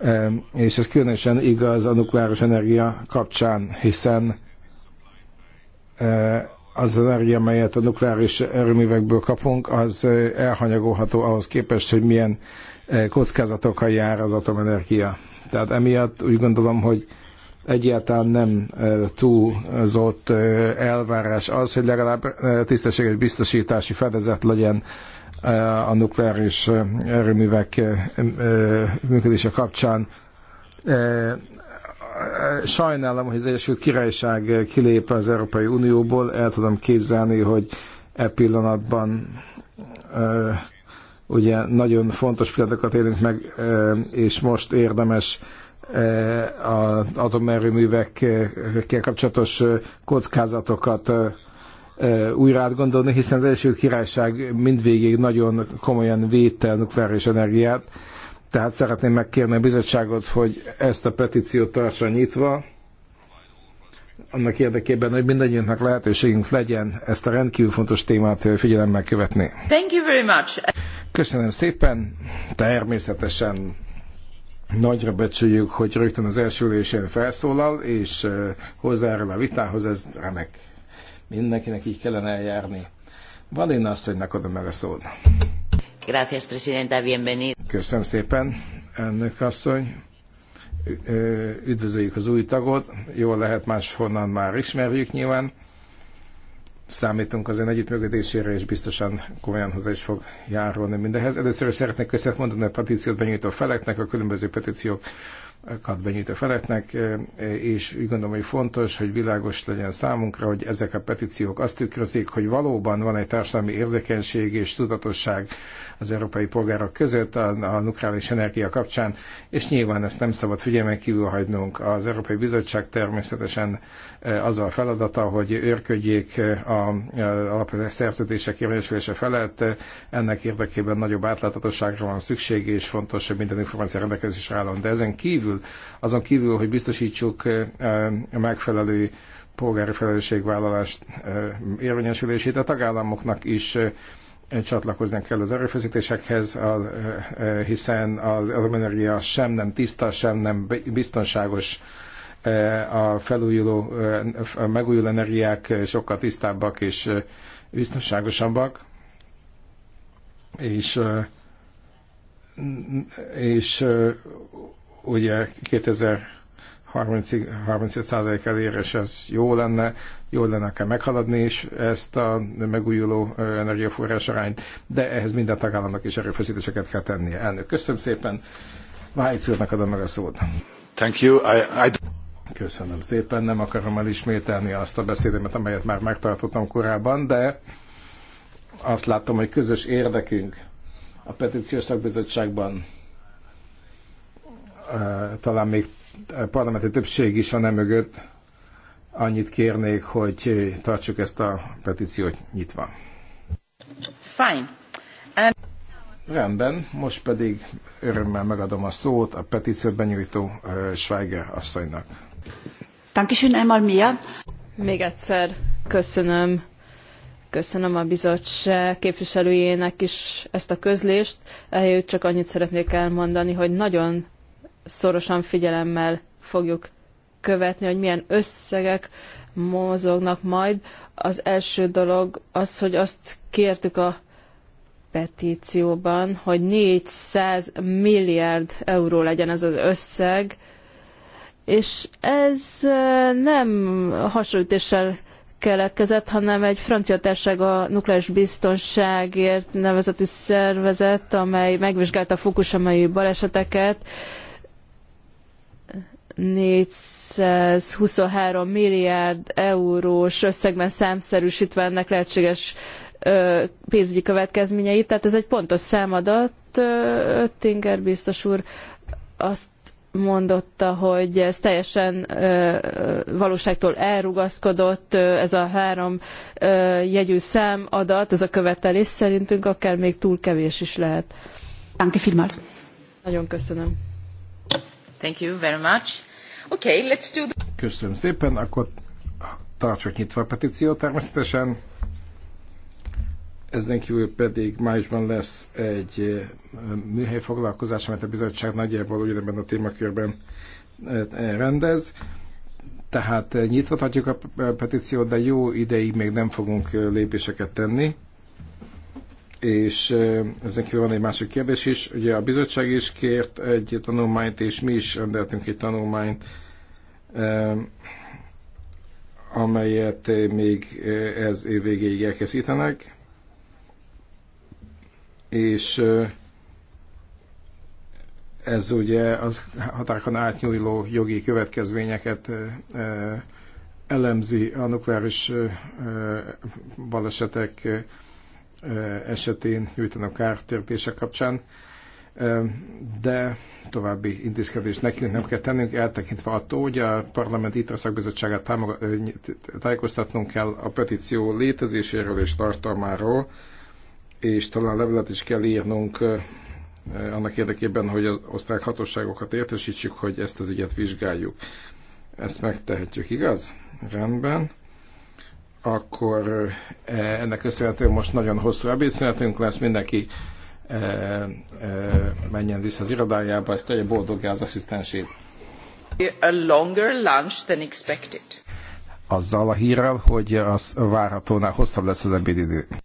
Eh, és ez különösen igaz a nukleáris energia kapcsán, hiszen eh, az energia, amelyet a nukleáris erőművekből kapunk, az elhanyagolható ahhoz képest, hogy milyen kockázatokkal jár az atomenergia. Tehát emiatt úgy gondolom, hogy egyáltalán nem túlzott elvárás az, hogy legalább tisztességes biztosítási fedezet legyen a nukleáris erőművek működése kapcsán. Sajnálom, hogy az Egyesült Királyság kilép az Európai Unióból, el tudom képzelni, hogy e pillanatban ugye nagyon fontos pillanatokat élünk meg, és most érdemes Eh, az atomerőművekkel kapcsolatos eh, kockázatokat eh, újra átgondolni, hiszen az Egyesült Királyság mindvégig nagyon komolyan védte a nukleáris energiát, tehát szeretném megkérni a bizottságot, hogy ezt a petíciót tartsa nyitva, annak érdekében, hogy mindannyiunknak lehetőségünk legyen ezt a rendkívül fontos témát figyelemmel követni. Thank you very much. Köszönöm szépen, természetesen nagyra becsüljük, hogy rögtön az első ülésén felszólal, és eh, hozzájárul a vitához, ez remek. Mindenkinek így kellene eljárni. Valina asszonynak adom el a szót. Gracias, Presidenta, Köszönöm szépen, elnök asszony. Eh, üdvözöljük az új tagot, jól lehet máshonnan már ismerjük nyilván számítunk az ön együttműködésére, és biztosan komolyan hozzá is fog járulni mindehez. Először is szeretnék köszönet mondani a petíciót benyújtó feleknek, a különböző petíciókat benyújtó feleknek, és úgy gondolom, hogy fontos, hogy világos legyen számunkra, hogy ezek a petíciók azt tükrözik, hogy valóban van egy társadalmi érzékenység és tudatosság az európai polgárok között a, a nukleáris energia kapcsán, és nyilván ezt nem szabad figyelmen kívül hagynunk. Az Európai Bizottság természetesen Eh, az a feladata, hogy őrködjék eh, a eh, alapvető szerződések érvényesülése felett. Ennek érdekében nagyobb átláthatóságra van szükség, és fontos, hogy minden információ rendelkezésre álljon. De ezen kívül, azon kívül, hogy biztosítsuk a megfelelő polgári felelősségvállalást érvényesülését, a tagállamoknak is csatlakozni kell az erőfeszítésekhez, hiszen az atomenergia sem nem tiszta, sem nem biztonságos a felújuló, a megújuló energiák sokkal tisztábbak és biztonságosabbak, és, és ugye 2030-35% elérés ez jó lenne, jó lenne kell meghaladni is ezt a megújuló energiaforrás arányt, de ehhez minden tagállamnak is erőfeszítéseket kell tennie. Elnök, köszönöm szépen, Vájc adom meg a szót. Thank you. I, I... Köszönöm szépen, nem akarom elismételni azt a beszédemet, amelyet már megtartottam korábban, de azt látom, hogy közös érdekünk a petíciós szakbizottságban talán még parlamenti többség is nem mögött, annyit kérnék, hogy tartsuk ezt a petíciót nyitva. Fine. And... Rendben, most pedig örömmel megadom a szót a petíciót benyújtó Schweiger asszonynak. Dankeschön einmal mehr. Még egyszer köszönöm. Köszönöm a bizottság képviselőjének is ezt a közlést. Ehelyett csak annyit szeretnék elmondani, hogy nagyon szorosan figyelemmel fogjuk követni, hogy milyen összegek mozognak majd. Az első dolog az, hogy azt kértük a petícióban, hogy 400 milliárd euró legyen ez az összeg, és ez nem hasonlítéssel keletkezett, hanem egy francia társaság a nukleáris biztonságért nevezetű szervezet, amely megvizsgálta a fukusamai baleseteket. 423 milliárd eurós összegben számszerűsítve ennek lehetséges ö, pénzügyi következményeit. Tehát ez egy pontos számadat. Tinger biztos úr azt mondotta, hogy ez teljesen ö, valóságtól elrugaszkodott, ez a három ö, jegyű szám adat, ez a követelés szerintünk akár még túl kevés is lehet. Danke vielmals. Nagyon köszönöm. Thank you very much. Okay, let's do the... Köszönöm szépen, akkor tartsuk nyitva a petíciót természetesen ezen kívül pedig májusban lesz egy eh, műhely foglalkozás, amit a bizottság nagyjából ugyanebben a témakörben eh, rendez. Tehát eh, nyitvathatjuk a petíciót, de jó ideig még nem fogunk lépéseket tenni. És ezen kívül van egy másik kérdés is. Ugye a bizottság is kért egy tanulmányt, és mi is rendeltünk egy tanulmányt, amelyet még ez év végéig elkészítenek és ez ugye az határokon átnyúló jogi következményeket elemzi a nukleáris balesetek esetén nyújtanak kártértések kapcsán, de további intézkedést nekünk nem kell tennünk, eltekintve attól, hogy a parlament ITRA szakbizottságát támogat, tájékoztatnunk kell a petíció létezéséről és tartalmáról, és talán levelet is kell írnunk annak érdekében, hogy az osztrák hatóságokat értesítsük, hogy ezt az ügyet vizsgáljuk. Ezt megtehetjük, igaz? Rendben. Akkor ennek köszönhetően most nagyon hosszú ebédszünetünk lesz, mindenki e, e, menjen vissza az irodájába, és tegye boldoggá az asszisztensét. A longer lunch than expected. Azzal a hírrel, hogy az várhatónál hosszabb lesz az ebédidő.